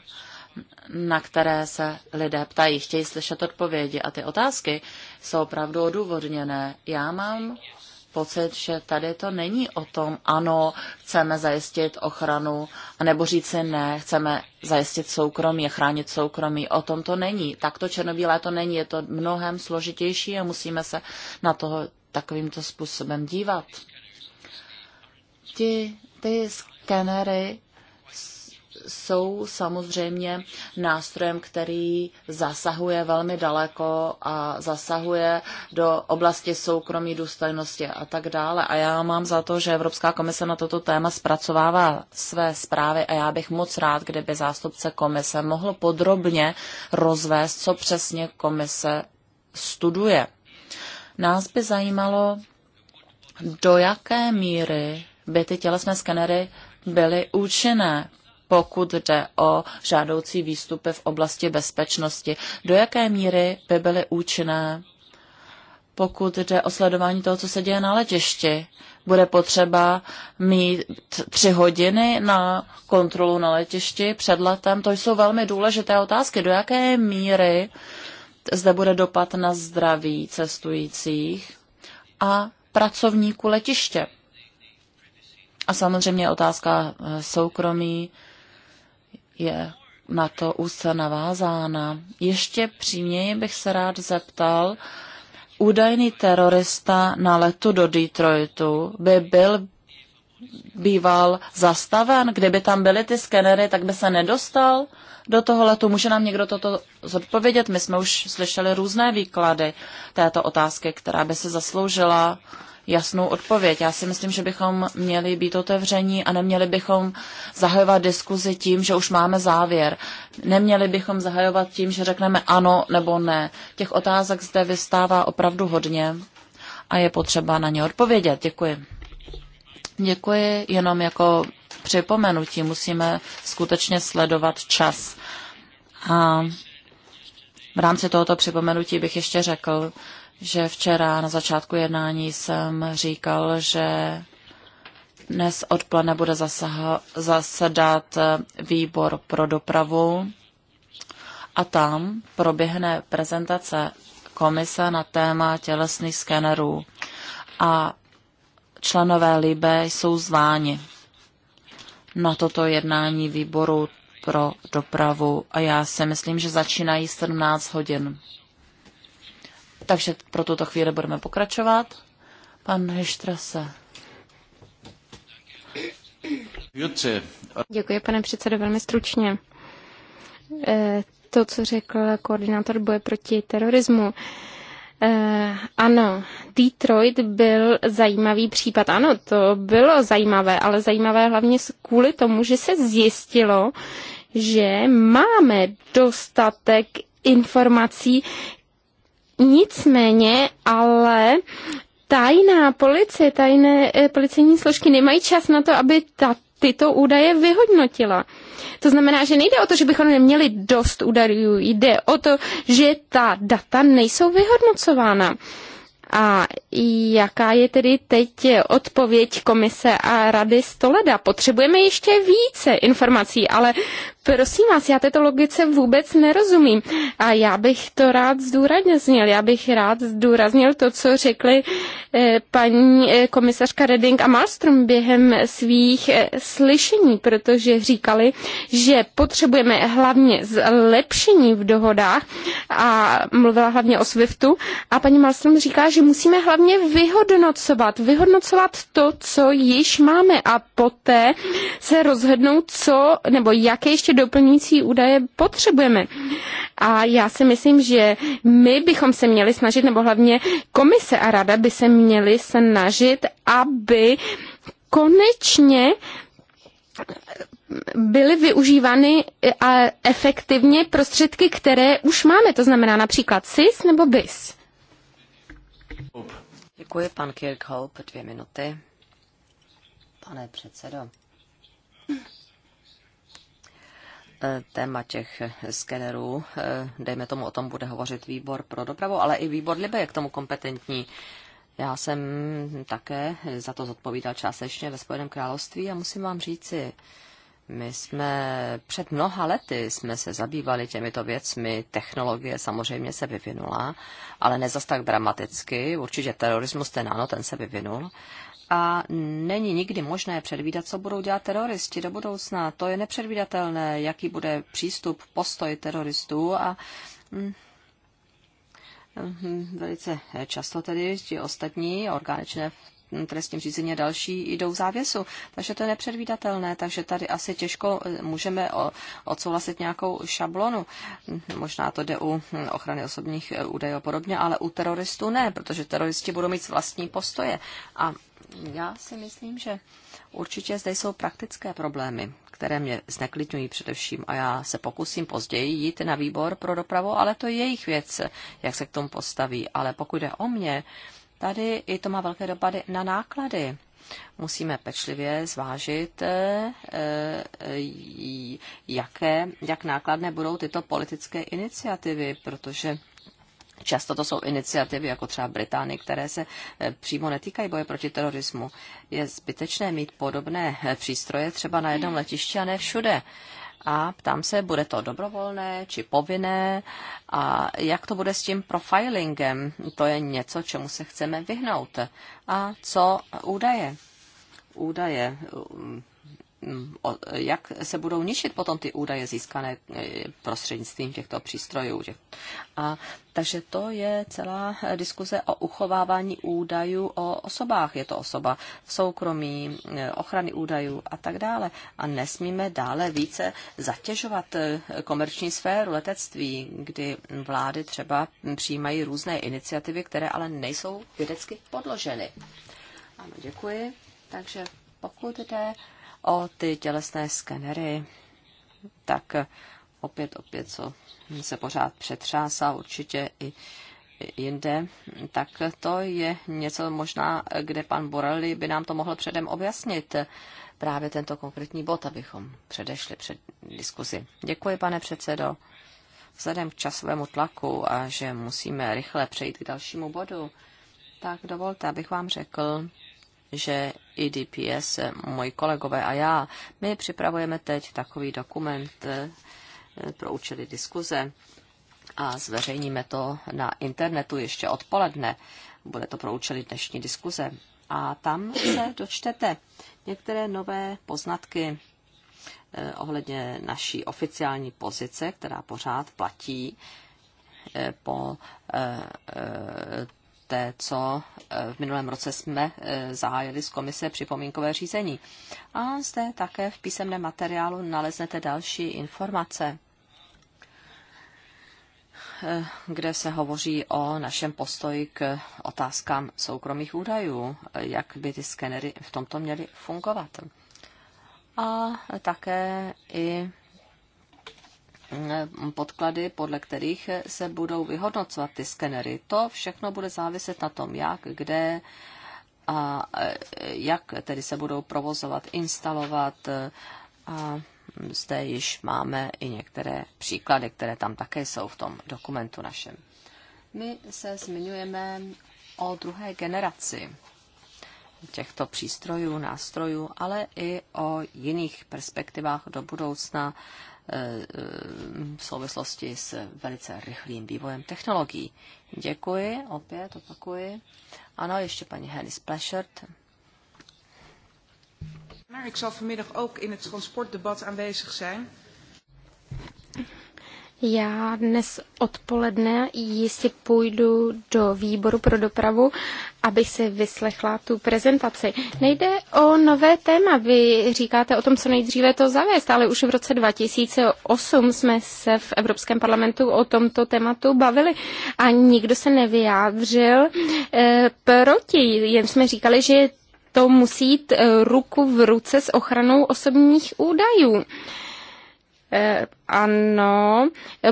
na které se lidé ptají, chtějí slyšet odpovědi a ty otázky jsou opravdu odůvodněné. Já mám pocit, že tady to není o tom, ano, chceme zajistit ochranu, nebo říci ne, chceme zajistit soukromí, chránit soukromí. O tom to není. Takto černobílé to není. Je to mnohem složitější a musíme se na toho takovýmto způsobem dívat. Ti, ty skenery jsou samozřejmě nástrojem, který zasahuje velmi daleko a zasahuje do oblasti soukromí důstojnosti a tak dále. A já mám za to, že Evropská komise na toto téma zpracovává své zprávy a já bych moc rád, kdyby zástupce komise mohl podrobně rozvést, co přesně komise studuje. Nás by zajímalo, do jaké míry by ty tělesné skenery byly účinné pokud jde o žádoucí výstupy v oblasti bezpečnosti. Do jaké míry by byly účinné, pokud jde o sledování toho, co se děje na letišti? Bude potřeba mít tři hodiny na kontrolu na letišti před letem? To jsou velmi důležité otázky. Do jaké míry zde bude dopad na zdraví cestujících a pracovníků letiště? A samozřejmě otázka soukromí je na to úzce navázána. Ještě přímněji bych se rád zeptal, údajný terorista na letu do Detroitu by byl býval zastaven, kdyby tam byly ty skenery, tak by se nedostal do toho letu. Může nám někdo toto zodpovědět? My jsme už slyšeli různé výklady této otázky, která by se zasloužila jasnou odpověď. Já si myslím, že bychom měli být otevření a neměli bychom zahajovat diskuzi tím, že už máme závěr. Neměli bychom zahajovat tím, že řekneme ano nebo ne. Těch otázek zde vystává opravdu hodně a je potřeba na ně odpovědět. Děkuji. Děkuji, jenom jako připomenutí musíme skutečně sledovat čas. A v rámci tohoto připomenutí bych ještě řekl, že včera na začátku jednání jsem říkal, že dnes odpoledne bude zasaha, zasedat eh, výbor pro dopravu a tam proběhne prezentace komise na téma tělesných skenerů a členové LIBE jsou zváni na toto jednání výboru pro dopravu a já si myslím, že začínají 17 hodin. Takže pro tuto chvíli budeme pokračovat. Pan Heštrase. Děkuji, pane předsedo, velmi stručně. Eh, to, co řekl koordinátor boje proti terorismu, eh, ano, Detroit byl zajímavý případ. Ano, to bylo zajímavé, ale zajímavé hlavně kvůli tomu, že se zjistilo, že máme dostatek informací, Nicméně, ale tajná policie, tajné eh, policejní složky nemají čas na to, aby ta, tyto údaje vyhodnotila. To znamená, že nejde o to, že bychom neměli dost údajů, jde o to, že ta data nejsou vyhodnocována. A jaká je tedy teď odpověď komise a rady Stoleda? Potřebujeme ještě více informací, ale prosím vás, já této logice vůbec nerozumím. A já bych to rád zdůraznil. Já bych rád zdůraznil to, co řekli eh, paní eh, komisařka Reding a Malmström během svých eh, slyšení, protože říkali, že potřebujeme hlavně zlepšení v dohodách a mluvila hlavně o SWIFTu a paní Malmström říká, takže musíme hlavně vyhodnocovat, vyhodnocovat to, co již máme a poté se rozhodnout, co nebo jaké ještě doplňující údaje potřebujeme. A já si myslím, že my bychom se měli snažit, nebo hlavně komise a rada by se měly snažit, aby konečně byly využívány eh, a efektivně prostředky, které už máme, to znamená například SIS nebo BIS. Děkuji, pan Kirkhope, dvě minuty. Pane předsedo, téma těch skenerů, dejme tomu, o tom bude hovořit výbor pro dopravu, ale i výbor Libe je k tomu kompetentní. Já jsem také za to zodpovídal částečně ve Spojeném království a musím vám říci, my jsme před mnoha lety jsme se zabývali těmito věcmi. Technologie samozřejmě se vyvinula, ale ne zas tak dramaticky. Určitě terorismus ten ano, ten se vyvinul. A není nikdy možné předvídat, co budou dělat teroristi do budoucna. To je nepředvídatelné, jaký bude přístup, postoj teroristů a mm, Mhm, velice eh, často tedy ti ostatní orgánečné trestním řízení a další jdou v závěsu. Takže to je nepředvídatelné, takže tady asi těžko eh, můžeme odsouhlasit nějakou šablonu. Mhm, možná to jde u hm, ochrany osobních eh, údajů a podobně, ale u teroristů ne, protože teroristi budou mít vlastní postoje. A já si myslím, že určitě zde jsou praktické problémy, které mě zneklidňují především a já se pokusím později jít na výbor pro dopravu, ale to je jejich věc, jak se k tomu postaví. Ale pokud jde o mě, tady i to má velké dopady na náklady musíme pečlivě zvážit, eh, eh, jaké, jak nákladné budou tyto politické iniciativy, protože Často to jsou iniciativy, jako třeba Britány, které se eh, přímo netýkají boje proti terorismu. Je zbytečné mít podobné eh, přístroje třeba na jednom letišti a ne všude. A ptám se, bude to dobrovolné či povinné a jak to bude s tím profilingem. To je něco, čemu se chceme vyhnout. A co údaje? Údaje um, jak se budou ničit potom ty údaje získané e, prostřednictvím těchto přístrojů. A, takže to je celá diskuze o uchovávání údajů o osobách. Je to osoba soukromí, e, ochrany údajů a tak dále. A nesmíme dále více zatěžovat e, komerční sféru letectví, kdy vlády třeba přijímají různé iniciativy, které ale nejsou vědecky podloženy. Ano, děkuji. Takže pokud jde o ty tělesné skenery, tak opět, opět, co se pořád přetřásá určitě i jinde, tak to je něco možná, kde pan Borelli by nám to mohl předem objasnit, právě tento konkrétní bod, abychom předešli před diskuzi. Děkuji, pane předsedo. Vzhledem k časovému tlaku a že musíme rychle přejít k dalšímu bodu, tak dovolte, abych vám řekl, že IDPS, eh, moji kolegové a já, my připravujeme teď takový dokument eh, pro účely diskuze a zveřejníme to na internetu ještě odpoledne. Bude to pro účely dnešní diskuze. A tam se dočtete některé nové poznatky eh, ohledně naší oficiální pozice, která pořád platí po té, co e, v minulém roce jsme e, zahájili z komise připomínkové řízení. A zde také v písemném materiálu naleznete další informace e, kde se hovoří o našem postoji k otázkám soukromých údajů, jak by ty skenery v tomto měly fungovat. A také i Eh, podklady, podle kterých se budou vyhodnocovat ty skenery. To všechno bude záviset na tom, jak, kde a eh, jak tedy se budou provozovat, instalovat. Eh, a zde již máme i některé příklady, které tam také jsou v tom dokumentu našem. My se zmiňujeme o druhé generaci těchto přístrojů, nástrojů, ale i o jiných perspektivách do budoucna v souvislosti s velice rychlým vývojem technologií. Děkuji, opět opakuji. Ano, ještě paní Henny Splashert. Ik zal vanmiddag ook in het transportdebat aanwezig zijn. Já dnes odpoledne jistě půjdu do výboru pro dopravu, abych si vyslechla tu prezentaci. Nejde o nové téma. Vy říkáte o tom, co nejdříve to zavést, ale už v roce 2008 jsme se v Evropském parlamentu o tomto tématu bavili a nikdo se nevyjádřil e, proti. Jen jsme říkali, že to musí jít eh, ruku v ruce s ochranou osobních údajů. E, Eh, ano,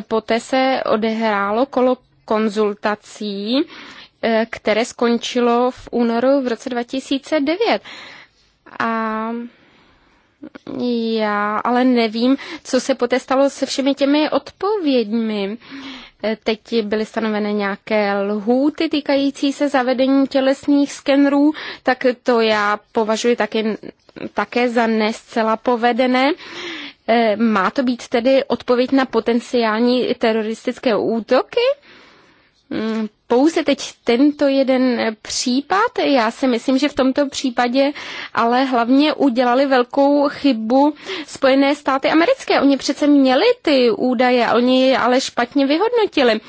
poté se odehrálo kolo konzultací, eh, které skončilo v únoru v roce 2009. A já ale nevím, co se poté stalo se všemi těmi odpověďmi. Eh, teď byly stanoveny nějaké lhůty týkající se zavedení tělesných skenrů, tak to já považuji také, také za nescela povedené. E, Eh, má to být tedy odpověď na potenciální teroristické útoky? Hmm, pouze teď tento jeden případ. Já si myslím, že v tomto případě ale hlavně udělali velkou chybu Spojené státy americké. Oni přece měli ty údaje, oni je ale špatně vyhodnotili.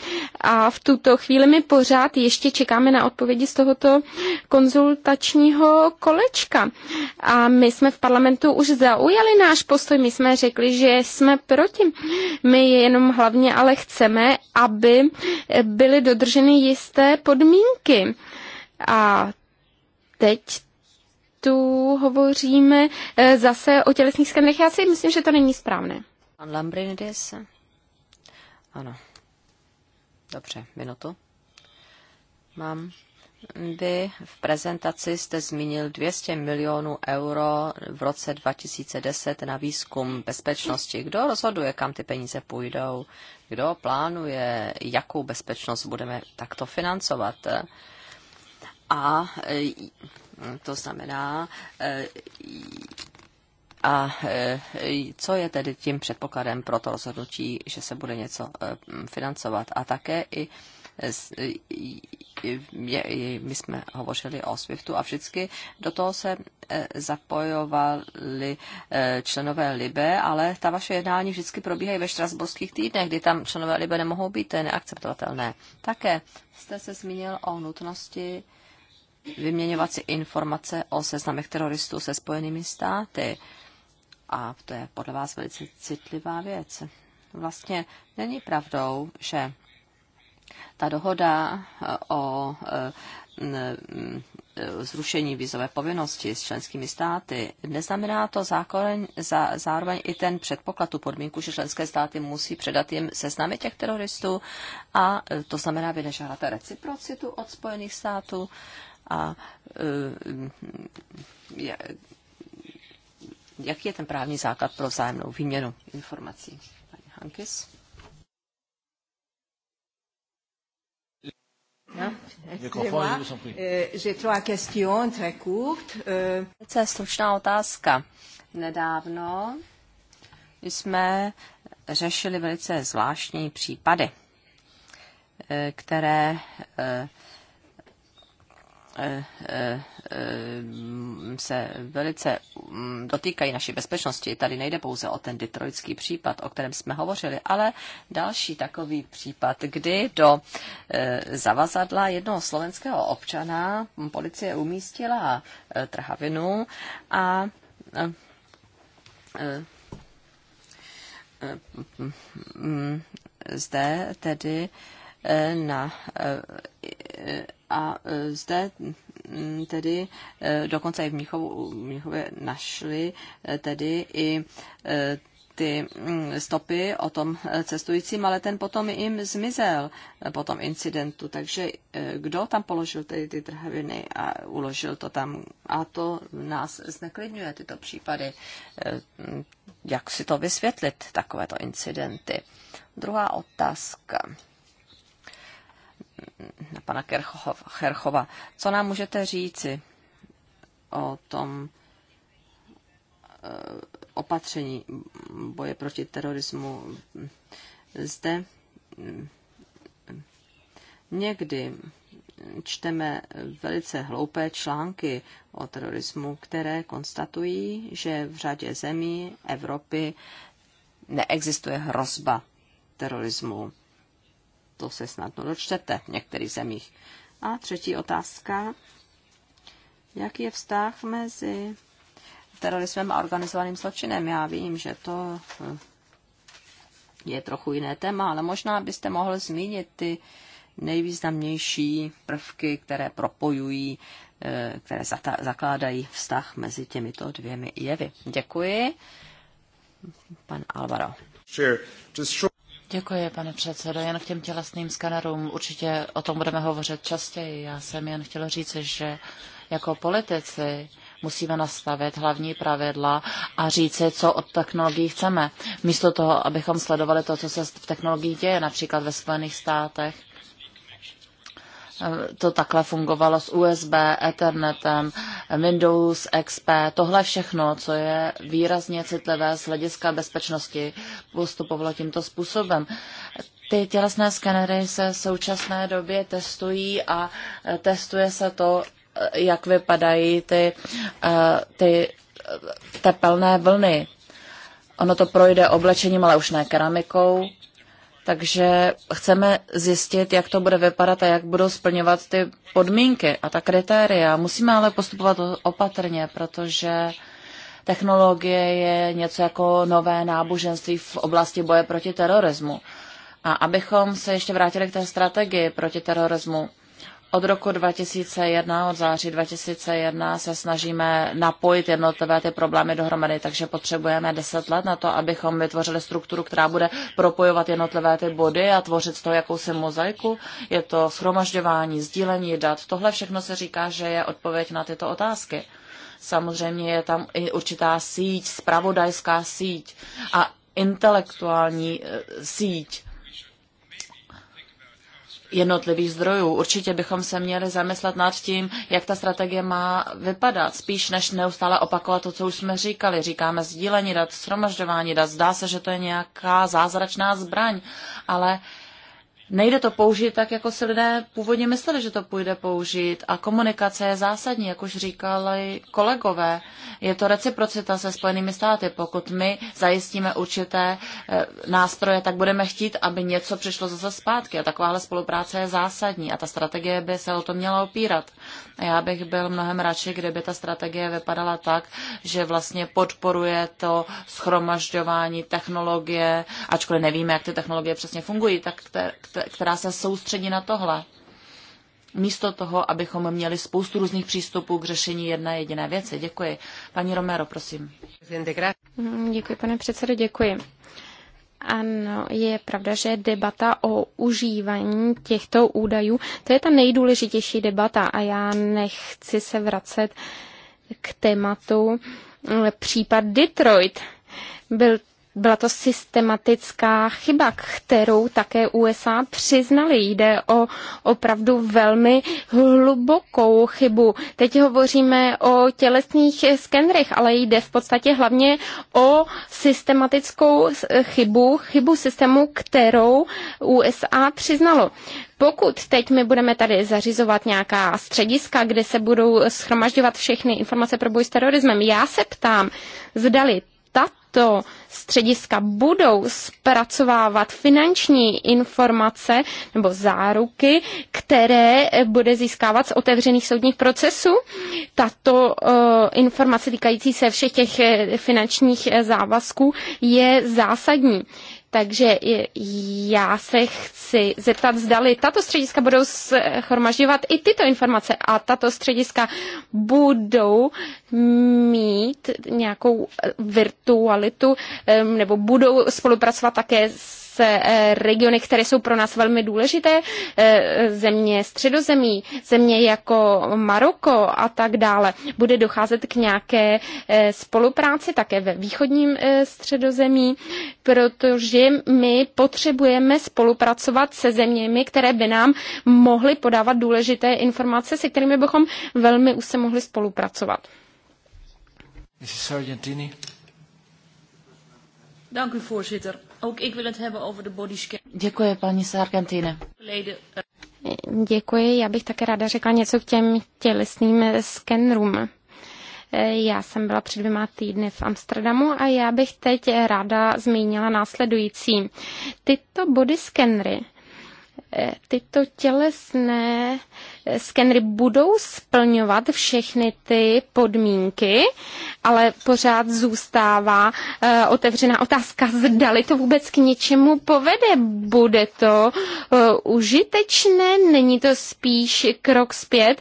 A v tuto chvíli my pořád ještě čekáme na odpovědi z tohoto konzultačního kolečka. A my jsme v parlamentu už zaujali náš postoj, my jsme řekli, že jsme proti. My jenom hlavně ale chceme, aby byly dodrženy jisté podmínky. A teď tu hovoříme eh, zase o tělesných skenech. Já si myslím, že to není správné. Pan Lambrinidis? Ano. Dobře, minutu. Mám. Vy v prezentaci jste zmínil 200 milionů euro v roce 2010 na výzkum bezpečnosti. Kdo rozhoduje, kam ty peníze půjdou? kdo plánuje, jakou bezpečnost budeme takto financovat. A e, to znamená, e, a e, co je tedy tím předpokladem pro to rozhodnutí, že se bude něco financovat? A také i my jsme hovořili o SWIFTu a vždycky do toho se e, zapojovali e, členové Libe, ale ta vaše jednání vždycky probíhají ve štrasburských týdnech, kdy tam členové Libe nemohou být, to je neakceptovatelné. Také jste se zmínil o nutnosti vyměňovat si informace o seznamech teroristů se spojenými státy. A to je podle vás velice citlivá věc. Vlastně není pravdou, že ta dohoda eh, o eh, eh, zrušení vízové povinnosti s členskými státy, neznamená to zákon, za, zároveň i ten předpoklad, tu podmínku, že členské státy musí předat jim seznamy těch teroristů a to znamená, že nežádáte reciprocitu od Spojených států a je, jaký je ten právní základ pro vzájemnou výměnu informací? Pani Hankis? Euh, j'ai trois questions très courtes. Euh, velice stručná otázka. Nedávno jsme řešili velice zvláštní případy, eh, které eh, Eh, eh, eh, se velice mm, dotýkají naší bezpečnosti. Tady nejde pouze o ten detroitský případ, o kterém jsme hovořili, ale další takový případ, kdy do zavazadla jednoho slovenského občana policie umístila trhavinu a mm, zde tedy na a e, zde mm, tedy e, dokonce i v Míchovu, Míchově našli e, tedy i ty mm, stopy o tom cestujícím, ale ten potom jim zmizel po tom incidentu. Takže kdo tam položil tedy ty trhaviny a uložil to tam? A to nás zneklidňuje, tyto případy. Jak si to vysvětlit, takovéto incidenty? Druhá otázka na pana Kerchova. Co nám můžete říci o tom eh, opatření boje proti terorismu? Zde mm, někdy čteme velice hloupé články o terorismu, které konstatují, že v řadě zemí Evropy neexistuje hrozba terorismu to se snadno dočtete v některých zemích. A třetí otázka. Jaký je vztah mezi terorismem a organizovaným zločinem? Já vím, že to eh, je trochu jiné téma, ale možná byste mohl zmínit ty nejvýznamnější prvky, které propojují, eh, které zakládají vztah mezi těmito dvěmi jevy. Děkuji. Pan Alvaro. Děkuji, pane předsedo. Jen k těm tělesným skanerům. Určitě o tom budeme hovořit častěji. Já jsem jen chtěla říct, že jako politici musíme nastavit hlavní pravidla a říci, co od technologií chceme. Místo toho, abychom sledovali to, co se v technologiích děje, například ve Spojených státech, to takhle fungovalo s USB, Ethernetem, Windows XP, tohle všechno, co je výrazně citlivé z hlediska bezpečnosti, postupovalo tímto způsobem. Ty tělesné skenery se v současné době testují a eh, testuje se to, eh, jak vypadají ty, eh, ty tepelné vlny. Ono to projde oblečením, ale už ne keramikou. Takže chceme zjistit, jak to bude vypadat a jak budou splňovat ty podmínky a ta kritéria. Musíme ale postupovat opatrně, protože technologie je něco jako nové náboženství v oblasti boje proti terorismu. A abychom se ještě vrátili k té strategii proti terorismu, od roku 2001, od září 2001 se snažíme napojit jednotlivé ty problémy dohromady, takže potřebujeme 10 let na to, abychom vytvořili strukturu, která bude propojovat jednotlivé ty body a tvořit z toho jakousi mozaiku. Je to schromažďování, sdílení dat. Tohle všechno se říká, že je odpověď na tyto otázky. Samozřejmě je tam i určitá síť, spravodajská síť a intelektuální e, síť jednotlivých zdrojů. Určitě bychom se měli zamyslet nad tím, jak ta strategie má vypadat, spíš než neustále opakovat to, co už jsme říkali. Říkáme sdílení dat, shromažďování dat, zdá se, že to je nějaká zázračná zbraň, ale Nejde to použít tak, jako si lidé původně mysleli, že to půjde použít. A komunikace je zásadní, jak už říkali kolegové. Je to reciprocita se Spojenými státy. Pokud my zajistíme určité eh, nástroje, tak budeme chtít, aby něco přišlo zase zpátky. A takováhle spolupráce je zásadní a ta strategie by se o to měla opírat. A já bych byl mnohem radši, kdyby ta strategie vypadala tak, že vlastně podporuje to schromažďování technologie, ačkoliv nevíme, jak ty technologie přesně fungují, tak která se soustředí na tohle. Místo toho, abychom měli spoustu různých přístupů k řešení jedné jediné věci. Děkuji. Paní Romero, prosím. Děkuji, pane předsedo, děkuji. Ano, je pravda, že debata o užívání těchto údajů, to je ta nejdůležitější debata a já nechci se vracet k tématu případ Detroit. Byl byla to systematická chyba, kterou také USA přiznali. Jde o opravdu velmi hlubokou chybu. Teď hovoříme o tělesných skenrech, ale jde v podstatě hlavně o systematickou chybu, chybu systému, kterou USA přiznalo. Pokud teď my budeme tady zařizovat nějaká střediska, kde se budou schromažďovat všechny informace pro boj s terorismem, já se ptám, zdali tato tato střediska budou zpracovávat finanční informace nebo záruky, které bude získávat z otevřených soudních procesů. Tato eh, informace týkající se všech těch eh, finančních eh, závazků je zásadní. Takže já se chci zeptat, zdali tato střediska budou schromažďovat i tyto informace a tato střediska budou mít nějakou virtualitu nebo budou spolupracovat také s se eh, regiony, které jsou pro nás velmi důležité, eh, země středozemí, země jako Maroko a tak dále. Bude docházet k nějaké eh, spolupráci také ve východním středozemí, protože my potřebujeme spolupracovat se zeměmi, které by nám mohly podávat důležité informace, se kterými bychom velmi už se mohli spolupracovat. Dank u voorzitter. Ook ik wil het hebben over de bodyscan. Děkuji, paní z Argentiny. Eh, Děkuji, já bych také ráda řekla něco k těm tělesným skenrům. Eh, já jsem byla před dvěma týdny v Amsterdamu a já bych teď ráda zmínila následující. Tyto body skenry E, tyto tělesné skenery budou splňovat všechny ty podmínky, ale pořád zůstává e, otevřená otázka, zdali to vůbec k něčemu povede. Bude to e, užitečné? Není to spíš krok zpět?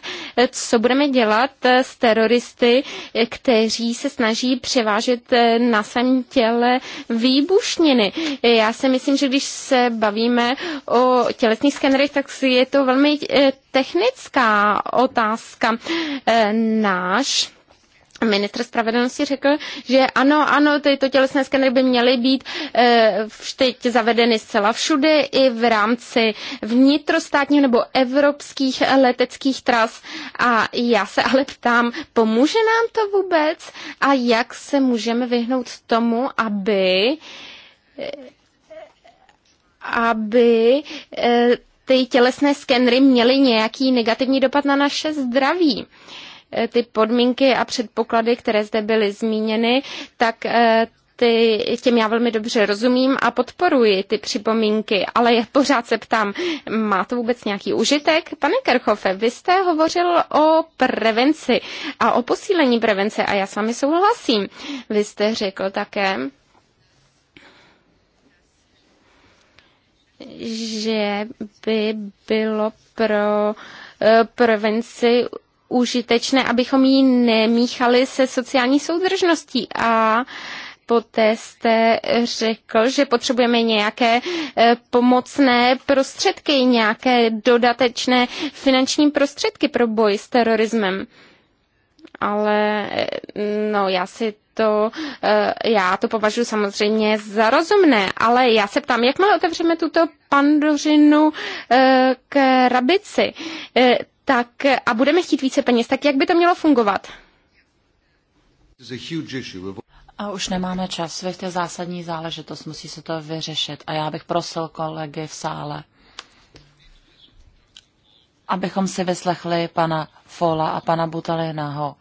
Co budeme dělat s teroristy, kteří se snaží převážet na svém těle výbušniny? Já si myslím, že když se bavíme o tělesných realitních skenery tak je to velmi eh, technická otázka. Eh, náš ministr spravedlnosti řekl, že ano, ano, tyto tělesné skenery by měly být e, teď zavedeny zcela všude i v rámci vnitrostátních nebo evropských leteckých tras. A já se ale ptám, pomůže nám to vůbec? A jak se můžeme vyhnout tomu, aby aby eh, ty tělesné skenry měly nějaký negativní dopad na naše zdraví eh, ty podmínky a předpoklady, které zde byly zmíněny, tak eh, ty, těm já velmi dobře rozumím a podporuji ty připomínky, ale je, pořád se ptám, má to vůbec nějaký užitek? Pane Kerchofe, vy jste hovořil o prevenci a o posílení prevence a já s vámi souhlasím. Vy jste řekl také, že by bylo pro eh, prevenci užitečné, abychom ji nemíchali se sociální soudržností a poté jste řekl, že potřebujeme nějaké eh, pomocné prostředky, nějaké dodatečné finanční prostředky pro boj s terorismem. Ale eh, no, já si to, eh, já to považuji samozřejmě za rozumné, ale já se ptám, jakmile otevřeme tuto pandořinu eh, k rabici, eh, tak a budeme chtít více peněz, tak jak by to mělo fungovat? A už nemáme čas, SWIFT je zásadní záležitost, musí se to vyřešit. A já bych prosil kolegy v sále, abychom si vyslechli pana Fola a pana Butalinaho.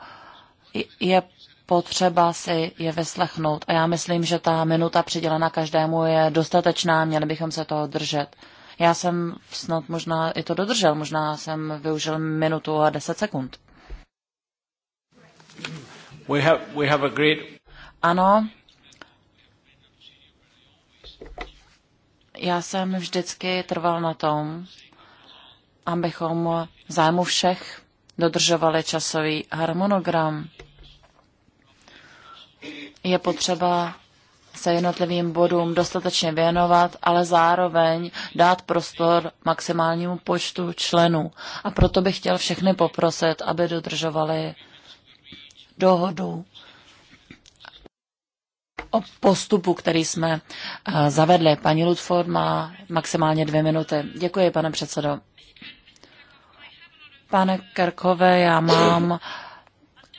Je potřeba si je vyslechnout. A já myslím, že ta minuta přidělena každému je dostatečná, měli bychom se toho držet. Já jsem snad možná i to dodržel, možná jsem využil minutu a deset sekund. We have, we have agreed. Ano. Já jsem vždycky trval na tom, abychom zájmu všech dodržovali časový harmonogram je potřeba se jednotlivým bodům dostatečně věnovat, ale zároveň dát prostor maximálnímu počtu členů. A proto bych chtěl všechny poprosit, aby dodržovali dohodu o postupu, který jsme eh, zavedli. Paní Ludford má maximálně dvě minuty. Děkuji, pane předsedo. Pane Kerkové, já mám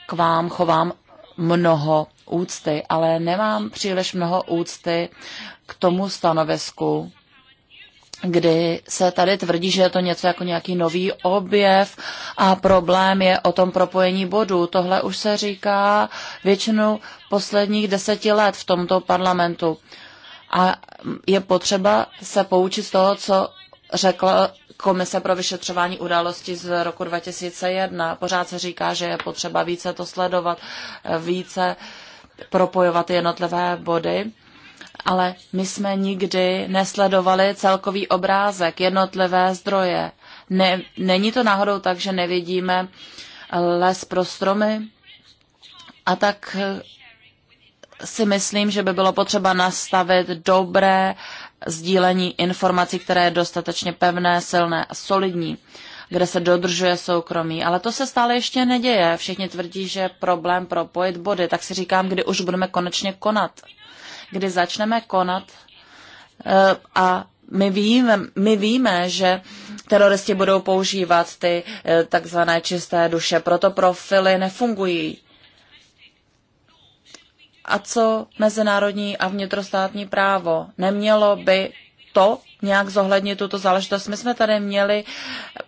k vám, chovám mnoho úcty, ale nemám příliš mnoho úcty k tomu stanovisku, kdy se tady tvrdí, že je to něco jako nějaký nový objev a problém je o tom propojení bodů. Tohle už se říká většinu posledních deseti let v tomto parlamentu. A je potřeba se poučit z toho, co řekla Komise pro vyšetřování událostí z roku 2001. Pořád se říká, že je potřeba více to sledovat, více uh, propojovat jednotlivé body, ale my jsme nikdy nesledovali celkový obrázek, jednotlivé zdroje. Ne, není to náhodou tak, že nevidíme les pro stromy? A tak si myslím, že by bylo potřeba nastavit dobré sdílení informací, které je dostatečně pevné, silné a solidní kde se dodržuje soukromí. Ale to se stále ještě neděje. Všichni tvrdí, že je problém propojit body. Tak si říkám, kdy už budeme konečně konat. Kdy začneme konat eh, a my víme, my víme, že teroristi budou používat ty eh, takzvané čisté duše, proto profily nefungují. A co mezinárodní a vnitrostátní právo? Nemělo by to nějak zohlednit tuto záležitost. My jsme tady měli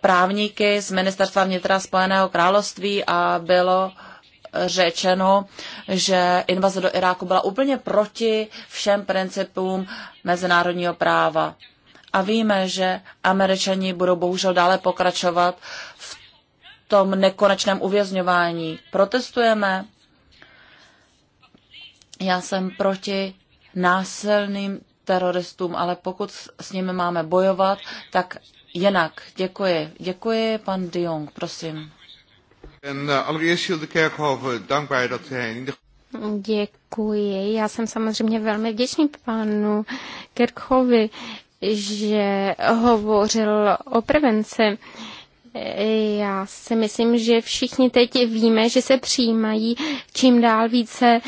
právníky z Ministerstva vnitra Spojeného království a bylo řečeno, že invaze do Iráku byla úplně proti všem principům mezinárodního práva. A víme, že američani budou bohužel dále pokračovat v tom nekonečném uvězňování. Protestujeme. Já jsem proti násilným teroristům, ale pokud s nimi máme bojovat, tak jinak. Děkuji. Děkuji, pan de Jong, prosím. Eh, eh, Děkuji. Já jsem samozřejmě velmi vděčný panu Kerkhovi, že hovořil o prevenci já si myslím, že všichni teď víme, že se přijímají čím dál více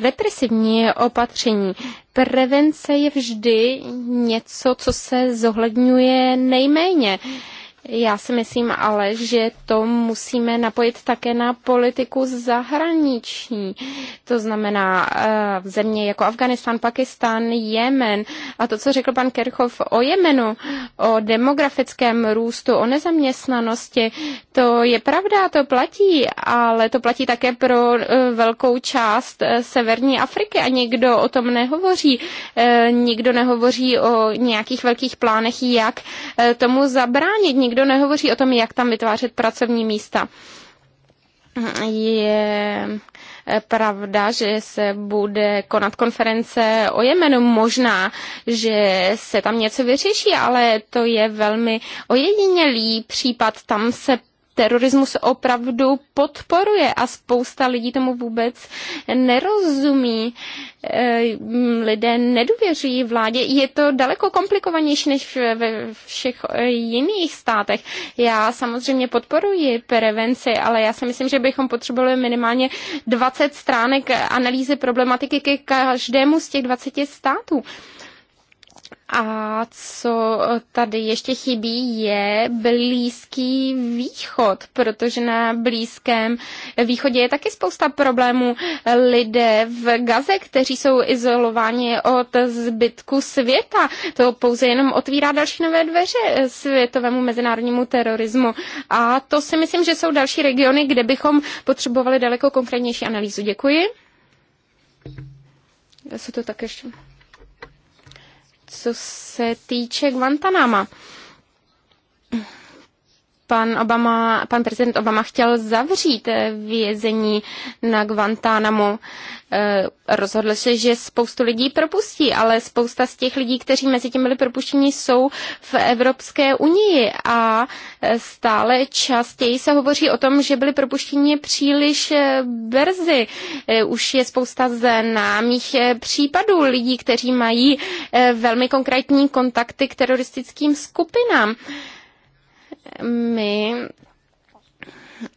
represivní opatření. Prevence je vždy něco, co se zohledňuje nejméně. Já si myslím ale, že to musíme napojit také na politiku zahraniční. To znamená v eh, země jako Afganistán, Pakistán, Jemen. A to, co řekl pan Kerchov o Jemenu, o demografickém růstu, o nezaměstnanosti, to je pravda, to platí, ale to platí také pro eh, velkou část eh, severní Afriky a nikdo o tom nehovoří. Nikdo nehovoří o nějakých velkých plánech, jak tomu zabránit. Nikdo nikdo nehovoří o tom, jak tam vytvářet pracovní místa. Je pravda, že se bude konat konference o Jemenu. Možná, že se tam něco vyřeší, ale to je velmi ojedinělý případ. Tam se terorismus opravdu podporuje a spousta lidí tomu vůbec nerozumí. E, lidé nedůvěří vládě. Je to daleko komplikovanější než ve všech e, jiných státech. Já samozřejmě podporuji prevenci, ale já si myslím, že bychom potřebovali minimálně 20 stránek analýzy problematiky ke každému z těch 20 států. A co tady ještě chybí, je Blízký východ, protože na Blízkém východě je taky spousta problémů. Lidé v Gaze, kteří jsou izolováni od zbytku světa, to pouze jenom otvírá další nové dveře světovému mezinárodnímu terorismu. A to si myslím, že jsou další regiony, kde bychom potřebovali daleko konkrétnější analýzu. Děkuji. Já se to tak ještě co se týče Guantanama pan, Obama, pan prezident Obama chtěl zavřít eh, vězení na Guantánamo. Eh, rozhodl se, že spoustu lidí propustí, ale spousta z těch lidí, kteří mezi tím byli propuštěni, jsou v Evropské unii a eh, stále častěji se hovoří o tom, že byli propuštěni příliš brzy. Už je spousta známých případů lidí, kteří mají velmi konkrétní kontakty k teroristickým skupinám my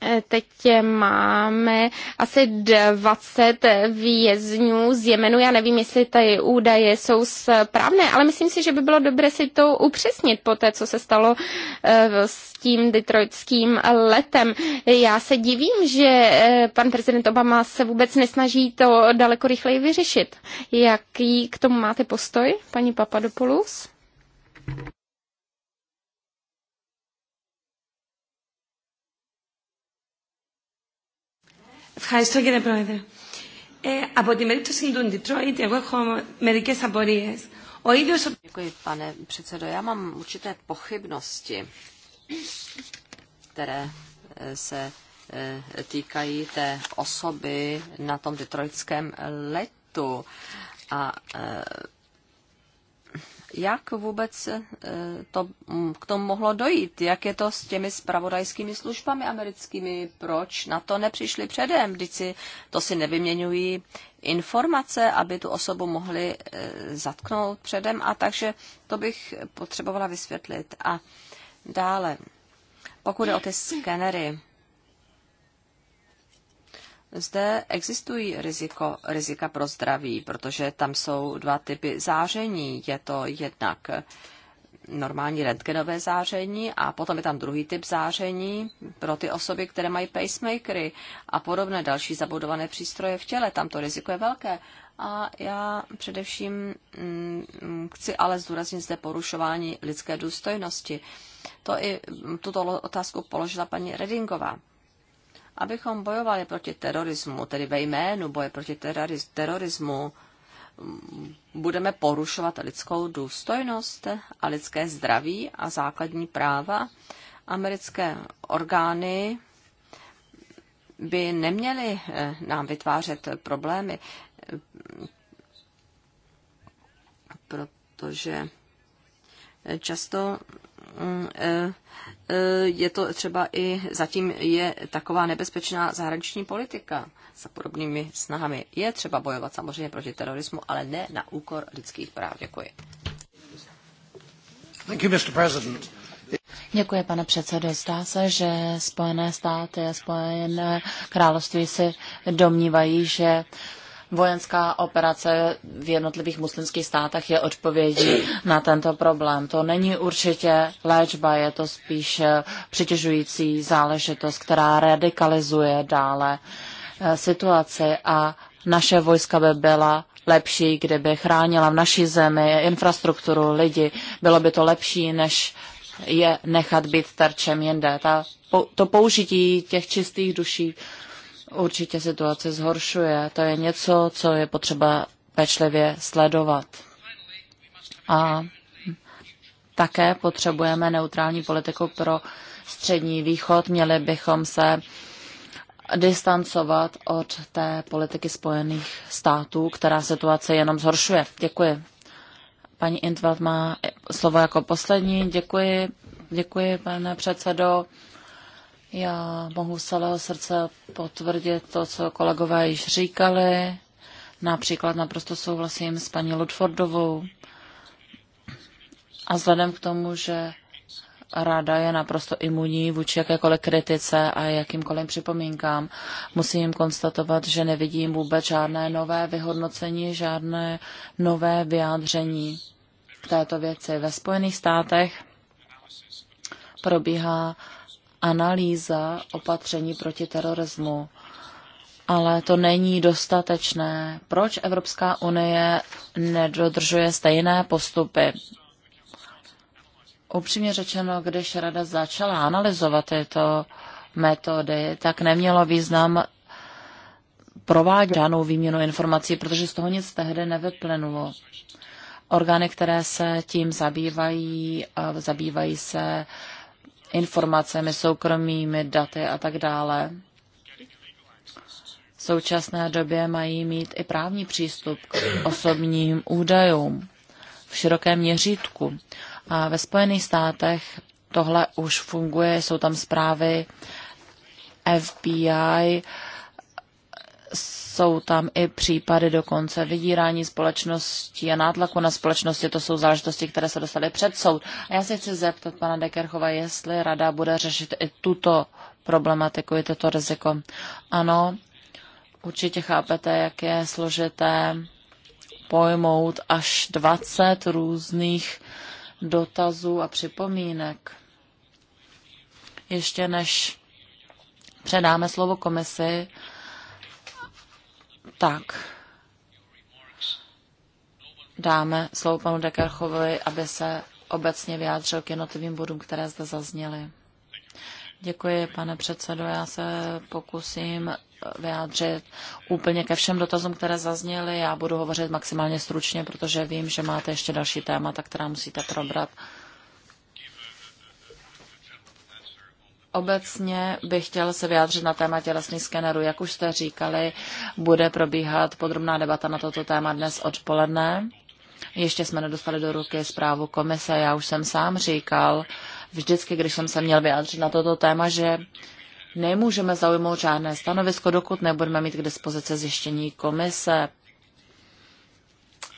eh, teď máme asi 20 vězňů z Jemenu. Já nevím, jestli ty údaje jsou správné, ale myslím si, že by bylo dobré si to upřesnit po té, co se stalo eh, s tím detroitským letem. Já se divím, že eh, pan prezident Obama se vůbec nesnaží to daleko rychleji vyřešit. Jaký k tomu máte postoj, paní Papadopoulos? Ευχαριστώ κύριε Πρόεδρε. Ε, από την περίπτωση του Ντιτρόιτ, εγώ έχω μερικέ απορίε. Ο ίδιο. Děkuji, pane předsedo. Já mám určité pochybnosti, které eh, se eh, týkají té osoby na tom detroitském letu. A eh, jak vůbec eh, to, mm, k tomu mohlo dojít, jak je to s těmi spravodajskými službami americkými, proč na to nepřišli předem, když si to si nevyměňují informace, aby tu osobu mohli eh, zatknout předem a takže to bych potřebovala vysvětlit. A dále, pokud je o ty skenery, zde existují riziko, rizika pro zdraví, protože tam jsou dva typy záření. Je to jednak normální rentgenové záření a potom je tam druhý typ záření pro ty osoby, které mají pacemakery a podobné další zabudované přístroje v těle. Tam to riziko je velké. A já především mm, chci ale zdůraznit zde porušování lidské důstojnosti. To i tuto otázku položila paní Redingová abychom bojovali proti terorismu, tedy ve jménu boje proti terorismu, budeme porušovat lidskou důstojnost a lidské zdraví a základní práva. Americké orgány by neměly eh, nám vytvářet problémy, protože často Eh, eh, je to třeba i zatím je taková nebezpečná zahraniční politika s podobnými snahami. Je třeba bojovat samozřejmě proti terorismu, ale ne na úkor lidských práv. Děkuji. Thank you, Mr. President. Děkuji, pane předsedo. Zdá se, že Spojené státy a Spojené království si domnívají, že uh, vojenská operace v jednotlivých muslimských státech je odpovědí na tento problém. To není určitě léčba, je to spíš přitěžující záležitost, která radikalizuje dále eh, situaci a naše vojska by byla lepší, kdyby chránila v naší zemi infrastrukturu, lidi. Bylo by to lepší, než je nechat být terčem jinde. Ta, to použití těch čistých duší určitě situace zhoršuje. To je něco, co je potřeba pečlivě sledovat. A také potřebujeme neutrální politiku pro střední východ. Měli bychom se distancovat od té politiky spojených států, která situace jenom zhoršuje. Děkuji. Paní Intveld má slovo jako poslední. Děkuji, děkuji pane předsedo. Já mohu z celého srdce potvrdit to, co kolegové již říkali. Například naprosto souhlasím s paní Ludfordovou. A vzhledem k tomu, že rada je naprosto imunní vůči jakékoliv kritice a jakýmkoliv připomínkám, musím konstatovat, že nevidím vůbec žádné nové vyhodnocení, žádné nové vyjádření k této věci. Ve Spojených státech probíhá analýza opatření proti terorismu. Ale to není dostatečné. Proč Evropská unie nedodržuje stejné postupy? Upřímně řečeno, když Rada začala analyzovat tyto metody, tak nemělo význam provádět žádnou výměnu informací, protože z toho nic tehdy nevyplynulo. Orgány, které se tím zabývají, zabývají se informacemi, soukromými daty a tak dále, v současné době mají mít i právní přístup k osobním údajům v širokém měřítku. A ve Spojených státech tohle už funguje, jsou tam zprávy FBI, jsou tam i případy dokonce vydírání společnosti a nátlaku na společnosti. To jsou záležitosti, které se dostaly před soud. A já se chci zeptat pana Dekerchova, jestli rada bude řešit i tuto problematiku, i toto riziko. Ano, určitě chápete, jak je složité pojmout až 20 různých dotazů a připomínek. Ještě než předáme slovo komisi, tak dáme slovo panu Dekerchovi, aby se obecně vyjádřil k jednotlivým bodům, které zde zazněly. Děkuji, pane předsedo. Já se pokusím vyjádřit úplně ke všem dotazům, které zazněly. Já budu hovořit maximálně stručně, protože vím, že máte ještě další témata, která musíte probrat. Obecně bych chtěl se vyjádřit na téma tělesných skenerů. Jak už jste říkali, bude probíhat podrobná debata na toto téma dnes odpoledne. Ještě jsme nedostali do ruky zprávu komise. Já už jsem sám říkal, vždycky, když jsem se měl vyjádřit na toto téma, že nemůžeme zaujmout žádné stanovisko, dokud nebudeme mít k dispozici zjištění komise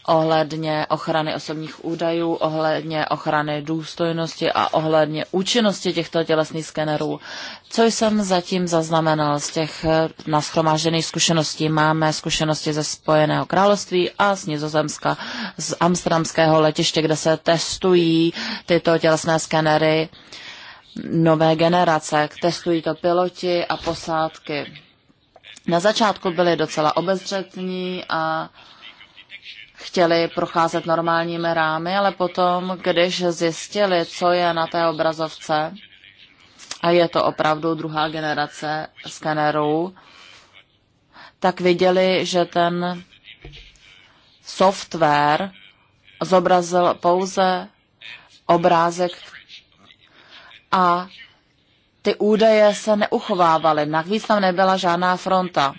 ohledně ochrany osobních údajů, ohledně ochrany důstojnosti a ohledně účinnosti těchto tělesných skenerů. Co jsem zatím zaznamenal z těch eh, naschromážených zkušeností? Máme zkušenosti ze Spojeného království a z Nizozemska, z amsterdamského letiště, kde se testují tyto tělesné skenery nové generace. Testují to piloti a posádky. Na začátku byli docela obezřetní a chtěli procházet normálními rámy, ale potom, když zjistili, co je na té obrazovce, a je to opravdu druhá generace skenerů, tak viděli, že ten software zobrazil pouze obrázek a ty údaje se neuchovávaly. Navíc tam nebyla žádná fronta.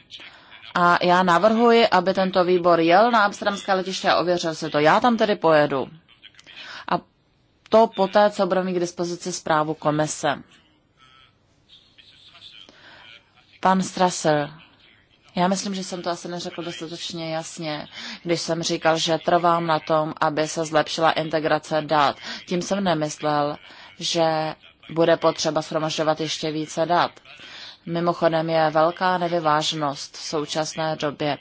A já navrhuji, aby tento výbor jel na amsterdamské letiště a ověřil si to. Já tam tedy pojedu. A to poté, co budeme mít k dispozici zprávu komise. Pan Strasser, já myslím, že jsem to asi neřekl dostatečně jasně, když jsem říkal, že trvám na tom, aby se zlepšila integrace dat. Tím jsem nemyslel, že bude potřeba shromažďovat ještě více dat. Mimochodem je velká nevyváženost v současné době.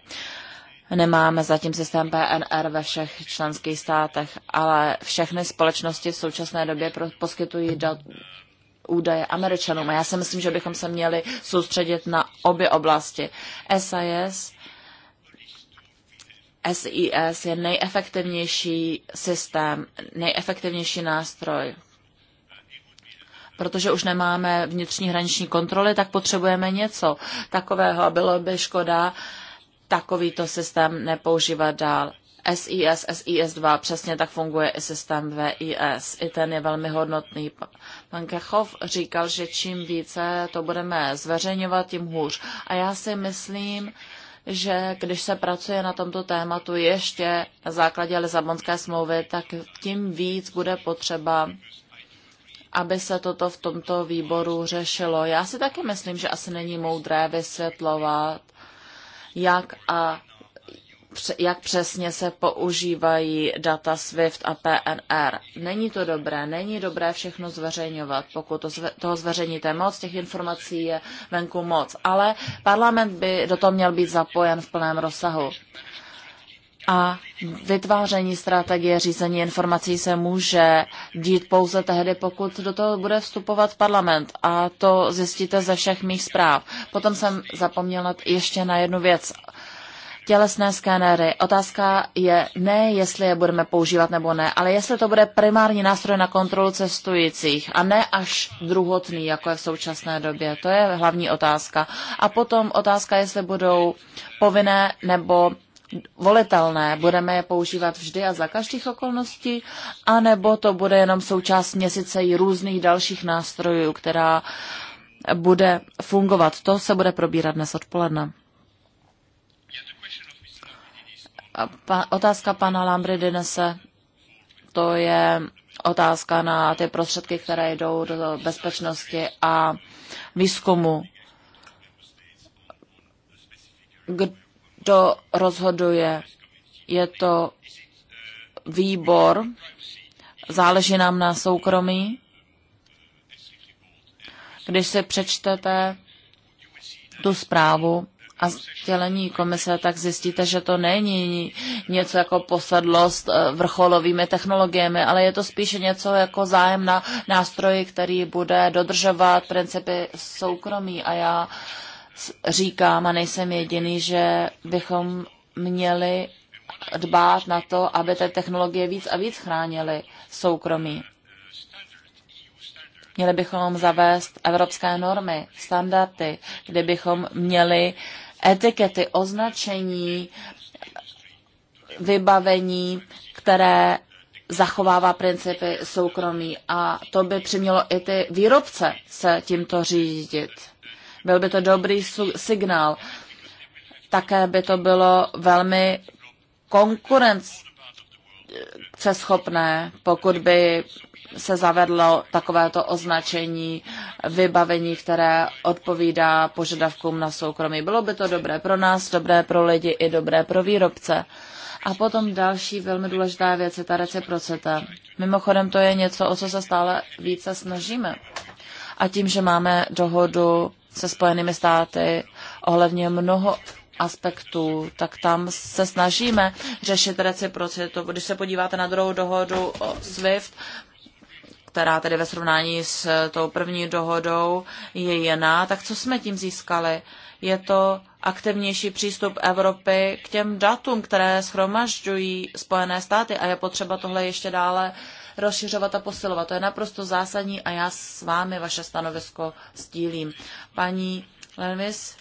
Nemáme zatím systém PNR ve všech členských státech, ale všechny společnosti v současné době poskytují dat, údaje američanům. A já si myslím, že bychom se měli soustředit na obě oblasti. SIS, SIS je nejefektivnější systém, nejefektivnější nástroj protože už nemáme vnitřní hraniční kontroly, tak potřebujeme něco takového a bylo by škoda takovýto systém nepoužívat dál. SIS, SIS-2, přesně tak funguje i systém VIS. I ten je velmi hodnotný. Pan Kechov říkal, že čím více to budeme zveřejňovat, tím hůř. A já si myslím, že když se pracuje na tomto tématu ještě na základě Lisabonské smlouvy, tak tím víc bude potřeba aby se toto v tomto výboru řešilo. Já si taky myslím, že asi není moudré vysvětlovat, jak a jak přesně se používají data SWIFT a PNR. Není to dobré, není dobré všechno zveřejňovat, pokud to zve, toho zveřejníte moc, těch informací je venku moc, ale parlament by do toho měl být zapojen v plném rozsahu. A vytváření strategie řízení informací se může dít pouze tehdy, pokud do toho bude vstupovat parlament. A to zjistíte ze všech mých zpráv. Potom jsem zapomněla ještě na jednu věc. Tělesné skénery. Otázka je ne, jestli je budeme používat nebo ne, ale jestli to bude primární nástroj na kontrolu cestujících a ne až druhotný, jako je v současné době. To je hlavní otázka. A potom otázka, jestli budou povinné nebo volitelné, budeme je používat vždy a za každých okolností, anebo to bude jenom součást měsíce i různých dalších nástrojů, která bude fungovat. To se bude probírat dnes odpoledne. Pa, otázka pana Lambry Dinese, to je otázka na ty prostředky, které jdou do bezpečnosti a výzkumu. Kdo kdo rozhoduje. Je to výbor, záleží nám na soukromí. Když si přečtete tu zprávu a sdělení komise, tak zjistíte, že to není něco jako posadlost eh, vrcholovými technologiemi, ale je to spíše něco jako zájem na nástroji, který bude dodržovat principy soukromí. A já uh, říkám, a nejsem jediný, že bychom měli dbát na to, aby ty technologie víc a víc chránily soukromí. Měli bychom zavést evropské normy, standardy, kde bychom měli etikety, označení, vybavení, které zachovává principy soukromí a to by přimělo i ty výrobce se tímto řídit. Byl by to dobrý signál. Také by to bylo velmi konkurenceschopné, pokud by se zavedlo takovéto označení vybavení, které odpovídá požadavkům na soukromí. Bylo by to dobré pro nás, dobré pro lidi i dobré pro výrobce. A potom další velmi důležitá věc je ta reciprocita. Mimochodem to je něco, o co se stále více snažíme. A tím, že máme dohodu se Spojenými státy ohledně mnoho aspektů, tak tam se snažíme řešit reciprocitu. Když se podíváte na druhou dohodu o SWIFT, která tedy ve srovnání s tou první dohodou je jiná, tak co jsme tím získali? Je to aktivnější přístup Evropy k těm datům, které schromažďují Spojené státy a je potřeba tohle ještě dále rozšiřovat a posilovat. To je naprosto zásadní a já s vámi vaše stanovisko sdílím paní Lenvis.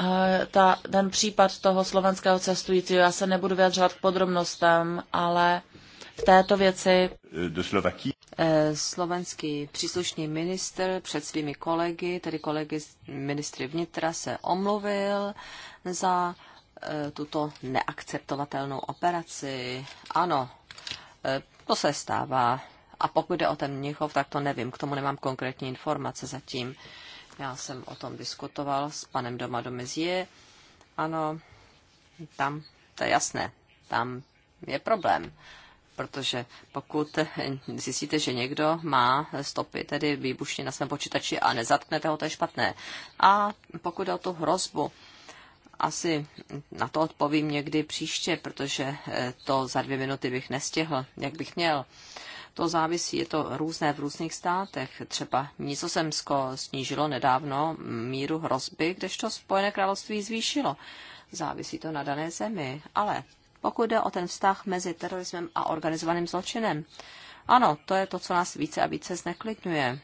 Eh, ta, ten případ toho slovenského cestujícího, já se nebudu vyjadřovat k podrobnostem, ale v této věci eh, eh, slovenský příslušný minister před svými kolegy, tedy kolegy ministry vnitra, se omluvil za tuto neakceptovatelnou operaci. Ano, to se stává a pokud jde o ten Mnichov, tak to nevím, k tomu nemám konkrétní informace zatím. Já jsem o tom diskutoval s panem Doma do Mezie. Ano, tam, to je jasné, tam je problém. Protože pokud zjistíte, že někdo má stopy, tedy výbušně na svém počítači a nezatknete ho, to je špatné. A pokud jde o tu hrozbu, asi na to odpovím někdy příště, protože to za dvě minuty bych nestihl, jak bych měl to závisí, je to různé v různých státech. Třeba Nizozemsko snížilo nedávno míru hrozby, kdežto Spojené království zvýšilo. Závisí to na dané zemi. Ale pokud jde o ten vztah mezi terorismem a organizovaným zločinem, ano, to je to, co nás více a více zneklidňuje.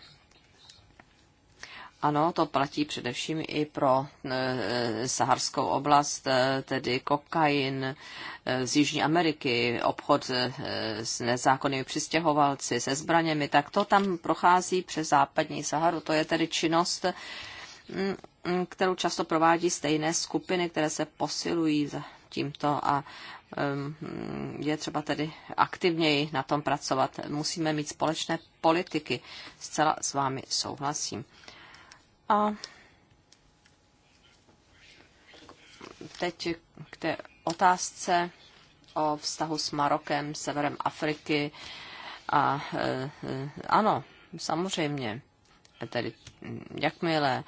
Ano, to platí především i pro e, e, saharskou oblast, e, tedy kokain z Jižní Ameriky, obchod s nezákonnými přistěhovalci, se zbraněmi, tak to tam prochází přes západní Saharu. To je tedy činnost, mm, mm, kterou často provádí stejné skupiny, které se posilují tímto a mm, je třeba tedy aktivněji na tom pracovat. Musíme mít společné politiky. Zcela s vámi souhlasím. A teď k té otázce o vztahu s Marokem, severem Afriky. A e, e, ano, samozřejmě, tedy jakmile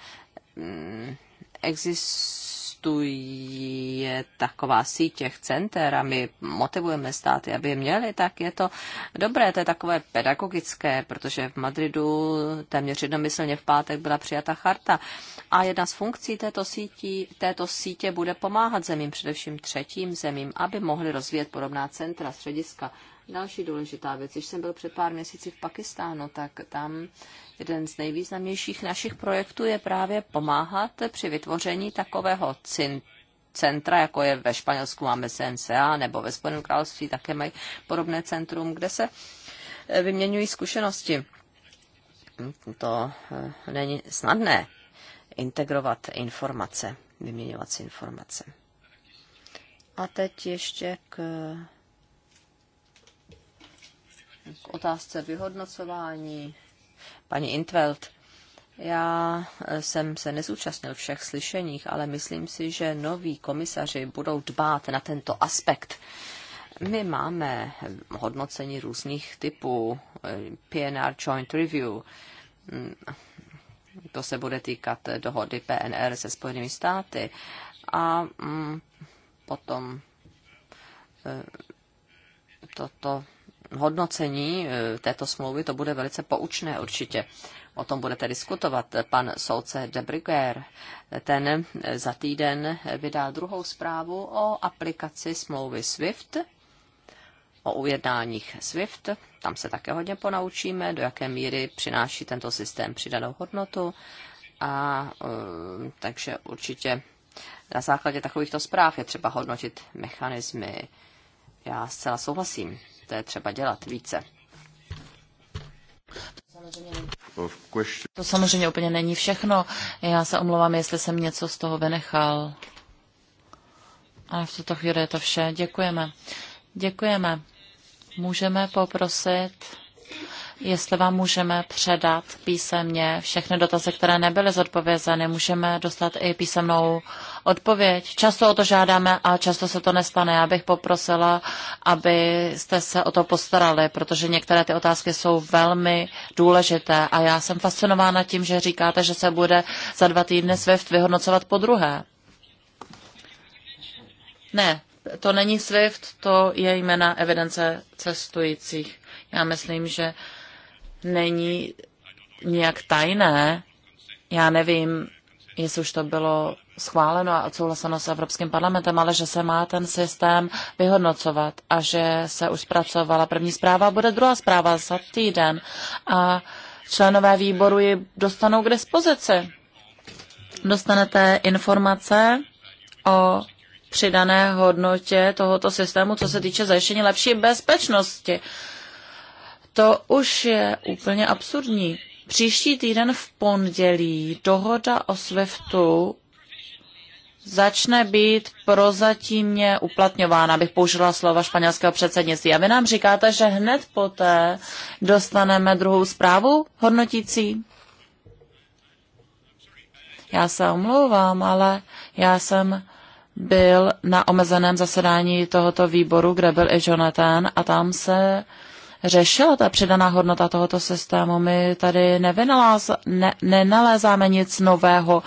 existuje je taková síť těch center a my motivujeme státy, aby je měli, tak je to dobré, to je takové pedagogické, protože v Madridu téměř jednomyslně v pátek byla přijata charta a jedna z funkcí této, sítí, této sítě bude pomáhat zemím, především třetím zemím, aby mohli rozvíjet podobná centra, střediska Další důležitá věc, když jsem byl před pár měsíci v Pakistánu, tak tam jeden z nejvýznamnějších našich projektů je právě pomáhat při vytvoření takového cintu centra, jako je ve Španělsku máme CNCA, nebo ve Spojeném království také mají podobné centrum, kde se eh, vyměňují zkušenosti. To eh, není snadné integrovat informace, vyměňovat si informace. A teď ještě k k otázce vyhodnocování. Paní Intveld, já eh, jsem se nezúčastnil všech slyšeních, ale myslím si, že noví komisaři budou dbát na tento aspekt. My máme hodnocení různých typů, eh, PNR Joint Review, mm, to se bude týkat eh, dohody PNR se Spojenými státy a mm, potom toto hodnocení e, této smlouvy to bude velice poučné určitě. O tom budete diskutovat. Pan soudce de Brugger, ten e, za týden vydá druhou zprávu o aplikaci smlouvy SWIFT, o ujednáních SWIFT. Tam se také hodně ponaučíme, do jaké míry přináší tento systém přidanou hodnotu. A e, takže určitě na základě takovýchto zpráv je třeba hodnotit mechanismy. Já zcela souhlasím to je třeba dělat více. To samozřejmě úplně není všechno. Já se omlouvám, jestli jsem něco z toho vynechal. A v tuto chvíli je to vše. Děkujeme. Děkujeme. Můžeme poprosit jestli vám můžeme předat písemně všechny dotazy, které nebyly zodpovězeny. Můžeme dostat i písemnou odpověď. Často o to žádáme a často se to nestane. Já bych poprosila, abyste se o to postarali, protože některé ty otázky jsou velmi důležité a já jsem fascinována tím, že říkáte, že se bude za dva týdny SWIFT vyhodnocovat po druhé. Ne, to není SWIFT, to je jména evidence cestujících. Já myslím, že není nějak tajné. Já nevím, jestli už to bylo schváleno a odsouhlaseno s Evropským parlamentem, ale že se má ten systém vyhodnocovat a že se už zpracovala první zpráva a bude druhá zpráva za týden a členové výboru ji dostanou k dispozici. Dostanete informace o přidané hodnotě tohoto systému, co se týče zajištění lepší bezpečnosti. Uh, to už je úplně absurdní. Příští týden v pondělí dohoda o SWIFTu začne být prozatímně uplatňována, abych použila slova španělského předsednictví. A vy nám říkáte, že hned poté dostaneme druhou zprávu hodnotící? Já se omlouvám, ale já jsem byl na omezeném zasedání tohoto výboru, kde byl i Jonathan a tam se řešila ta přidaná hodnota tohoto systému. My tady nevynaláz, ne, nenalézáme nic nového.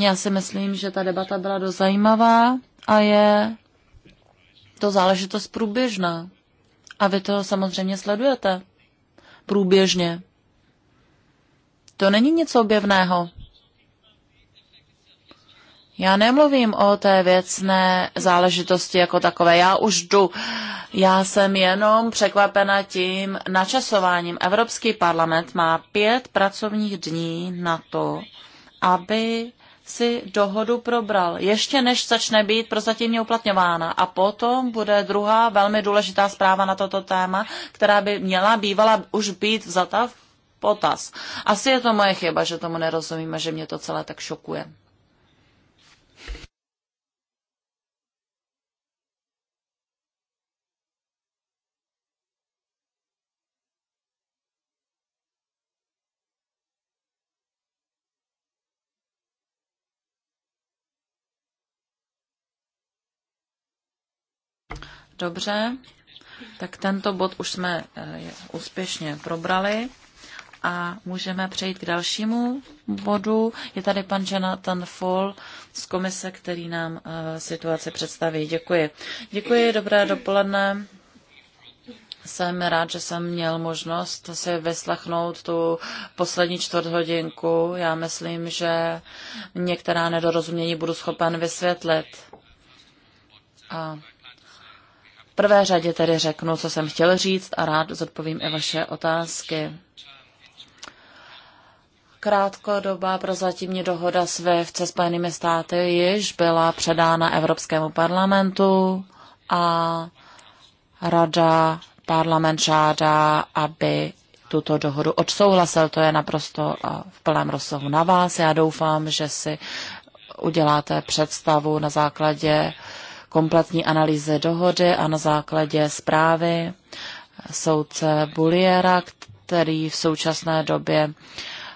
Já si myslím, že ta debata byla dost zajímavá a je to záležitost průběžná. A vy to samozřejmě sledujete. Průběžně. To není nic objevného. Já nemluvím o té věcné záležitosti jako takové. Já už jdu. Já jsem jenom překvapena tím načasováním. Evropský parlament má pět pracovních dní na to, aby si dohodu probral, ještě než začne být prozatímně uplatňována. A potom bude druhá velmi důležitá zpráva na toto téma, která by měla bývala už být vzata v potaz. Asi je to moje chyba, že tomu nerozumím že mě to celé tak šokuje. Dobře, tak tento bod už jsme eh, úspěšně probrali a můžeme přejít k dalšímu bodu. Je tady pan Jonathan Fall z komise, který nám eh, situaci představí. Děkuji. Děkuji, dobré dopoledne. Jsem rád, že jsem měl možnost si vyslechnout tu poslední čtvrt hodinku. Já myslím, že některá nedorozumění budu schopen vysvětlit. A prvé řadě tedy řeknu, co jsem chtěl říct a rád zodpovím i vaše otázky. Krátkodobá prozatímní dohoda své v Spojenými státy již byla předána Evropskému parlamentu a Rada parlament žádá, aby tuto dohodu odsouhlasil. To je naprosto v plném rozsahu na vás. Já doufám, že si uděláte představu na základě uh, kompletní analýze dohody a na základě zprávy soudce Buliera, který v současné době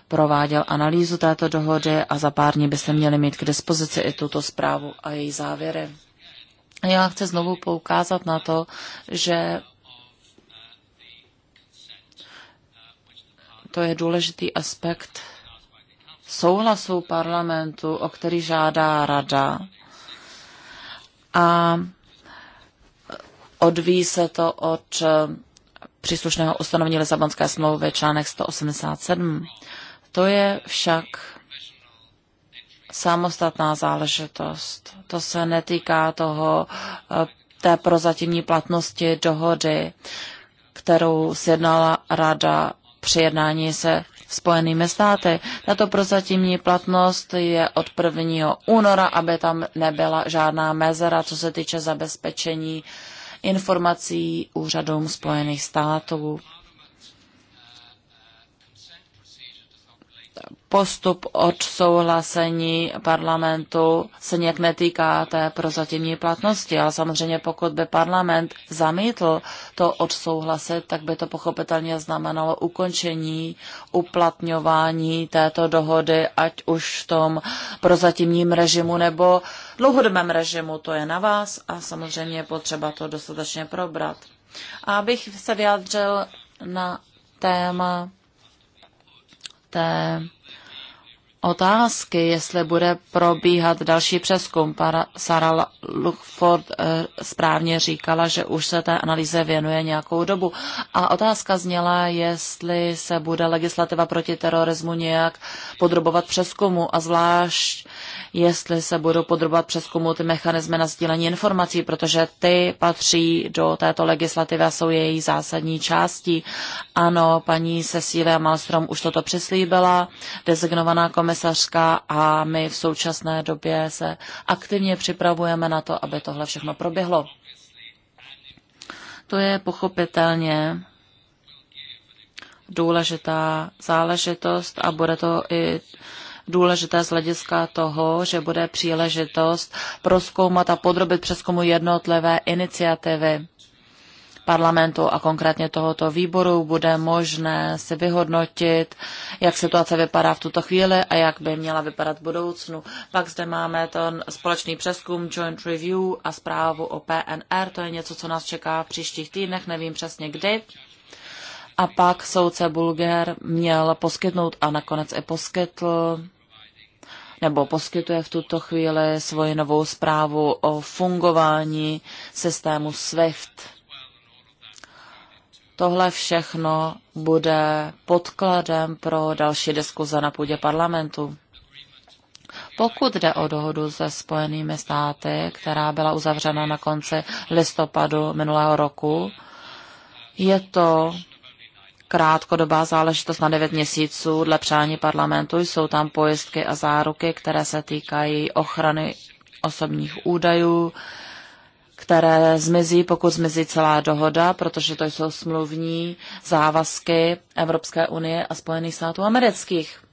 prováděl analýzu této dohody a za pár dní byste měli mít k dispozici i tuto zprávu a její závěry. Já chci znovu poukázat na to, že to je důležitý aspekt souhlasu parlamentu, o který žádá rada a odvíjí se to od eh, příslušného ustanovení Lisabonské smlouvy článek 187. To je však samostatná záležitost. To se netýká toho eh, té prozatímní platnosti dohody, kterou sjednala rada při jednání se Spojenými státy. Tato prozatímní platnost je od 1. února, aby tam nebyla žádná mezera, co se týče zabezpečení informací úřadům Spojených států. postup odsouhlasení parlamentu se nějak netýká té prozatímní platnosti, ale samozřejmě pokud by parlament zamítl to odsouhlasit, tak by to pochopitelně znamenalo ukončení uplatňování této dohody, ať už v tom prozatímním režimu nebo dlouhodobém režimu. To je na vás a samozřejmě je potřeba to dostatečně probrat. A abych se vyjádřil na téma té otázky, jestli bude probíhat další přeskum. Para Sarah Luchford eh, správně říkala, že už se té analýze věnuje nějakou dobu. A otázka zněla, jestli se bude legislativa proti terorismu nějak podrobovat přeskumu a zvlášť, jestli se budou podrobovat přeskumu ty mechanismy na sdílení informací, protože ty patří do této legislativy a jsou její zásadní částí. Ano, paní Cecilia Malstrom už toto přislíbila, designovaná komise komisařka a my v současné době se aktivně připravujeme na to, aby tohle všechno proběhlo. To je pochopitelně důležitá záležitost a bude to i důležité z hlediska toho, že bude příležitost proskoumat a podrobit přeskomu jednotlivé iniciativy parlamentu a konkrétně tohoto výboru bude možné si vyhodnotit, jak situace vypadá v tuto chvíli a jak by měla vypadat v budoucnu. Pak zde máme ten společný přeskum, joint review a zprávu o PNR. To je něco, co nás čeká v příštích týdnech, nevím přesně kdy. A pak soudce Bulger měl poskytnout a nakonec i poskytl nebo poskytuje v tuto chvíli svoji novou zprávu o fungování systému SWIFT. Tohle všechno bude podkladem pro další diskuze na půdě parlamentu. Pokud jde o dohodu se Spojenými státy, která byla uzavřena na konci listopadu minulého roku, je to krátkodobá záležitost na 9 měsíců dle přání parlamentu. Jsou tam pojistky a záruky, které se týkají ochrany osobních údajů, které zmizí, pokud zmizí celá dohoda, protože to jsou smluvní závazky Evropské unie a Spojených států amerických.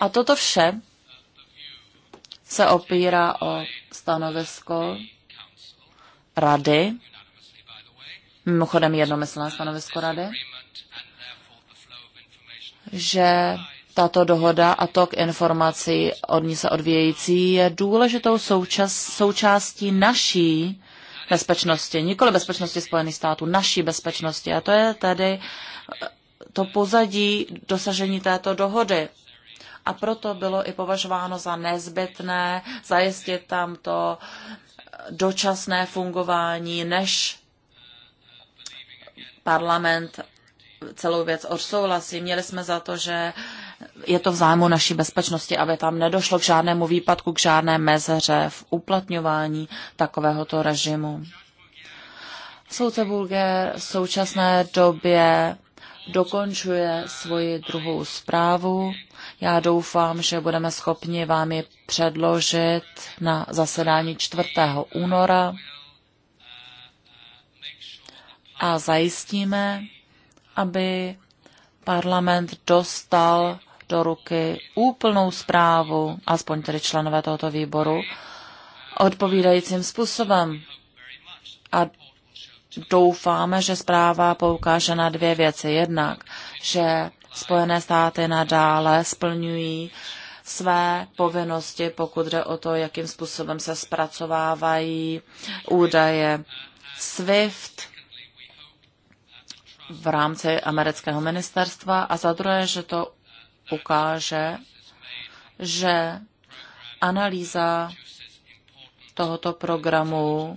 A toto vše se opírá o stanovisko rady, mimochodem jednomyslné stanovisko rady, že tato dohoda a tok informací od ní se odvějící je důležitou součas, součástí naší bezpečnosti, nikoli bezpečnosti Spojených států, naší bezpečnosti. A to je tedy eh, to pozadí dosažení této dohody. A proto bylo i považováno za nezbytné zajistit tam to eh, dočasné fungování, než parlament celou věc odsouhlasí. Měli jsme za to, že uh, je to v zájmu naší bezpečnosti, aby tam nedošlo k žádnému výpadku, k žádné mezeře v uplatňování takovéhoto režimu. Soudce Bulger v současné době dokončuje svoji druhou zprávu. Já doufám, že budeme schopni vám ji předložit na zasedání 4. února a zajistíme, aby parlament dostal do ruky úplnou zprávu, aspoň tedy členové tohoto výboru, odpovídajícím způsobem. A doufáme, že zpráva poukáže na dvě věci. Jednak, že Spojené státy nadále splňují své povinnosti, pokud jde o to, jakým způsobem se zpracovávají údaje SWIFT v rámci amerického ministerstva a za druhé, že to ukáže, že analýza tohoto programu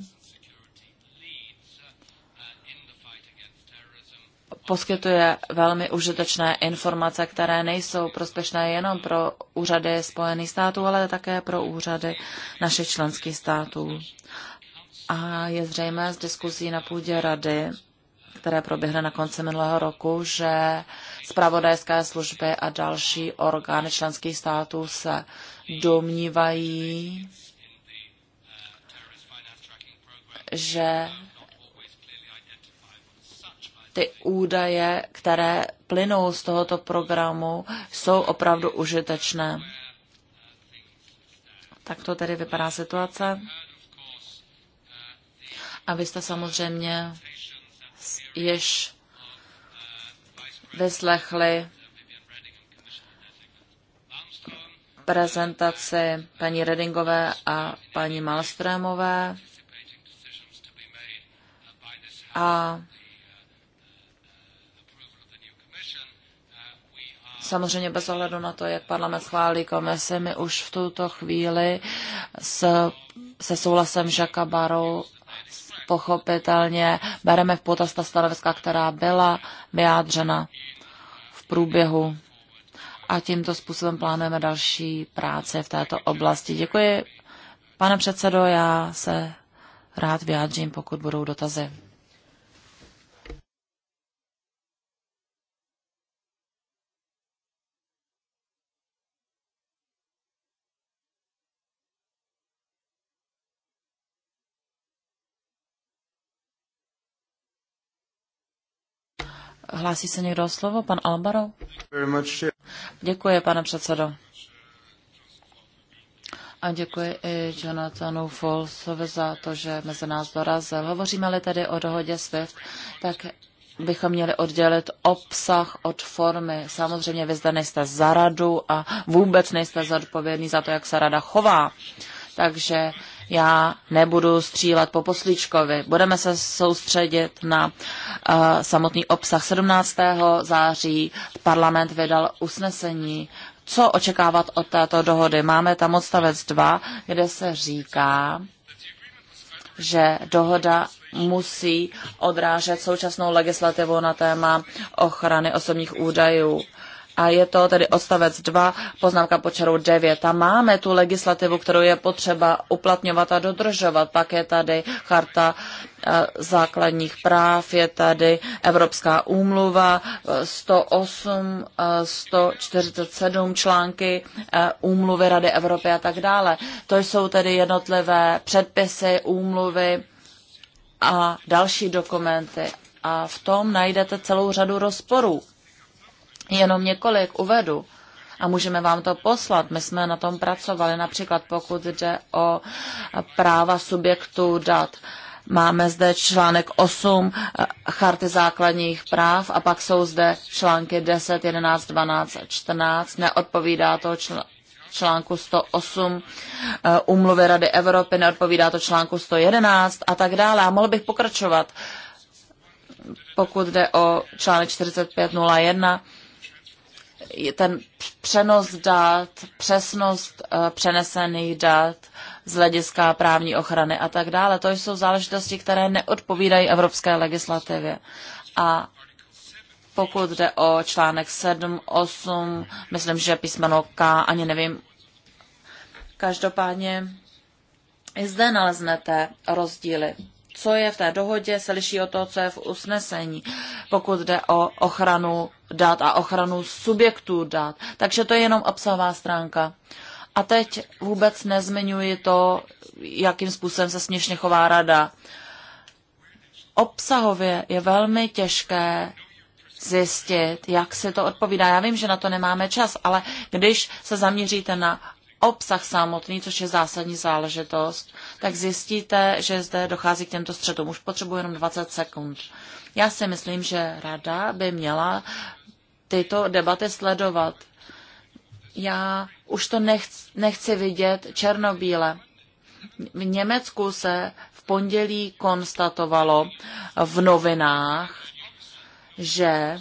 poskytuje velmi užitečné informace, které nejsou prospešné jenom pro úřady Spojených států, ale také pro úřady našich členských států. A je zřejmé z diskuzí na půdě rady, které proběhly na konci minulého roku, že spravodajské služby a další orgány členských států se domnívají, že ty údaje, které plynou z tohoto programu, jsou opravdu užitečné. Tak to tedy vypadá situace. A vy jste samozřejmě již vyslechli prezentaci paní Redingové a paní Malstrémové a Samozřejmě bez ohledu na to, jak parlament schválí komise, my už v tuto chvíli s, se souhlasem Žaka Barou pochopitelně bereme v potaz ta stanoviska, která byla vyjádřena v průběhu a tímto způsobem plánujeme další práce v této oblasti. Děkuji, pane předsedo, já se rád vyjádřím, pokud budou dotazy. Hlásí se někdo o slovo? Pan Albaro? Děkuji, pane předsedo. A děkuji i Jonathanu Folsovi za to, že mezi nás dorazil. Hovoříme-li tedy o dohodě SWIFT, tak bychom měli oddělit obsah od formy. Samozřejmě vy zde nejste za radu a vůbec nejste zodpovědný za to, jak se rada chová. Takže já nebudu střílet po poslíčkovi. Budeme se soustředit na uh, samotný obsah. 17. září parlament vydal usnesení, co očekávat od této dohody. Máme tam odstavec 2, kde se říká, že dohoda musí odrážet současnou legislativu na téma ochrany osobních údajů a je to tedy odstavec 2, poznámka po čaru 9. Tam máme tu legislativu, kterou je potřeba uplatňovat a dodržovat. Pak je tady charta eh, základních práv, je tady Evropská úmluva 108, eh, 147 eh, články úmluvy Rady Evropy a tak dále. To jsou tedy jednotlivé předpisy, úmluvy a další dokumenty. A v tom najdete celou řadu rozporů. Jenom několik uvedu a můžeme vám to poslat. My jsme na tom pracovali, například pokud jde o práva subjektů dat. Máme zde článek 8 eh, Charty základních práv a pak jsou zde články 10, 11, 12 a 14. Neodpovídá to čl- článku 108 Umluvy eh, Rady Evropy, neodpovídá to článku 111 a tak dále. A mohl bych pokračovat, pokud jde o článek 4501 ten přenos dát, přesnost eh, přenesených dát z hlediska právní ochrany a tak dále. To jsou záležitosti, které neodpovídají evropské legislativě. A pokud jde o článek 7, 8, myslím, že písmeno K, ani nevím. Každopádně i zde naleznete rozdíly. Co je v té dohodě, se liší od toho, co je v usnesení, pokud jde o ochranu dát a ochranu subjektů dát, Takže to je jenom obsahová stránka. A teď vůbec nezmiňuji to, jakým způsobem se směšně chová rada. Obsahově je velmi těžké zjistit, jak se to odpovídá. Já vím, že na to nemáme čas, ale když se zaměříte na obsah samotný, což je zásadní záležitost, tak zjistíte, že zde dochází k těmto střetům. Už potřebuji jenom 20 sekund. Já si myslím, že rada by měla tyto debaty sledovat. Já už to nechci, nechci vidět černobíle. V Německu se v pondělí konstatovalo v novinách, že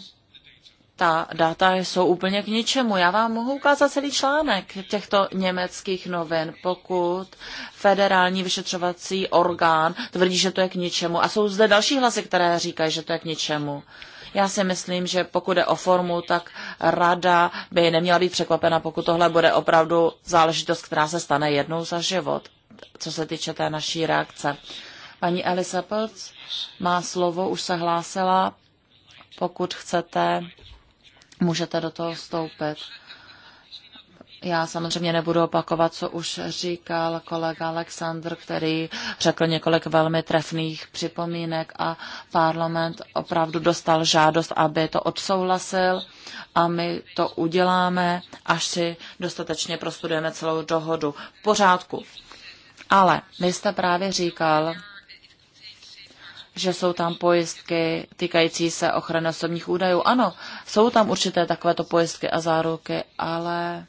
ta data jsou úplně k ničemu. Já vám mohu ukázat celý článek těchto německých novin, pokud federální vyšetřovací orgán tvrdí, že to je k ničemu. A jsou zde další hlasy, které říkají, že to je k ničemu. Já si myslím, že pokud je o formu, tak rada by neměla být překvapena, pokud tohle bude opravdu záležitost, která se stane jednou za život, co se týče té naší reakce. Paní Pelc má slovo, už se hlásila. Pokud chcete, můžete do toho vstoupit. Já samozřejmě nebudu opakovat, co už říkal kolega Aleksandr, který řekl několik velmi trefných připomínek a parlament opravdu dostal žádost, aby to odsouhlasil a my to uděláme, až si dostatečně prostudujeme celou dohodu. V pořádku. Ale vy jste právě říkal, že jsou tam pojistky týkající se ochrany osobních údajů. Ano, jsou tam určité takovéto pojistky a záruky, ale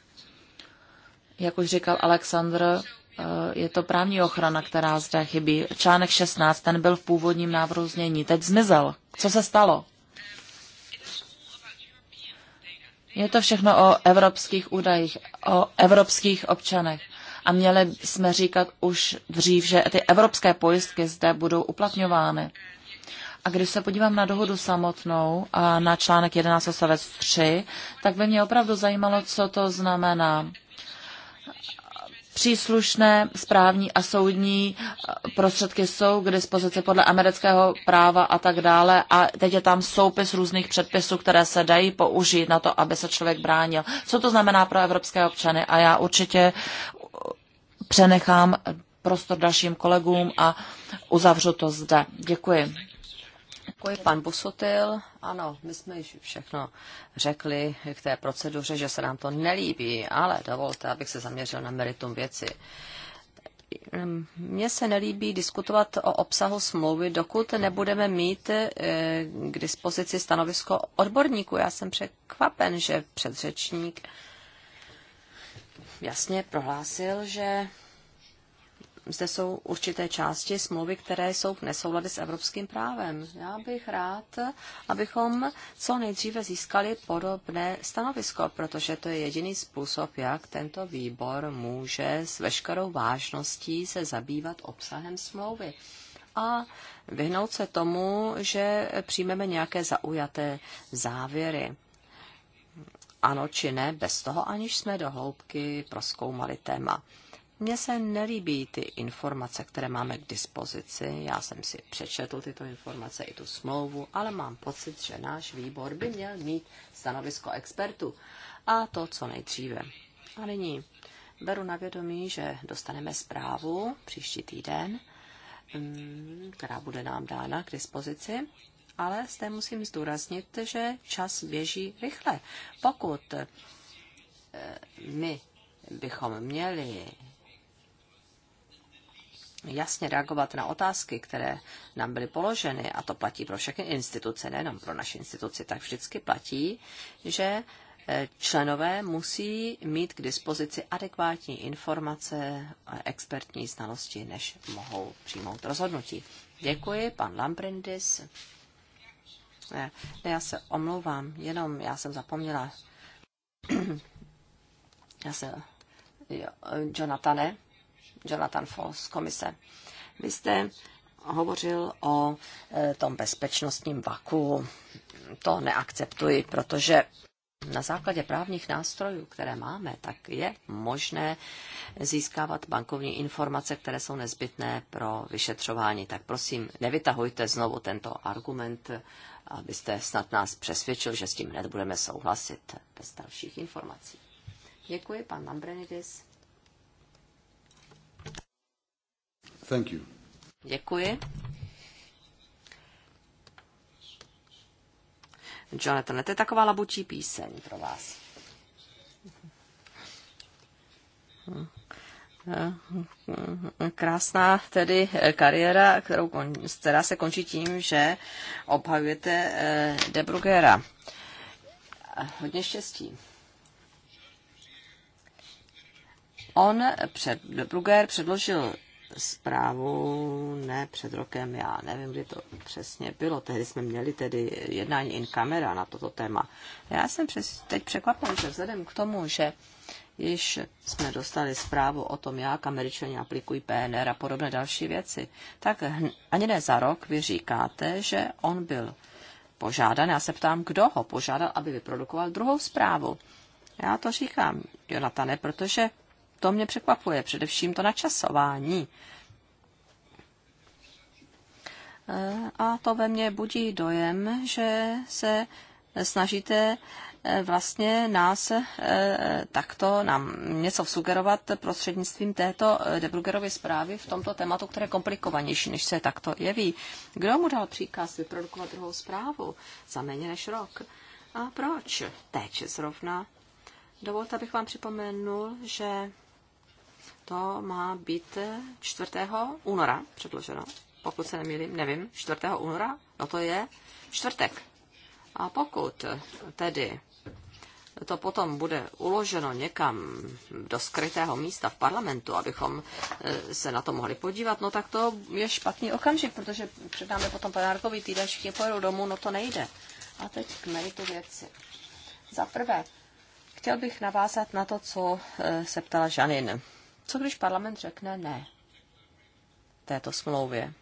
jak už říkal Aleksandr, eh, je to právní ochrana, která zde chybí. Článek 16, ten byl v původním návrhu znění. Teď zmizel. Co se stalo? Je to všechno o evropských údajích, o evropských občanech. A měli jsme říkat už dřív, že ty evropské pojistky zde budou uplatňovány. A když se podívám na dohodu samotnou a na článek 113, tak by mě opravdu zajímalo, co to znamená. Příslušné správní a soudní eh, prostředky jsou k dispozici podle amerického práva a tak dále a teď je tam soupis různých předpisů, které se dají použít na to, aby se člověk bránil. Co to znamená pro evropské občany? A já určitě přenechám prostor dalším kolegům a uzavřu to zde. Děkuji. Děkuji, pan Busutil. Ano, my jsme již všechno řekli k té proceduře, že se nám to nelíbí, ale dovolte, abych se zaměřil na meritum věci. Mně se nelíbí diskutovat o obsahu smlouvy, dokud nebudeme mít eh, k dispozici stanovisko odborníku. Já jsem překvapen, že předřečník jasně prohlásil, že zde jsou určité části smlouvy, které jsou v nesouladu s evropským právem. Já bych rád, abychom co nejdříve získali podobné stanovisko, protože to je jediný způsob, jak tento výbor může s veškerou vážností se zabývat obsahem smlouvy a vyhnout se tomu, že přijmeme nějaké zaujaté závěry ano či ne, bez toho, aniž jsme do hloubky proskoumali téma. Mně se nelíbí ty informace, které máme k dispozici. Já jsem si přečetl tyto informace i tu smlouvu, ale mám pocit, že náš výbor by měl mít stanovisko expertu. A to co nejdříve. A nyní beru na vědomí, že dostaneme zprávu příští týden, mm, která bude nám dána k dispozici ale zde musím zdůraznit, že čas běží rychle. Pokud eh, my bychom měli jasně reagovat na otázky, které nám byly položeny, a to platí pro všechny instituce, nejenom pro naši instituci, tak vždycky platí, že eh, členové musí mít k dispozici adekvátní informace a expertní znalosti, než mohou přijmout rozhodnutí. Děkuji, pan Lambrindis. Ne, eh, ne, já se omlouvám, jenom já jsem zapomněla. já se... Jo, eh, Jonathane, Jonathan Foss komise. Vy jste hovořil o e, tom bezpečnostním vaku. To neakceptuji, protože na základě právních nástrojů, které máme, tak je možné získávat bankovní informace, které jsou nezbytné pro vyšetřování. Tak prosím, nevytahujte znovu tento argument, abyste snad nás přesvědčil, že s tím hned budeme souhlasit bez dalších informací. Děkuji, pan Lambrenidis. Děkuji. Jonathan, to je taková labučí píseň pro vás. Krásná tedy kariéra, kterou, která se končí tím, že obhajujete eh, De Bruggera. Hodně štěstí. On, před, De Brugger, předložil zprávu, ne před rokem, já nevím, kdy to přesně bylo. Tehdy jsme měli tedy jednání in camera na toto téma. Já jsem přes, teď překvapen, že vzhledem k tomu, že již jsme dostali zprávu o tom, jak američani aplikují PNR a podobné další věci, tak ani ne za rok vy říkáte, že on byl požádán. Já se ptám, kdo ho požádal, aby vyprodukoval druhou zprávu. Já to říkám, Jonatane, protože to mě překvapuje, především to načasování. E, a to ve mně budí dojem, že se snažíte e, vlastně nás e, takto nám něco sugerovat prostřednictvím této Debrugerovy zprávy v tomto tématu, které je komplikovanější, než se takto jeví. Kdo mu dal příkaz vyprodukovat druhou zprávu za méně než rok? A proč? Teď zrovna. Dovolte, abych vám připomenul, že to má být 4. února předloženo, pokud se nemýlím, nevím, 4. února, no to je čtvrtek. A pokud tedy to potom bude uloženo někam do skrytého místa v parlamentu, abychom eh, se na to mohli podívat, no tak to je špatný okamžik, protože předáme potom plenárkový týden, všichni pojedou domů, no to nejde. A teď k meritu věci. Za prvé, chtěl bych navázat na to, co eh, se ptala Žanin. Co když parlament řekne ne této smlouvě?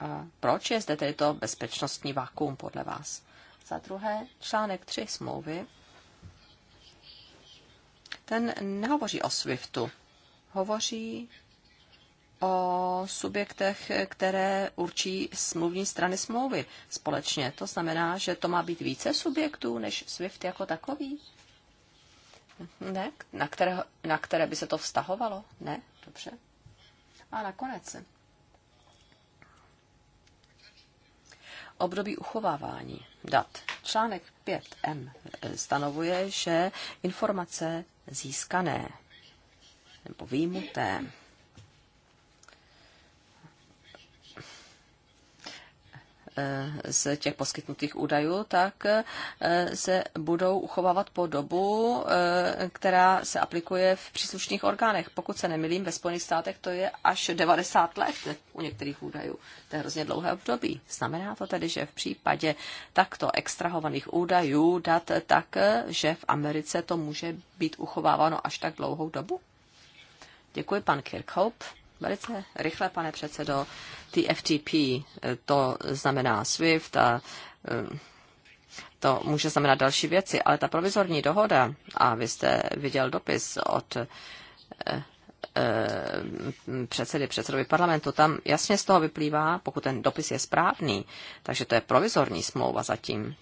A proč je zde tedy to bezpečnostní vakuum podle vás? Za druhé, článek 3 smlouvy, ten nehovoří o SWIFTu, hovoří o subjektech, které určí smluvní strany smlouvy společně. To znamená, že to má být více subjektů než SWIFT jako takový? Ne? Na které, na které by se to vztahovalo? Ne? Dobře. A nakonec. Období uchovávání dat. Článek 5m stanovuje, že informace získané nebo výjimuté Eh, z těch poskytnutých údajů, tak eh, se budou uchovávat po dobu, eh, která se aplikuje v příslušných orgánech. Pokud se nemilím, ve Spojených státech to je až 90 let u některých údajů. To je hrozně dlouhé období. Znamená to tedy, že v případě takto extrahovaných údajů dat tak, že v Americe to může být uchováváno až tak dlouhou dobu? Děkuji, pan Kirkhope. Velice rychle, pane předsedo, TFTP, eh, to znamená SWIFT a eh, to může znamenat další věci, ale ta provizorní dohoda, a vy jste viděl dopis od eh, Eh, předsedy, předsedovi parlamentu, tam jasně z toho vyplývá, pokud ten dopis je správný, takže to je provizorní smlouva zatím,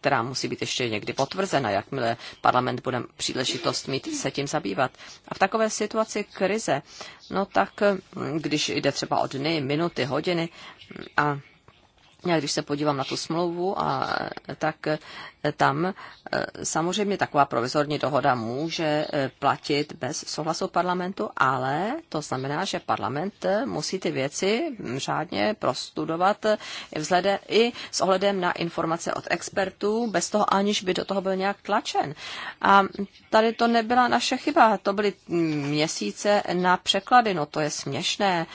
která musí být ještě někdy potvrzena, jakmile parlament bude příležitost mít se tím zabývat. A v takové situaci krize, no tak když jde třeba o dny, minuty, hodiny a já když se podívám na tu smlouvu, a, tak tam e, samozřejmě taková provizorní dohoda může e, platit bez souhlasu parlamentu, ale to znamená, že parlament e, musí ty věci řádně prostudovat vzhledem i s ohledem na informace od expertů, bez toho aniž by do toho byl nějak tlačen. A tady to nebyla naše chyba, to byly měsíce na překlady, no to je směšné,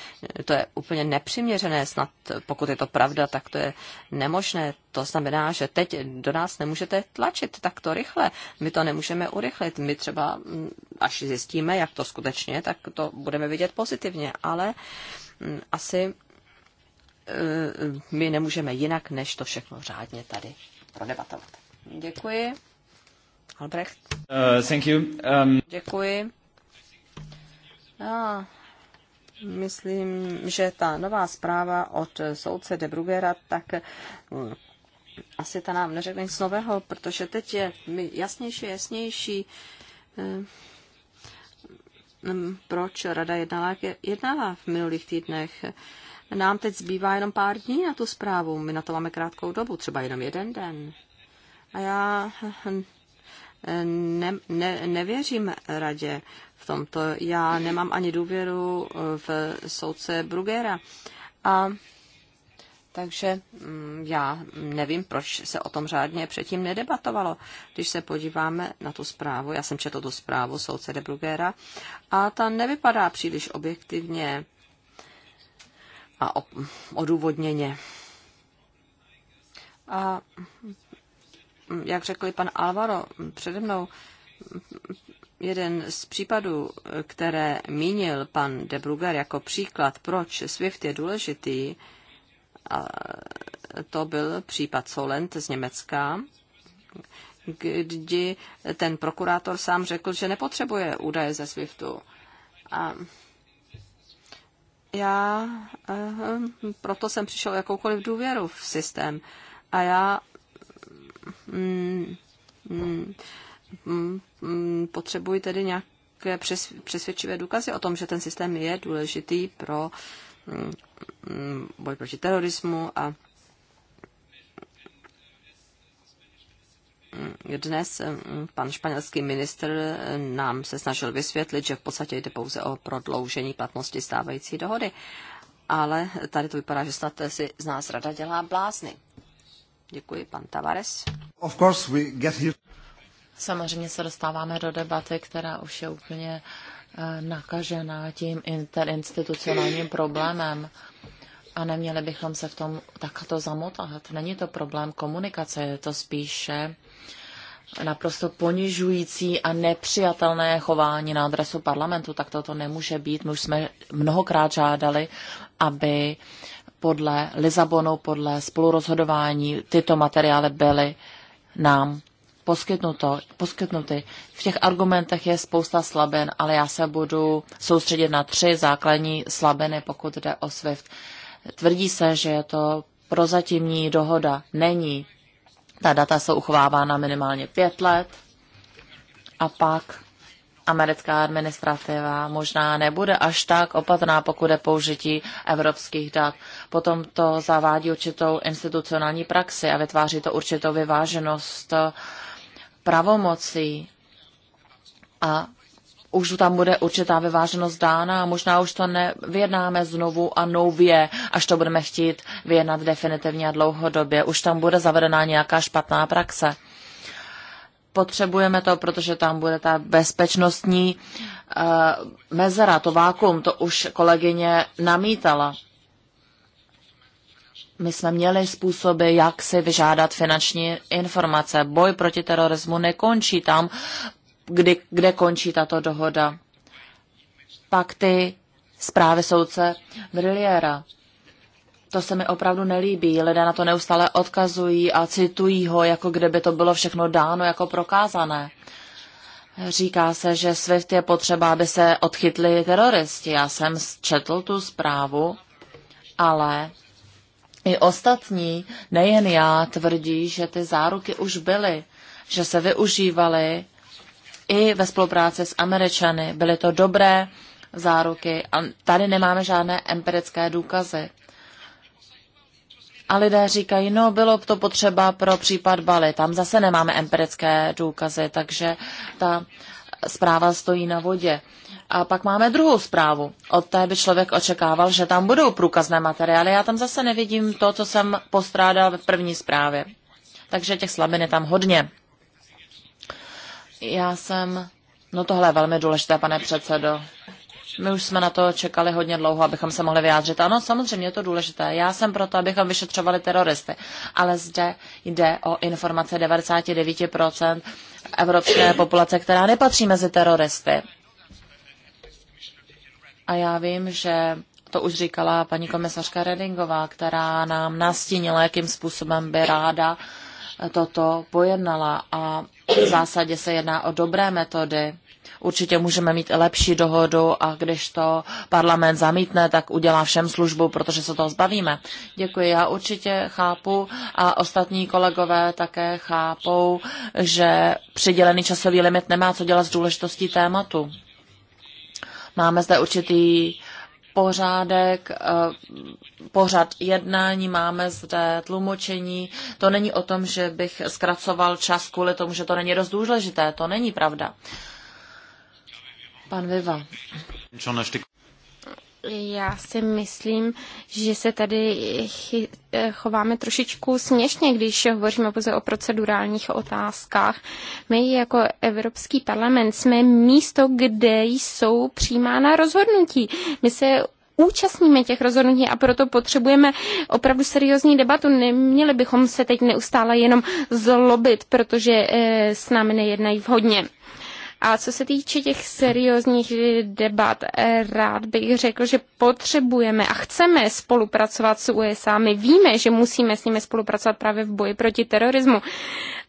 to je úplně nepřiměřené, snad pokud je to pravda, tak to je nemožné. To znamená, že teď do nás nemůže nemůžete tlačit takto rychle. My to nemůžeme urychlit. My třeba, mm, až zjistíme, jak to skutečně, tak to budeme vidět pozitivně, ale mm, asi eh, my nemůžeme jinak, než to všechno řádně tady prodebatovat. Děkuji. Albrecht. Uh, thank you. Um... Děkuji. Já myslím, že ta nová zpráva od soudce de Bruggera tak mm, asi ta nám neřekne nic nového, protože teď je jasnější, jasnější, eh, mm, proč rada jednala, jak jednala v minulých týdnech. Nám teď zbývá jenom pár dní na tu zprávu. My na to máme krátkou dobu, třeba jenom jeden den. A já hm, ne, ne, nevěřím radě v tomto. Já nemám ani důvěru eh, v soudce Brugera. A takže mm, já nevím, proč se o tom řádně předtím nedebatovalo. Když se podíváme na tu zprávu, já jsem četl tu zprávu soudce de Brugera a ta nevypadá příliš objektivně a odůvodněně. A mm, jak řekl pan Alvaro mm, přede mnou, jeden z případů, které mínil pan de Bruger jako příklad, proč SWIFT je důležitý, to byl případ Solent z Německa, kdy ten prokurátor sám řekl, že nepotřebuje údaje ze SWIFTu. A já eh, proto jsem přišel jakoukoliv důvěru v systém. A já mm, mm, mm potřebuji tedy nějaké přesvědčivé důkazy o tom, že ten systém je důležitý pro uh, Mm, mm, boj proti terorismu a mm, dnes pan španělský ministr nám se snažil vysvětlit, že v podstatě jde pouze o prodloužení platnosti stávající dohody. Ale tady to vypadá, že snad si z nás rada dělá blázny. Děkuji, pan Tavares. Of course we get here. Samozřejmě se dostáváme do debaty, která už je úplně uh, nakažena tím interinstitucionálním problémem a neměli bychom se v tom takto zamotat. Není to problém komunikace, je to spíše naprosto ponižující a nepřijatelné chování na adresu parlamentu, tak toto nemůže být. My už jsme mnohokrát žádali, aby podle Lizabonu, podle spolurozhodování tyto materiály byly nám poskytnuto, poskytnuty. V těch argumentech je spousta slaben, ale já se budu soustředit na tři základní slabiny, pokud jde o SWIFT. Tvrdí se, že je to prozatímní dohoda. Není. Ta data jsou uchovávána minimálně pět let a pak americká administrativa možná nebude až tak opatrná, pokud je použití evropských dat. Potom to zavádí určitou institucionální praxi a vytváří to určitou vyváženost pravomocí a už tam bude určitá vyváženost dána a možná už to nevyjednáme znovu a nově, až to budeme chtít vyjednat definitivně a dlouhodobě. Už tam bude zavedená nějaká špatná praxe. Potřebujeme to, protože tam bude ta bezpečnostní uh, mezera, to vákum, to už kolegyně namítala my jsme měli způsoby, jak si vyžádat finanční informace. Boj proti terorismu nekončí tam, kdy, kde končí tato dohoda. Pak ty zprávy soudce Brilliera. To se mi opravdu nelíbí. Lidé na to neustále odkazují a citují ho, jako kdyby to bylo všechno dáno jako prokázané. Říká se, že SWIFT je potřeba, aby se odchytli teroristi. Já jsem četl tu zprávu, ale i ostatní, nejen já, tvrdí, že ty záruky už byly, že se využívaly i ve spolupráci s Američany. Byly to dobré záruky a tady nemáme žádné empirické důkazy. A lidé říkají, no bylo to potřeba pro případ Bali, tam zase nemáme empirické důkazy, takže ta zpráva stojí na vodě. A pak máme druhou zprávu. Od té by člověk očekával, že tam budou průkazné materiály. Já tam zase nevidím to, co jsem postrádal v první zprávě. Takže těch slabin je tam hodně. Já jsem... No tohle je velmi důležité, pane předsedo. My už jsme na to čekali hodně dlouho, abychom se mohli vyjádřit. Ano, samozřejmě je to důležité. Já jsem proto, abychom vyšetřovali teroristy. Ale zde jde o informace 99% evropské populace, která nepatří mezi teroristy. A já vím, že to už říkala paní komisařka Redingová, která nám nastínila, jakým způsobem by ráda toto pojednala. A v zásadě se jedná o dobré metody. Určitě můžeme mít lepší dohodu a když to parlament zamítne, tak udělá všem službu, protože se toho zbavíme. Děkuji, já určitě chápu a ostatní kolegové také chápou, že přidělený časový limit nemá co dělat s důležitostí tématu. Máme zde určitý pořádek, eh, pořad jednání, máme zde tlumočení. To není o tom, že bych zkracoval čas kvůli tomu, že to není dost důležité. To není pravda. Pan Viva. Já si myslím, že se tady chováme trošičku směšně, když hovoříme pouze o procedurálních otázkách. My jako Evropský parlament jsme místo, kde jsou přijímána rozhodnutí. My se účastníme těch rozhodnutí a proto potřebujeme opravdu seriózní debatu. Neměli bychom se teď neustále jenom zlobit, protože eh, s námi nejednají vhodně. A co se týče těch seriózních debat, rád bych řekl, že potřebujeme a chceme spolupracovat s USA. My víme, že musíme s nimi spolupracovat právě v boji proti terorismu.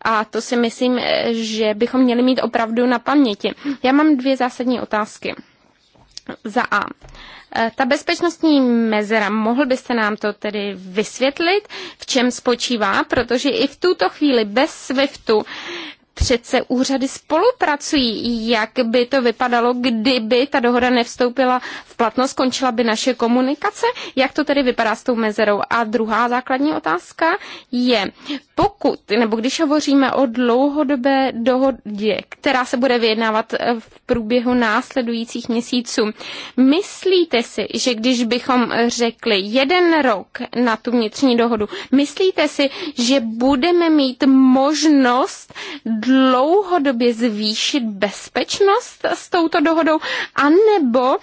A to si myslím, že bychom měli mít opravdu na paměti. Já mám dvě zásadní otázky. Za A. Ta bezpečnostní mezera, mohl byste nám to tedy vysvětlit, v čem spočívá, protože i v tuto chvíli bez SWIFTu přece úřady spolupracují. Jak by to vypadalo, kdyby ta dohoda nevstoupila v platnost, skončila by naše komunikace? Jak to tedy vypadá s tou mezerou? A druhá základní otázka je, pokud, nebo když hovoříme o dlouhodobé dohodě, která se bude vyjednávat v průběhu následujících měsíců, myslíte si, že když bychom řekli jeden rok na tu vnitřní dohodu, myslíte si, že budeme mít možnost dlouhodobě zvýšit bezpečnost s touto dohodou, anebo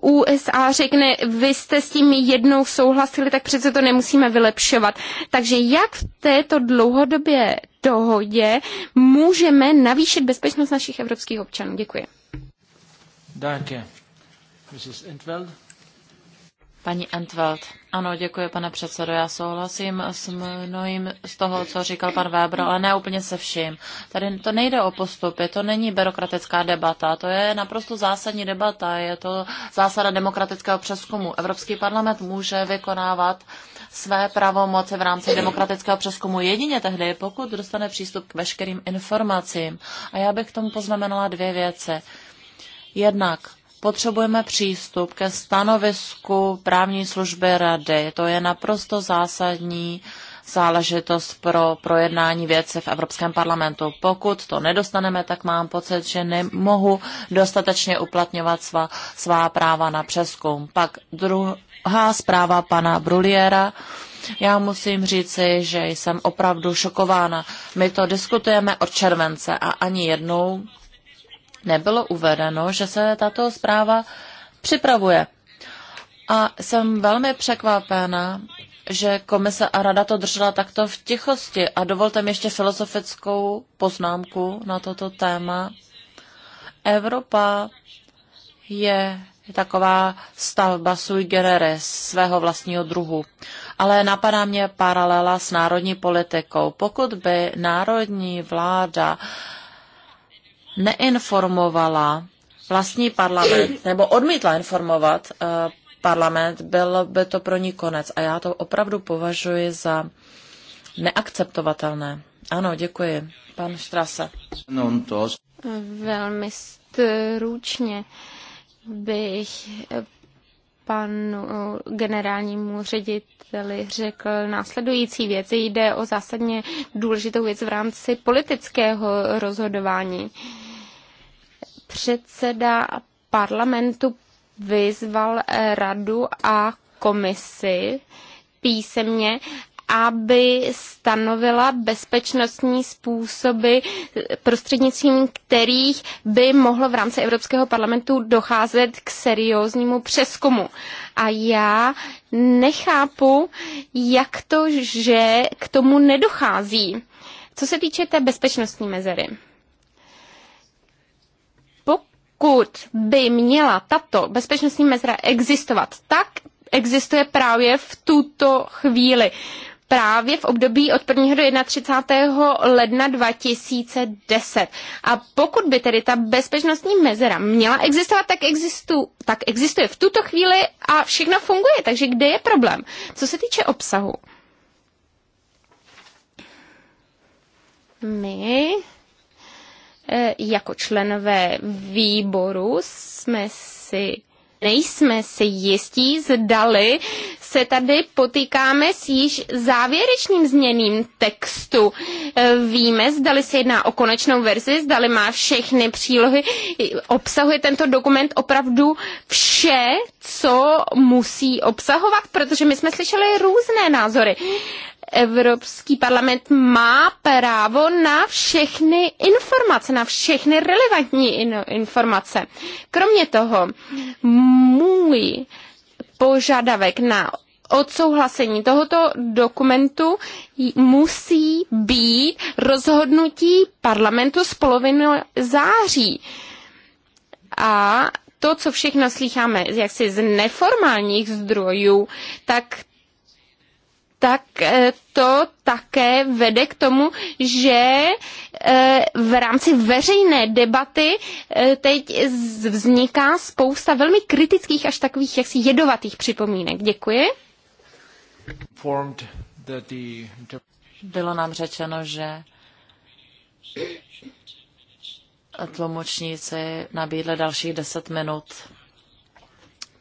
USA uh, řekne, vy jste s tím jednou souhlasili, tak přece to nemusíme vylepšovat. Takže jak v této dlouhodobě dohodě můžeme navýšit bezpečnost našich evropských občanů? Děkuji. Děkuji. Mrs. Intveld. Paní Entveld. Ano, děkuji, pane předsedo. Já souhlasím s mnohým z toho, co říkal pan Weber, ale ne úplně se vším. Tady to nejde o postupy, to není byrokratická debata, to je naprosto zásadní debata, je to zásada demokratického přeskumu. Evropský parlament může vykonávat své pravomoci v rámci demokratického přeskumu jedině tehdy, pokud dostane přístup k veškerým informacím. A já bych k tomu poznamenala dvě věci. Jednak potřebujeme přístup ke stanovisku právní služby rady. To je naprosto zásadní záležitost pro projednání věci v Evropském parlamentu. Pokud to nedostaneme, tak mám pocit, že nemohu dostatečně uplatňovat svá, svá práva na přeskum. Pak druhá zpráva pana Bruliera. Já musím říci, že jsem opravdu šokována. My to diskutujeme od července a ani jednou nebylo uvedeno, že se tato zpráva připravuje. A jsem velmi překvapena, že komise a rada to držela takto v tichosti. A dovolte mi ještě filozofickou poznámku na toto téma. Evropa je taková stavba sui generis svého vlastního druhu. Ale napadá mě paralela s národní politikou. Pokud by národní vláda uh, neinformovala vlastní parlament, nebo odmítla informovat eh, parlament, byl by to pro ní konec. A já to opravdu považuji za neakceptovatelné. Ano, děkuji. Pan Štrase. Velmi stručně bych panu generálnímu řediteli řekl následující věc. Jde o zásadně důležitou věc v rámci politického rozhodování. Uh, předseda parlamentu vyzval eh, radu a komisi písemně, aby stanovila bezpečnostní způsoby, eh, prostřednictvím kterých by mohlo v rámci Evropského parlamentu docházet k serióznímu přeskumu. A já nechápu, jak to, že k tomu nedochází. Co se týče té bezpečnostní mezery pokud by měla tato bezpečnostní mezera existovat, tak existuje právě v tuto chvíli. Právě v období od 1. do 31. ledna 2010. A pokud by tedy ta bezpečnostní mezera měla existovat, tak, existu, tak existuje v tuto chvíli a všechno funguje. Takže kde je problém? Co se týče obsahu? My E, jako členové výboru jsme si nejsme si jistí, zdali se tady potýkáme s již závěrečným změným textu. E, víme, zdali se jedná o konečnou verzi, zdali má všechny přílohy. Obsahuje tento dokument opravdu vše, co musí obsahovat, protože my jsme slyšeli různé názory. Evropský parlament má právo na všechny informace, na všechny relevantní informace. Kromě toho, můj požadavek na odsouhlasení tohoto dokumentu musí být rozhodnutí parlamentu z poloviny září. A to, co všechno slycháme jaksi z neformálních zdrojů, tak tak eh, to také vede k tomu, že eh, v rámci veřejné debaty eh, teď vzniká spousta velmi kritických až takových jaksi jedovatých připomínek. Děkuji. Bylo nám řečeno, že tlumočníci nabídli dalších 10 minut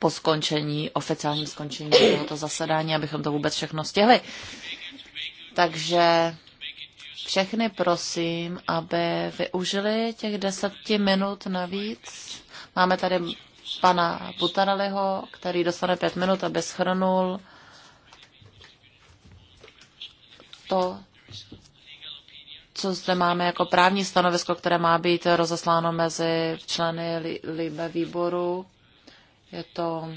po skončení, oficiálním skončení tohoto zasedání, abychom to vůbec všechno stihli. Takže všechny prosím, aby využili těch deseti minut navíc. Máme tady pana Butaraliho, který dostane pět minut, aby schrnul to, co zde máme jako právní stanovisko, které má být rozesláno mezi členy Libe výboru je to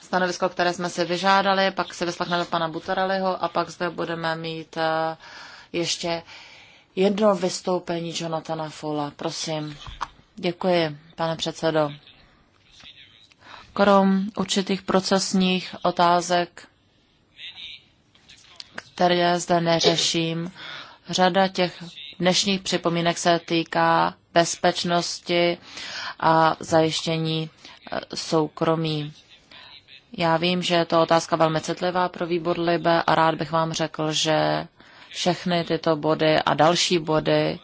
stanovisko, které jsme si vyžádali, pak si vyslechneme pana Butareliho a pak zde budeme mít eh, ještě jedno vystoupení Jonathana Fola. Prosím. Děkuji, pane předsedo. Krom určitých procesních otázek, které zde neřeším, řada těch dnešních připomínek se týká bezpečnosti a zajištění e, soukromí. Já vím, že je to otázka velmi citlivá pro výbor Libe a rád bych vám řekl, že všechny tyto body a další body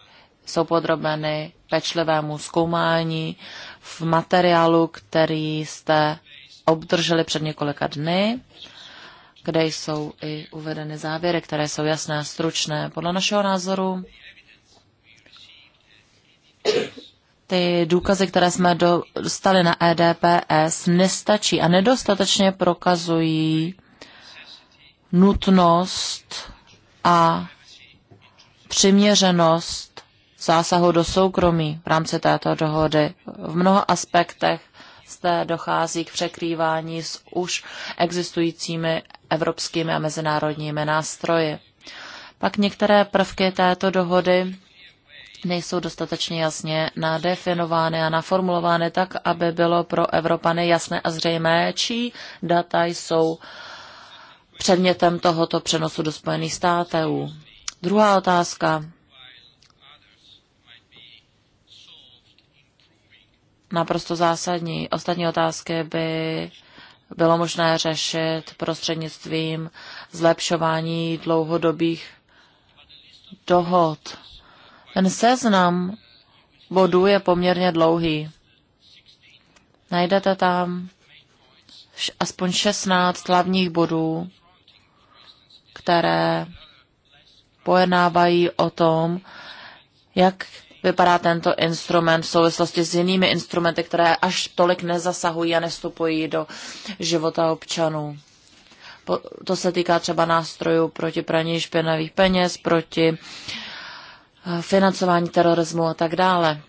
jsou podrobeny pečlivému zkoumání v materiálu, který jste obdrželi před několika dny, kde jsou i uvedeny závěry, které jsou jasné a stručné. Podle našeho názoru ty důkazy, které jsme dostali na EDPS, nestačí a nedostatečně prokazují nutnost a přiměřenost zásahu do soukromí v rámci této dohody. V mnoha aspektech zde dochází k překrývání s už existujícími evropskými a mezinárodními nástroji. Pak některé prvky této dohody nejsou dostatečně jasně nadefinovány a naformulovány tak, aby bylo pro Evropany jasné a zřejmé, čí data jsou předmětem tohoto přenosu do Spojených států. Druhá otázka. Naprosto zásadní. Ostatní otázky by bylo možné řešit prostřednictvím zlepšování dlouhodobých dohod ten seznam bodů je poměrně dlouhý. Najdete tam aspoň 16 hlavních bodů, které pojednávají o tom, jak vypadá tento instrument v souvislosti s jinými instrumenty, které až tolik nezasahují a nestupují do života občanů. To se týká třeba nástrojů proti praní špinavých peněz, proti uh, Eh, financování terorismu a tak dále.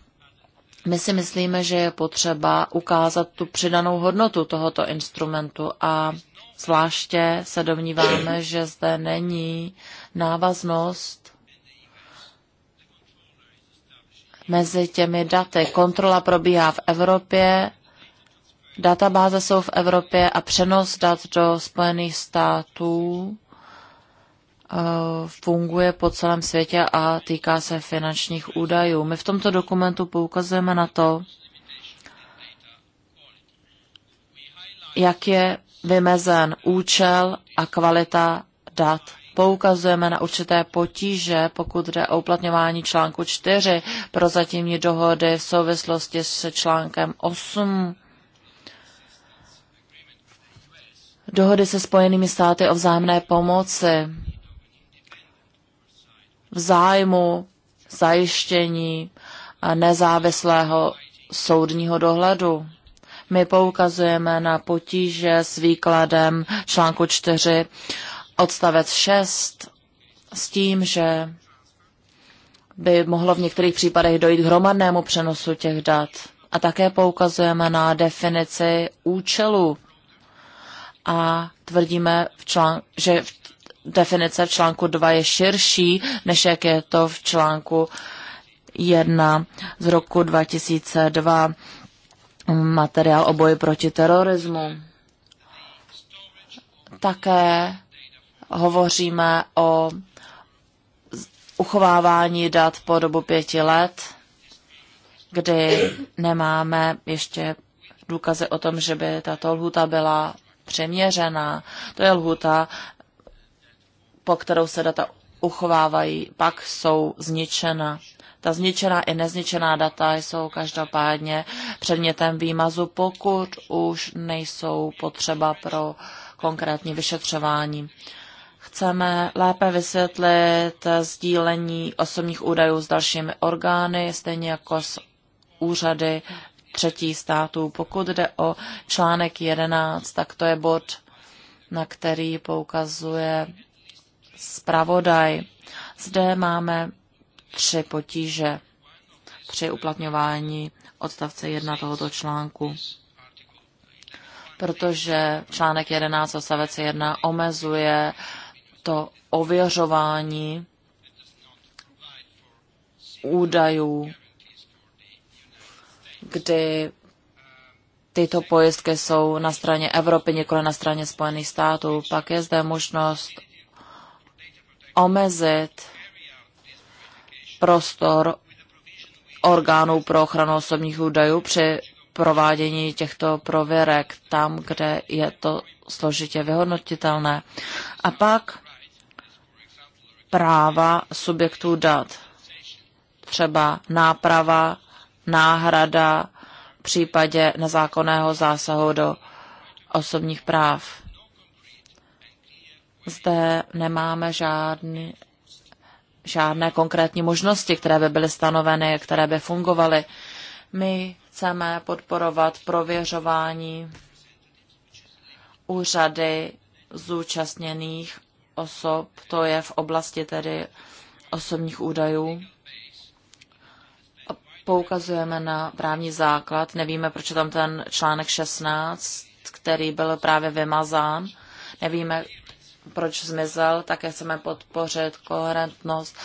My si myslíme, že je potřeba ukázat tu přidanou hodnotu tohoto instrumentu a zvláště se domníváme, že zde není návaznost mezi těmi daty. Kontrola probíhá v Evropě, databáze jsou v Evropě a přenos dat do Spojených států Eh, funguje po celém světě a týká se finančních údajů. My v tomto dokumentu poukazujeme na to, jak je vymezen účel a kvalita dat. Poukazujeme na určité potíže, pokud jde o uplatňování článku 4 pro zatímní dohody v souvislosti s článkem 8 dohody se Spojenými státy o vzájemné pomoci v zájmu zajištění eh, nezávislého soudního dohledu. My poukazujeme na potíže s výkladem článku 4 odstavec 6 s tím, že by mohlo v některých případech dojít k hromadnému přenosu těch dat. A také poukazujeme na definici účelu a tvrdíme, v že definice v článku 2 je širší, než jak je to v článku 1 z roku 2002 materiál o boji proti terorismu. Také hovoříme o uchovávání dat po dobu pěti let, kdy nemáme ještě důkazy o tom, že by tato lhuta byla přeměřená. To je lhuta, po kterou se data uchovávají, pak jsou zničena. Ta zničená i nezničená data jsou každopádně předmětem výmazu, pokud už nejsou potřeba pro konkrétní vyšetřování. Chceme lépe vysvětlit sdílení osobních údajů s dalšími orgány, stejně jako s úřady třetí států. Pokud jde o článek 11, tak to je bod, na který poukazuje zpravodaj. Zde máme tři potíže při uplatňování odstavce 1 tohoto článku. Protože článek 11 odstavec 1 omezuje to ověřování údajů, kdy tyto pojistky jsou na straně Evropy, nikoli na straně Spojených států. Pak je zde možnost omezit prostor orgánů pro ochranu osobních údajů při provádění těchto prověrek tam, kde je to složitě vyhodnotitelné. A pak práva subjektů dat, třeba náprava, náhrada v případě nezákonného zásahu do osobních práv zde nemáme žádný, žádné konkrétní možnosti, které by byly stanoveny, které by fungovaly. My chceme podporovat prověřování úřady zúčastněných osob, to je v oblasti tedy osobních údajů. poukazujeme na právní základ, nevíme, proč je tam ten článek 16, který byl právě vymazán. Nevíme, proč zmizel, také chceme podpořit koherentnost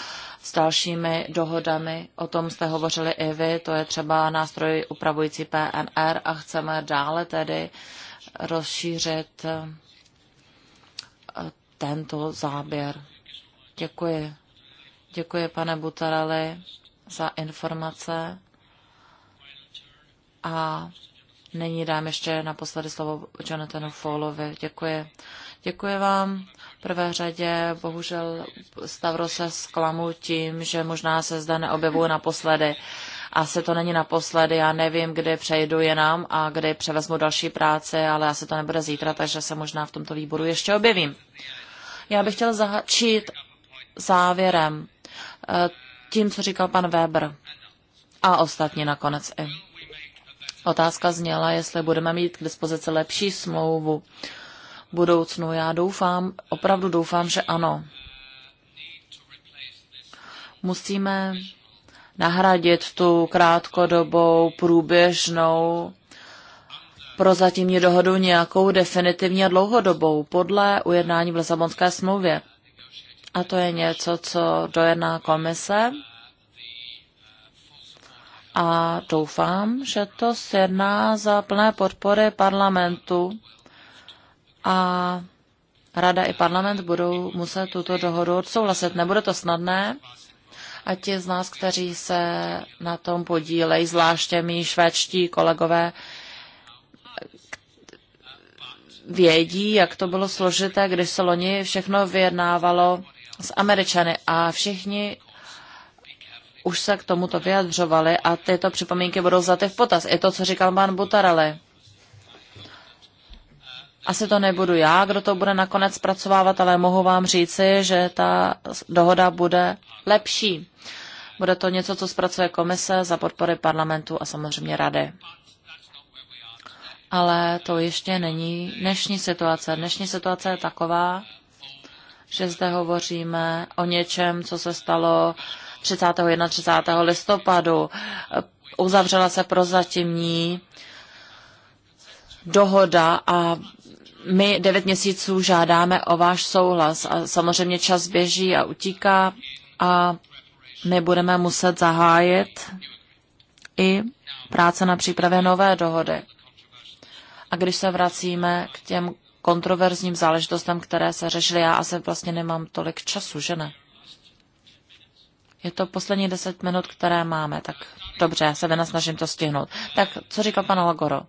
s dalšími dohodami. O tom jste hovořili i vy, to je třeba nástroj upravující PNR a chceme dále tedy rozšířit eh, tento záběr. Děkuji. Děkuji, pane Butarali, za informace. A nyní dám ještě naposledy slovo Jonathanu Fallovi. Děkuji. Děkuji vám. V prvé řadě bohužel Stavro se zklamu tím, že možná se zde neobjevuje naposledy. Asi to není naposledy, já nevím, kdy přejdu jenom a kdy převezmu další práci, ale asi to nebude zítra, takže se možná v tomto výboru ještě objevím. Já bych chtěl začít závěrem eh, tím, co říkal pan Weber a ostatní nakonec i. Otázka zněla, jestli budeme mít k dispozici lepší smlouvu budoucnu. Já doufám, opravdu doufám, že ano. Musíme nahradit tu krátkodobou, průběžnou prozatímní dohodu nějakou definitivní a dlouhodobou podle ujednání v Lisabonské smlouvě. A to je něco, co dojedná komise. A doufám, že to sjedná za plné podpory parlamentu a rada i parlament budou muset tuto dohodu odsouhlasit. Nebude to snadné a ti z nás, kteří se na tom podílejí, zvláště mý švédští kolegové, vědí, jak to bylo složité, když se loni všechno vyjednávalo s Američany a všichni už se k tomuto vyjadřovali a tyto připomínky budou vzaty v potaz. I to, co říkal pan Butarelli. Asi to nebudu já, kdo to bude nakonec zpracovávat, ale mohu vám říci, že ta dohoda bude lepší. Bude to něco, co zpracuje komise za podpory parlamentu a samozřejmě rady. Ale to ještě není dnešní situace. Dnešní situace je taková, že zde hovoříme o něčem, co se stalo 31. 30. listopadu. Uzavřela se prozatímní dohoda a my devět měsíců žádáme o váš souhlas a samozřejmě čas běží a utíká a my budeme muset zahájit i práce na přípravě nové dohody. A když se vracíme k těm kontroverzním záležitostem, které se řešily, já asi vlastně nemám tolik času, že ne? Je to poslední deset minut, které máme, tak dobře, já se vynasnažím to stihnout. Tak, co říkal pan Lagoro?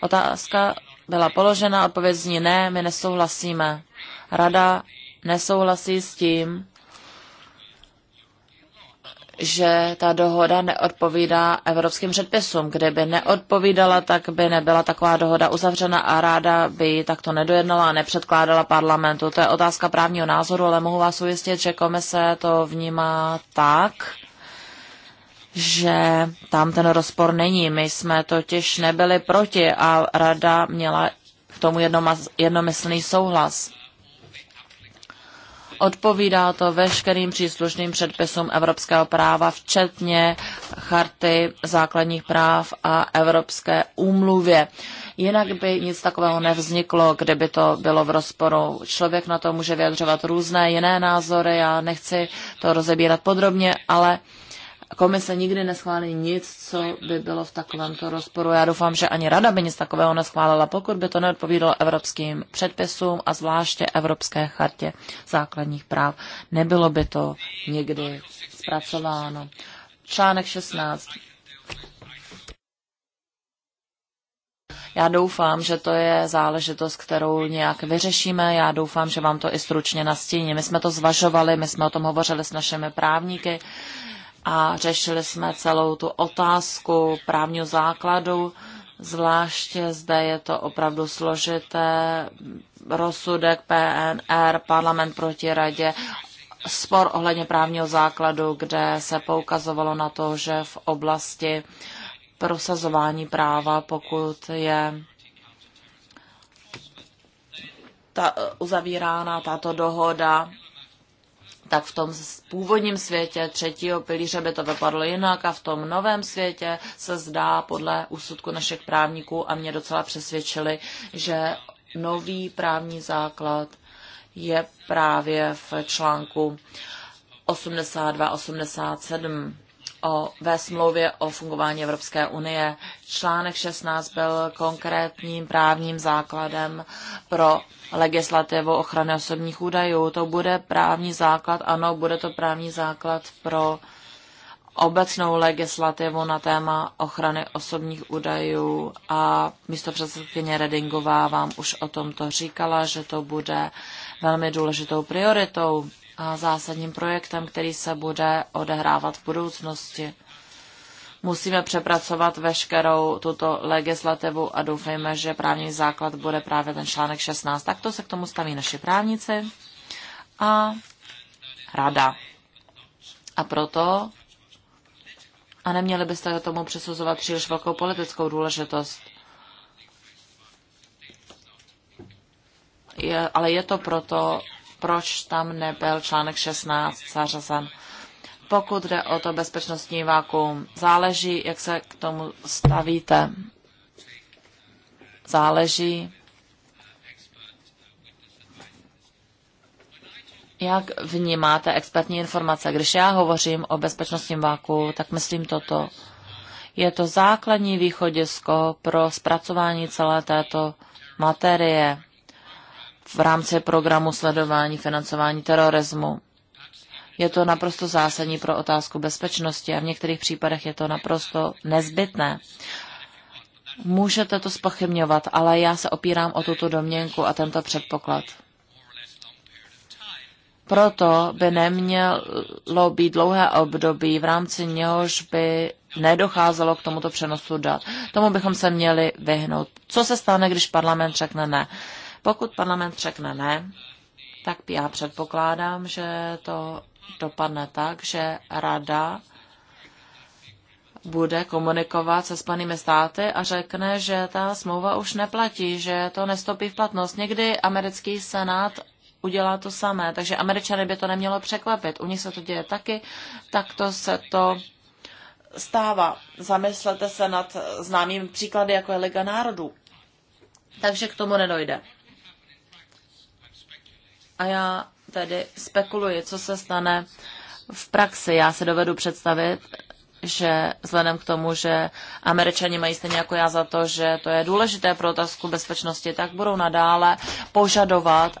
Otázka byla položena, odpověď zní ne, my nesouhlasíme. Rada nesouhlasí s tím, že ta dohoda neodpovídá evropským předpisům. Kdyby neodpovídala, tak by nebyla taková dohoda uzavřena a ráda by ji takto nedojednala a nepředkládala parlamentu. To je otázka právního názoru, ale mohu vás ujistit, že komise to vnímá tak, že tam ten rozpor není. My jsme totiž nebyli proti a rada měla k tomu jednomyslný souhlas. Odpovídá to veškerým příslušným předpisům evropského práva, včetně charty základních práv a Evropské úmluvě. Jinak by nic takového nevzniklo, kdyby to bylo v rozporu. Člověk na to může vyjadřovat různé jiné názory, já nechci to rozebírat podrobně, ale uh, komise nikdy neschválí nic, co by bylo v takovémto rozporu. Já doufám, že ani rada by nic takového neschválila, pokud by to neodpovídalo evropským předpisům a zvláště Evropské chartě základních práv. Nebylo by to nikdy zpracováno. Článek 16. Já doufám, že to je záležitost, kterou nějak vyřešíme. Já doufám, že vám to i stručně nastíní. My jsme to zvažovali, my jsme o tom hovořili s našimi právníky a řešili jsme celou tu otázku právního základu. Zvláště zde je to opravdu složité. Rozsudek PNR, parlament proti radě, spor ohledně právního základu, kde se poukazovalo na to, že v oblasti prosazování práva, pokud je ta, uzavírána tato dohoda tak v tom původním světě třetího pilíře by to vypadlo jinak a v tom novém světě se zdá podle úsudku našich právníků a mě docela přesvědčili, že nový právní základ je právě v článku 82-87 o, ve smlouvě o fungování Evropské unie. Článek 16 byl konkrétním právním základem pro legislativu ochrany osobních údajů. To bude právní základ, ano, bude to právní základ pro obecnou legislativu na téma ochrany osobních údajů a místo předsedkyně Redingová vám už o tomto říkala, že to bude velmi důležitou prioritou zásadním projektem, který se bude odehrávat v budoucnosti. Musíme přepracovat veškerou tuto legislativu a doufejme, že právní základ bude právě ten článek 16. to se k tomu staví naši právníci a rada. A proto, a neměli byste tomu přesuzovat příliš velkou politickou důležitost, je, ale je to proto, proč tam nebyl článek 16 zařazen. Pokud jde o to bezpečnostní vákuum, záleží, jak se k tomu stavíte. Záleží, jak vnímáte expertní informace. Když já hovořím o bezpečnostním váku, tak myslím toto. Je to základní východisko pro zpracování celé této materie v rámci programu sledování financování terorismu. Je to naprosto zásadní pro otázku bezpečnosti a v některých případech je to naprosto nezbytné. Můžete to spochybňovat, ale já se opírám o tuto domněnku a tento předpoklad. Proto by nemělo být dlouhé období, v rámci něhož by nedocházelo k tomuto přenosu dat. Tomu bychom se měli vyhnout. Co se stane, když parlament řekne ne? Pokud parlament řekne ne, tak já předpokládám, že to dopadne tak, že rada bude komunikovat se Spojenými státy a řekne, že ta smlouva už neplatí, že to nestopí v platnost. Někdy americký senát udělá to samé, takže američany by to nemělo překvapit. U nich se to děje taky, tak to se to stává. Zamyslete se nad známými příklady, jako je Liga národů. Takže k tomu nedojde. A já tedy spekuluji, co se stane v praxi. Já si dovedu představit, že vzhledem k tomu, že američani mají stejně jako já za to, že to je důležité pro otázku bezpečnosti, tak budou nadále požadovat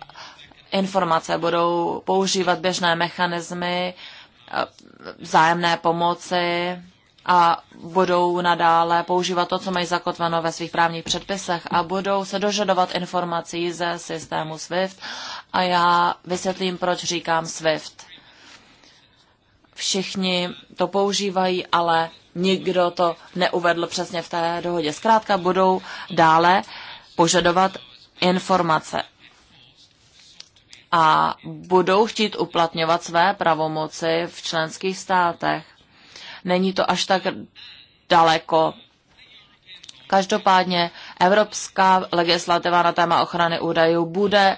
informace, budou používat běžné mechanismy eh, vzájemné pomoci a budou nadále používat to, co mají zakotveno ve svých právních předpisech a budou se dožadovat informací ze systému SWIFT a já vysvětlím, proč říkám SWIFT. Všichni to používají, ale nikdo to neuvedl přesně v té dohodě. Zkrátka budou dále požadovat informace a budou chtít uplatňovat své pravomoci v členských státech. Není to až tak daleko. Každopádně evropská legislativa na téma ochrany údajů bude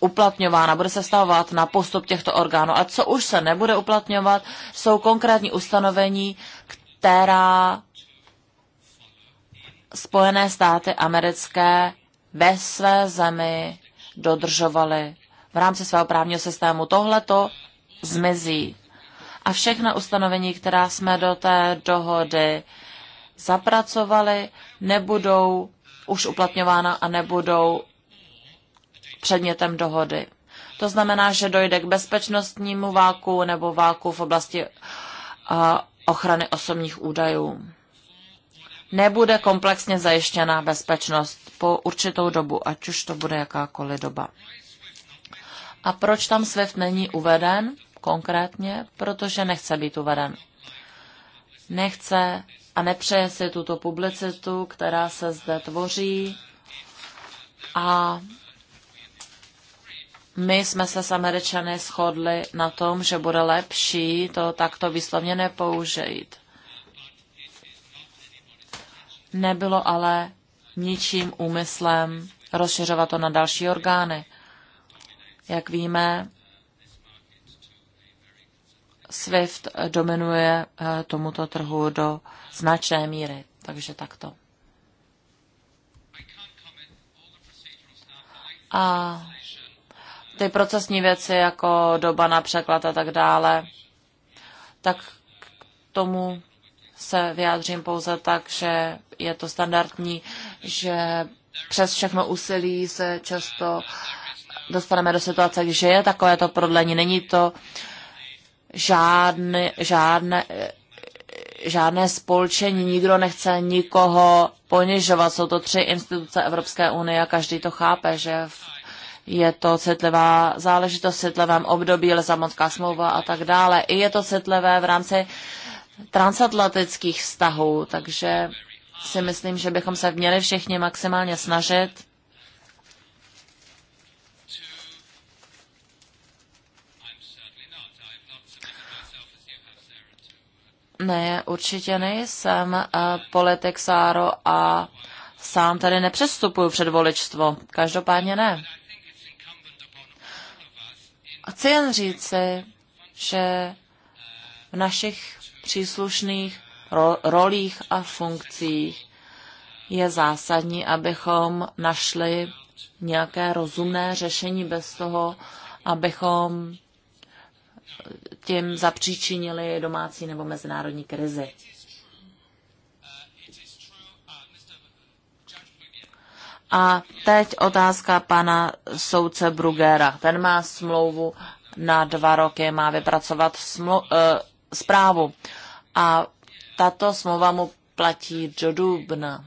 uplatňována, bude se stavovat na postup těchto orgánů. A co už se nebude uplatňovat, jsou konkrétní ustanovení, která Spojené státy americké ve své zemi dodržovaly v rámci svého právního systému. Tohle to zmizí. A všechna ustanovení, která jsme do té dohody zapracovali, nebudou už uplatňována a nebudou předmětem dohody. To znamená, že dojde k bezpečnostnímu válku nebo válku v oblasti ochrany osobních údajů. Nebude komplexně zajištěná bezpečnost po určitou dobu, ať už to bude jakákoliv doba. A proč tam SWIFT není uveden konkrétně? Protože nechce být uveden. Nechce a nepřeje si tuto publicitu, která se zde tvoří a my jsme se s Američany shodli na tom, že bude lepší to takto výslovně nepoužít. Nebylo ale ničím úmyslem rozšiřovat to na další orgány. Jak víme, SWIFT dominuje eh, tomuto trhu do značné míry, takže takto. A ty procesní věci, jako doba na překlad a tak dále, tak k tomu se vyjádřím pouze tak, že je to standardní, že přes všechno úsilí se často dostaneme do situace, že je takové to prodlení. Není to žádné, žádné, žádné spolčení, nikdo nechce nikoho ponižovat. Jsou to tři instituce Evropské unie a každý to chápe, že v je to citlivá záležitost v citlivém období, Lizabonská smlouva a tak dále. I je to citlivé v rámci transatlantických vztahů, takže si myslím, že bychom se měli všichni maximálně snažit Ne, určitě nejsem eh, politik, Sáro, a sám tady nepřestupuju před voličstvo. Každopádně ne. A chci jen říci, že v našich příslušných ro- rolích a funkcích je zásadní, abychom našli nějaké rozumné řešení bez toho, abychom tím zapříčinili domácí nebo mezinárodní krizi. A teď otázka pana soudce Brugera. Ten má smlouvu na dva roky, má vypracovat smlu- e, zprávu. A tato smlouva mu platí do dubna,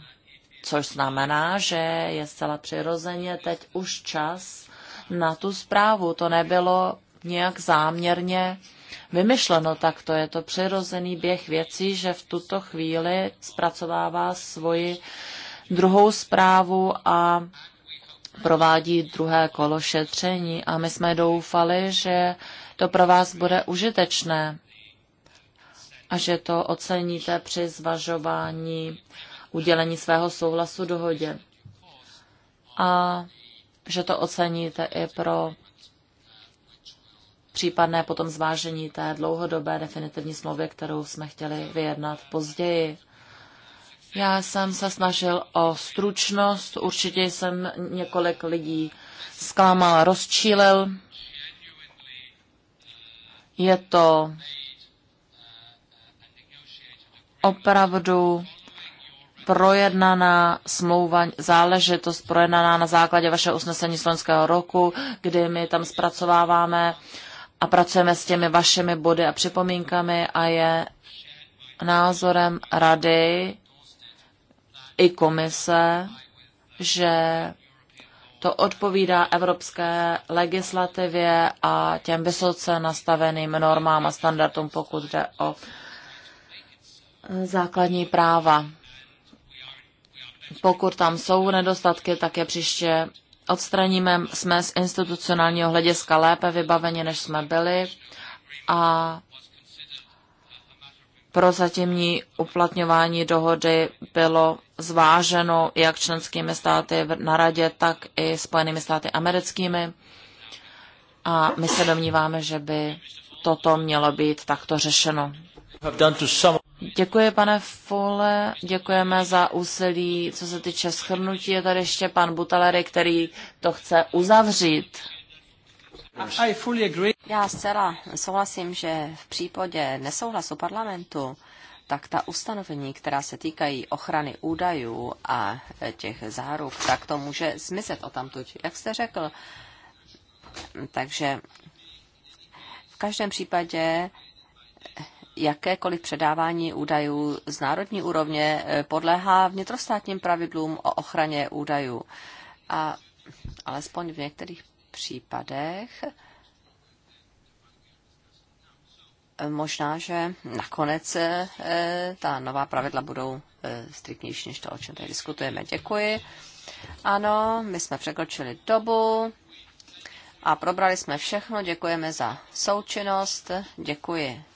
což znamená, že je zcela přirozeně teď už čas na tu zprávu. To nebylo nějak záměrně vymyšleno, tak to je to přirozený běh věcí, že v tuto chvíli zpracovává svoji uh, druhou zprávu a provádí druhé kolo šetření a my jsme doufali, že to pro vás bude užitečné a že to oceníte při zvažování udělení svého souhlasu dohodě. A že to oceníte i pro případné potom zvážení té dlouhodobé definitivní smlouvy, kterou jsme chtěli vyjednat později. Já jsem se snažil o stručnost, určitě jsem několik lidí zklamal, rozčílil. Je to opravdu projednaná smlouva, záležitost projednaná na základě vašeho usnesení slovenského roku, kdy my tam zpracováváme a pracujeme s těmi vašimi body a připomínkami a je názorem rady, i komise, že to odpovídá evropské legislativě a těm vysoce nastaveným normám a standardům, pokud jde o základní práva. Pokud tam jsou nedostatky, tak je příště odstraníme. Jsme z institucionálního hlediska lépe vybaveni, než jsme byli a pro zatímní uplatňování dohody bylo zváženo jak členskými státy na radě, tak i Spojenými státy americkými. A my se domníváme, že by toto mělo být takto řešeno. Děkuji, pane Fole, děkujeme za úsilí. Co se týče schrnutí, je tady ještě pan Butalery, který to chce uzavřít. Já zcela souhlasím, že v případě nesouhlasu parlamentu tak ta ustanovení, která se týkají ochrany údajů a e, těch záruk, tak to může zmizet odtamtud, jak jste řekl. Takže v každém případě e, jakékoliv předávání údajů z národní úrovně e, podléhá vnitrostátním pravidlům o ochraně údajů. A alespoň v některých případech možná, že nakonec eh, ta nová pravidla budou eh, striktnější než to, o čem tady diskutujeme. Děkuji. Ano, my jsme překročili dobu a probrali jsme všechno. Děkujeme za součinnost. Děkuji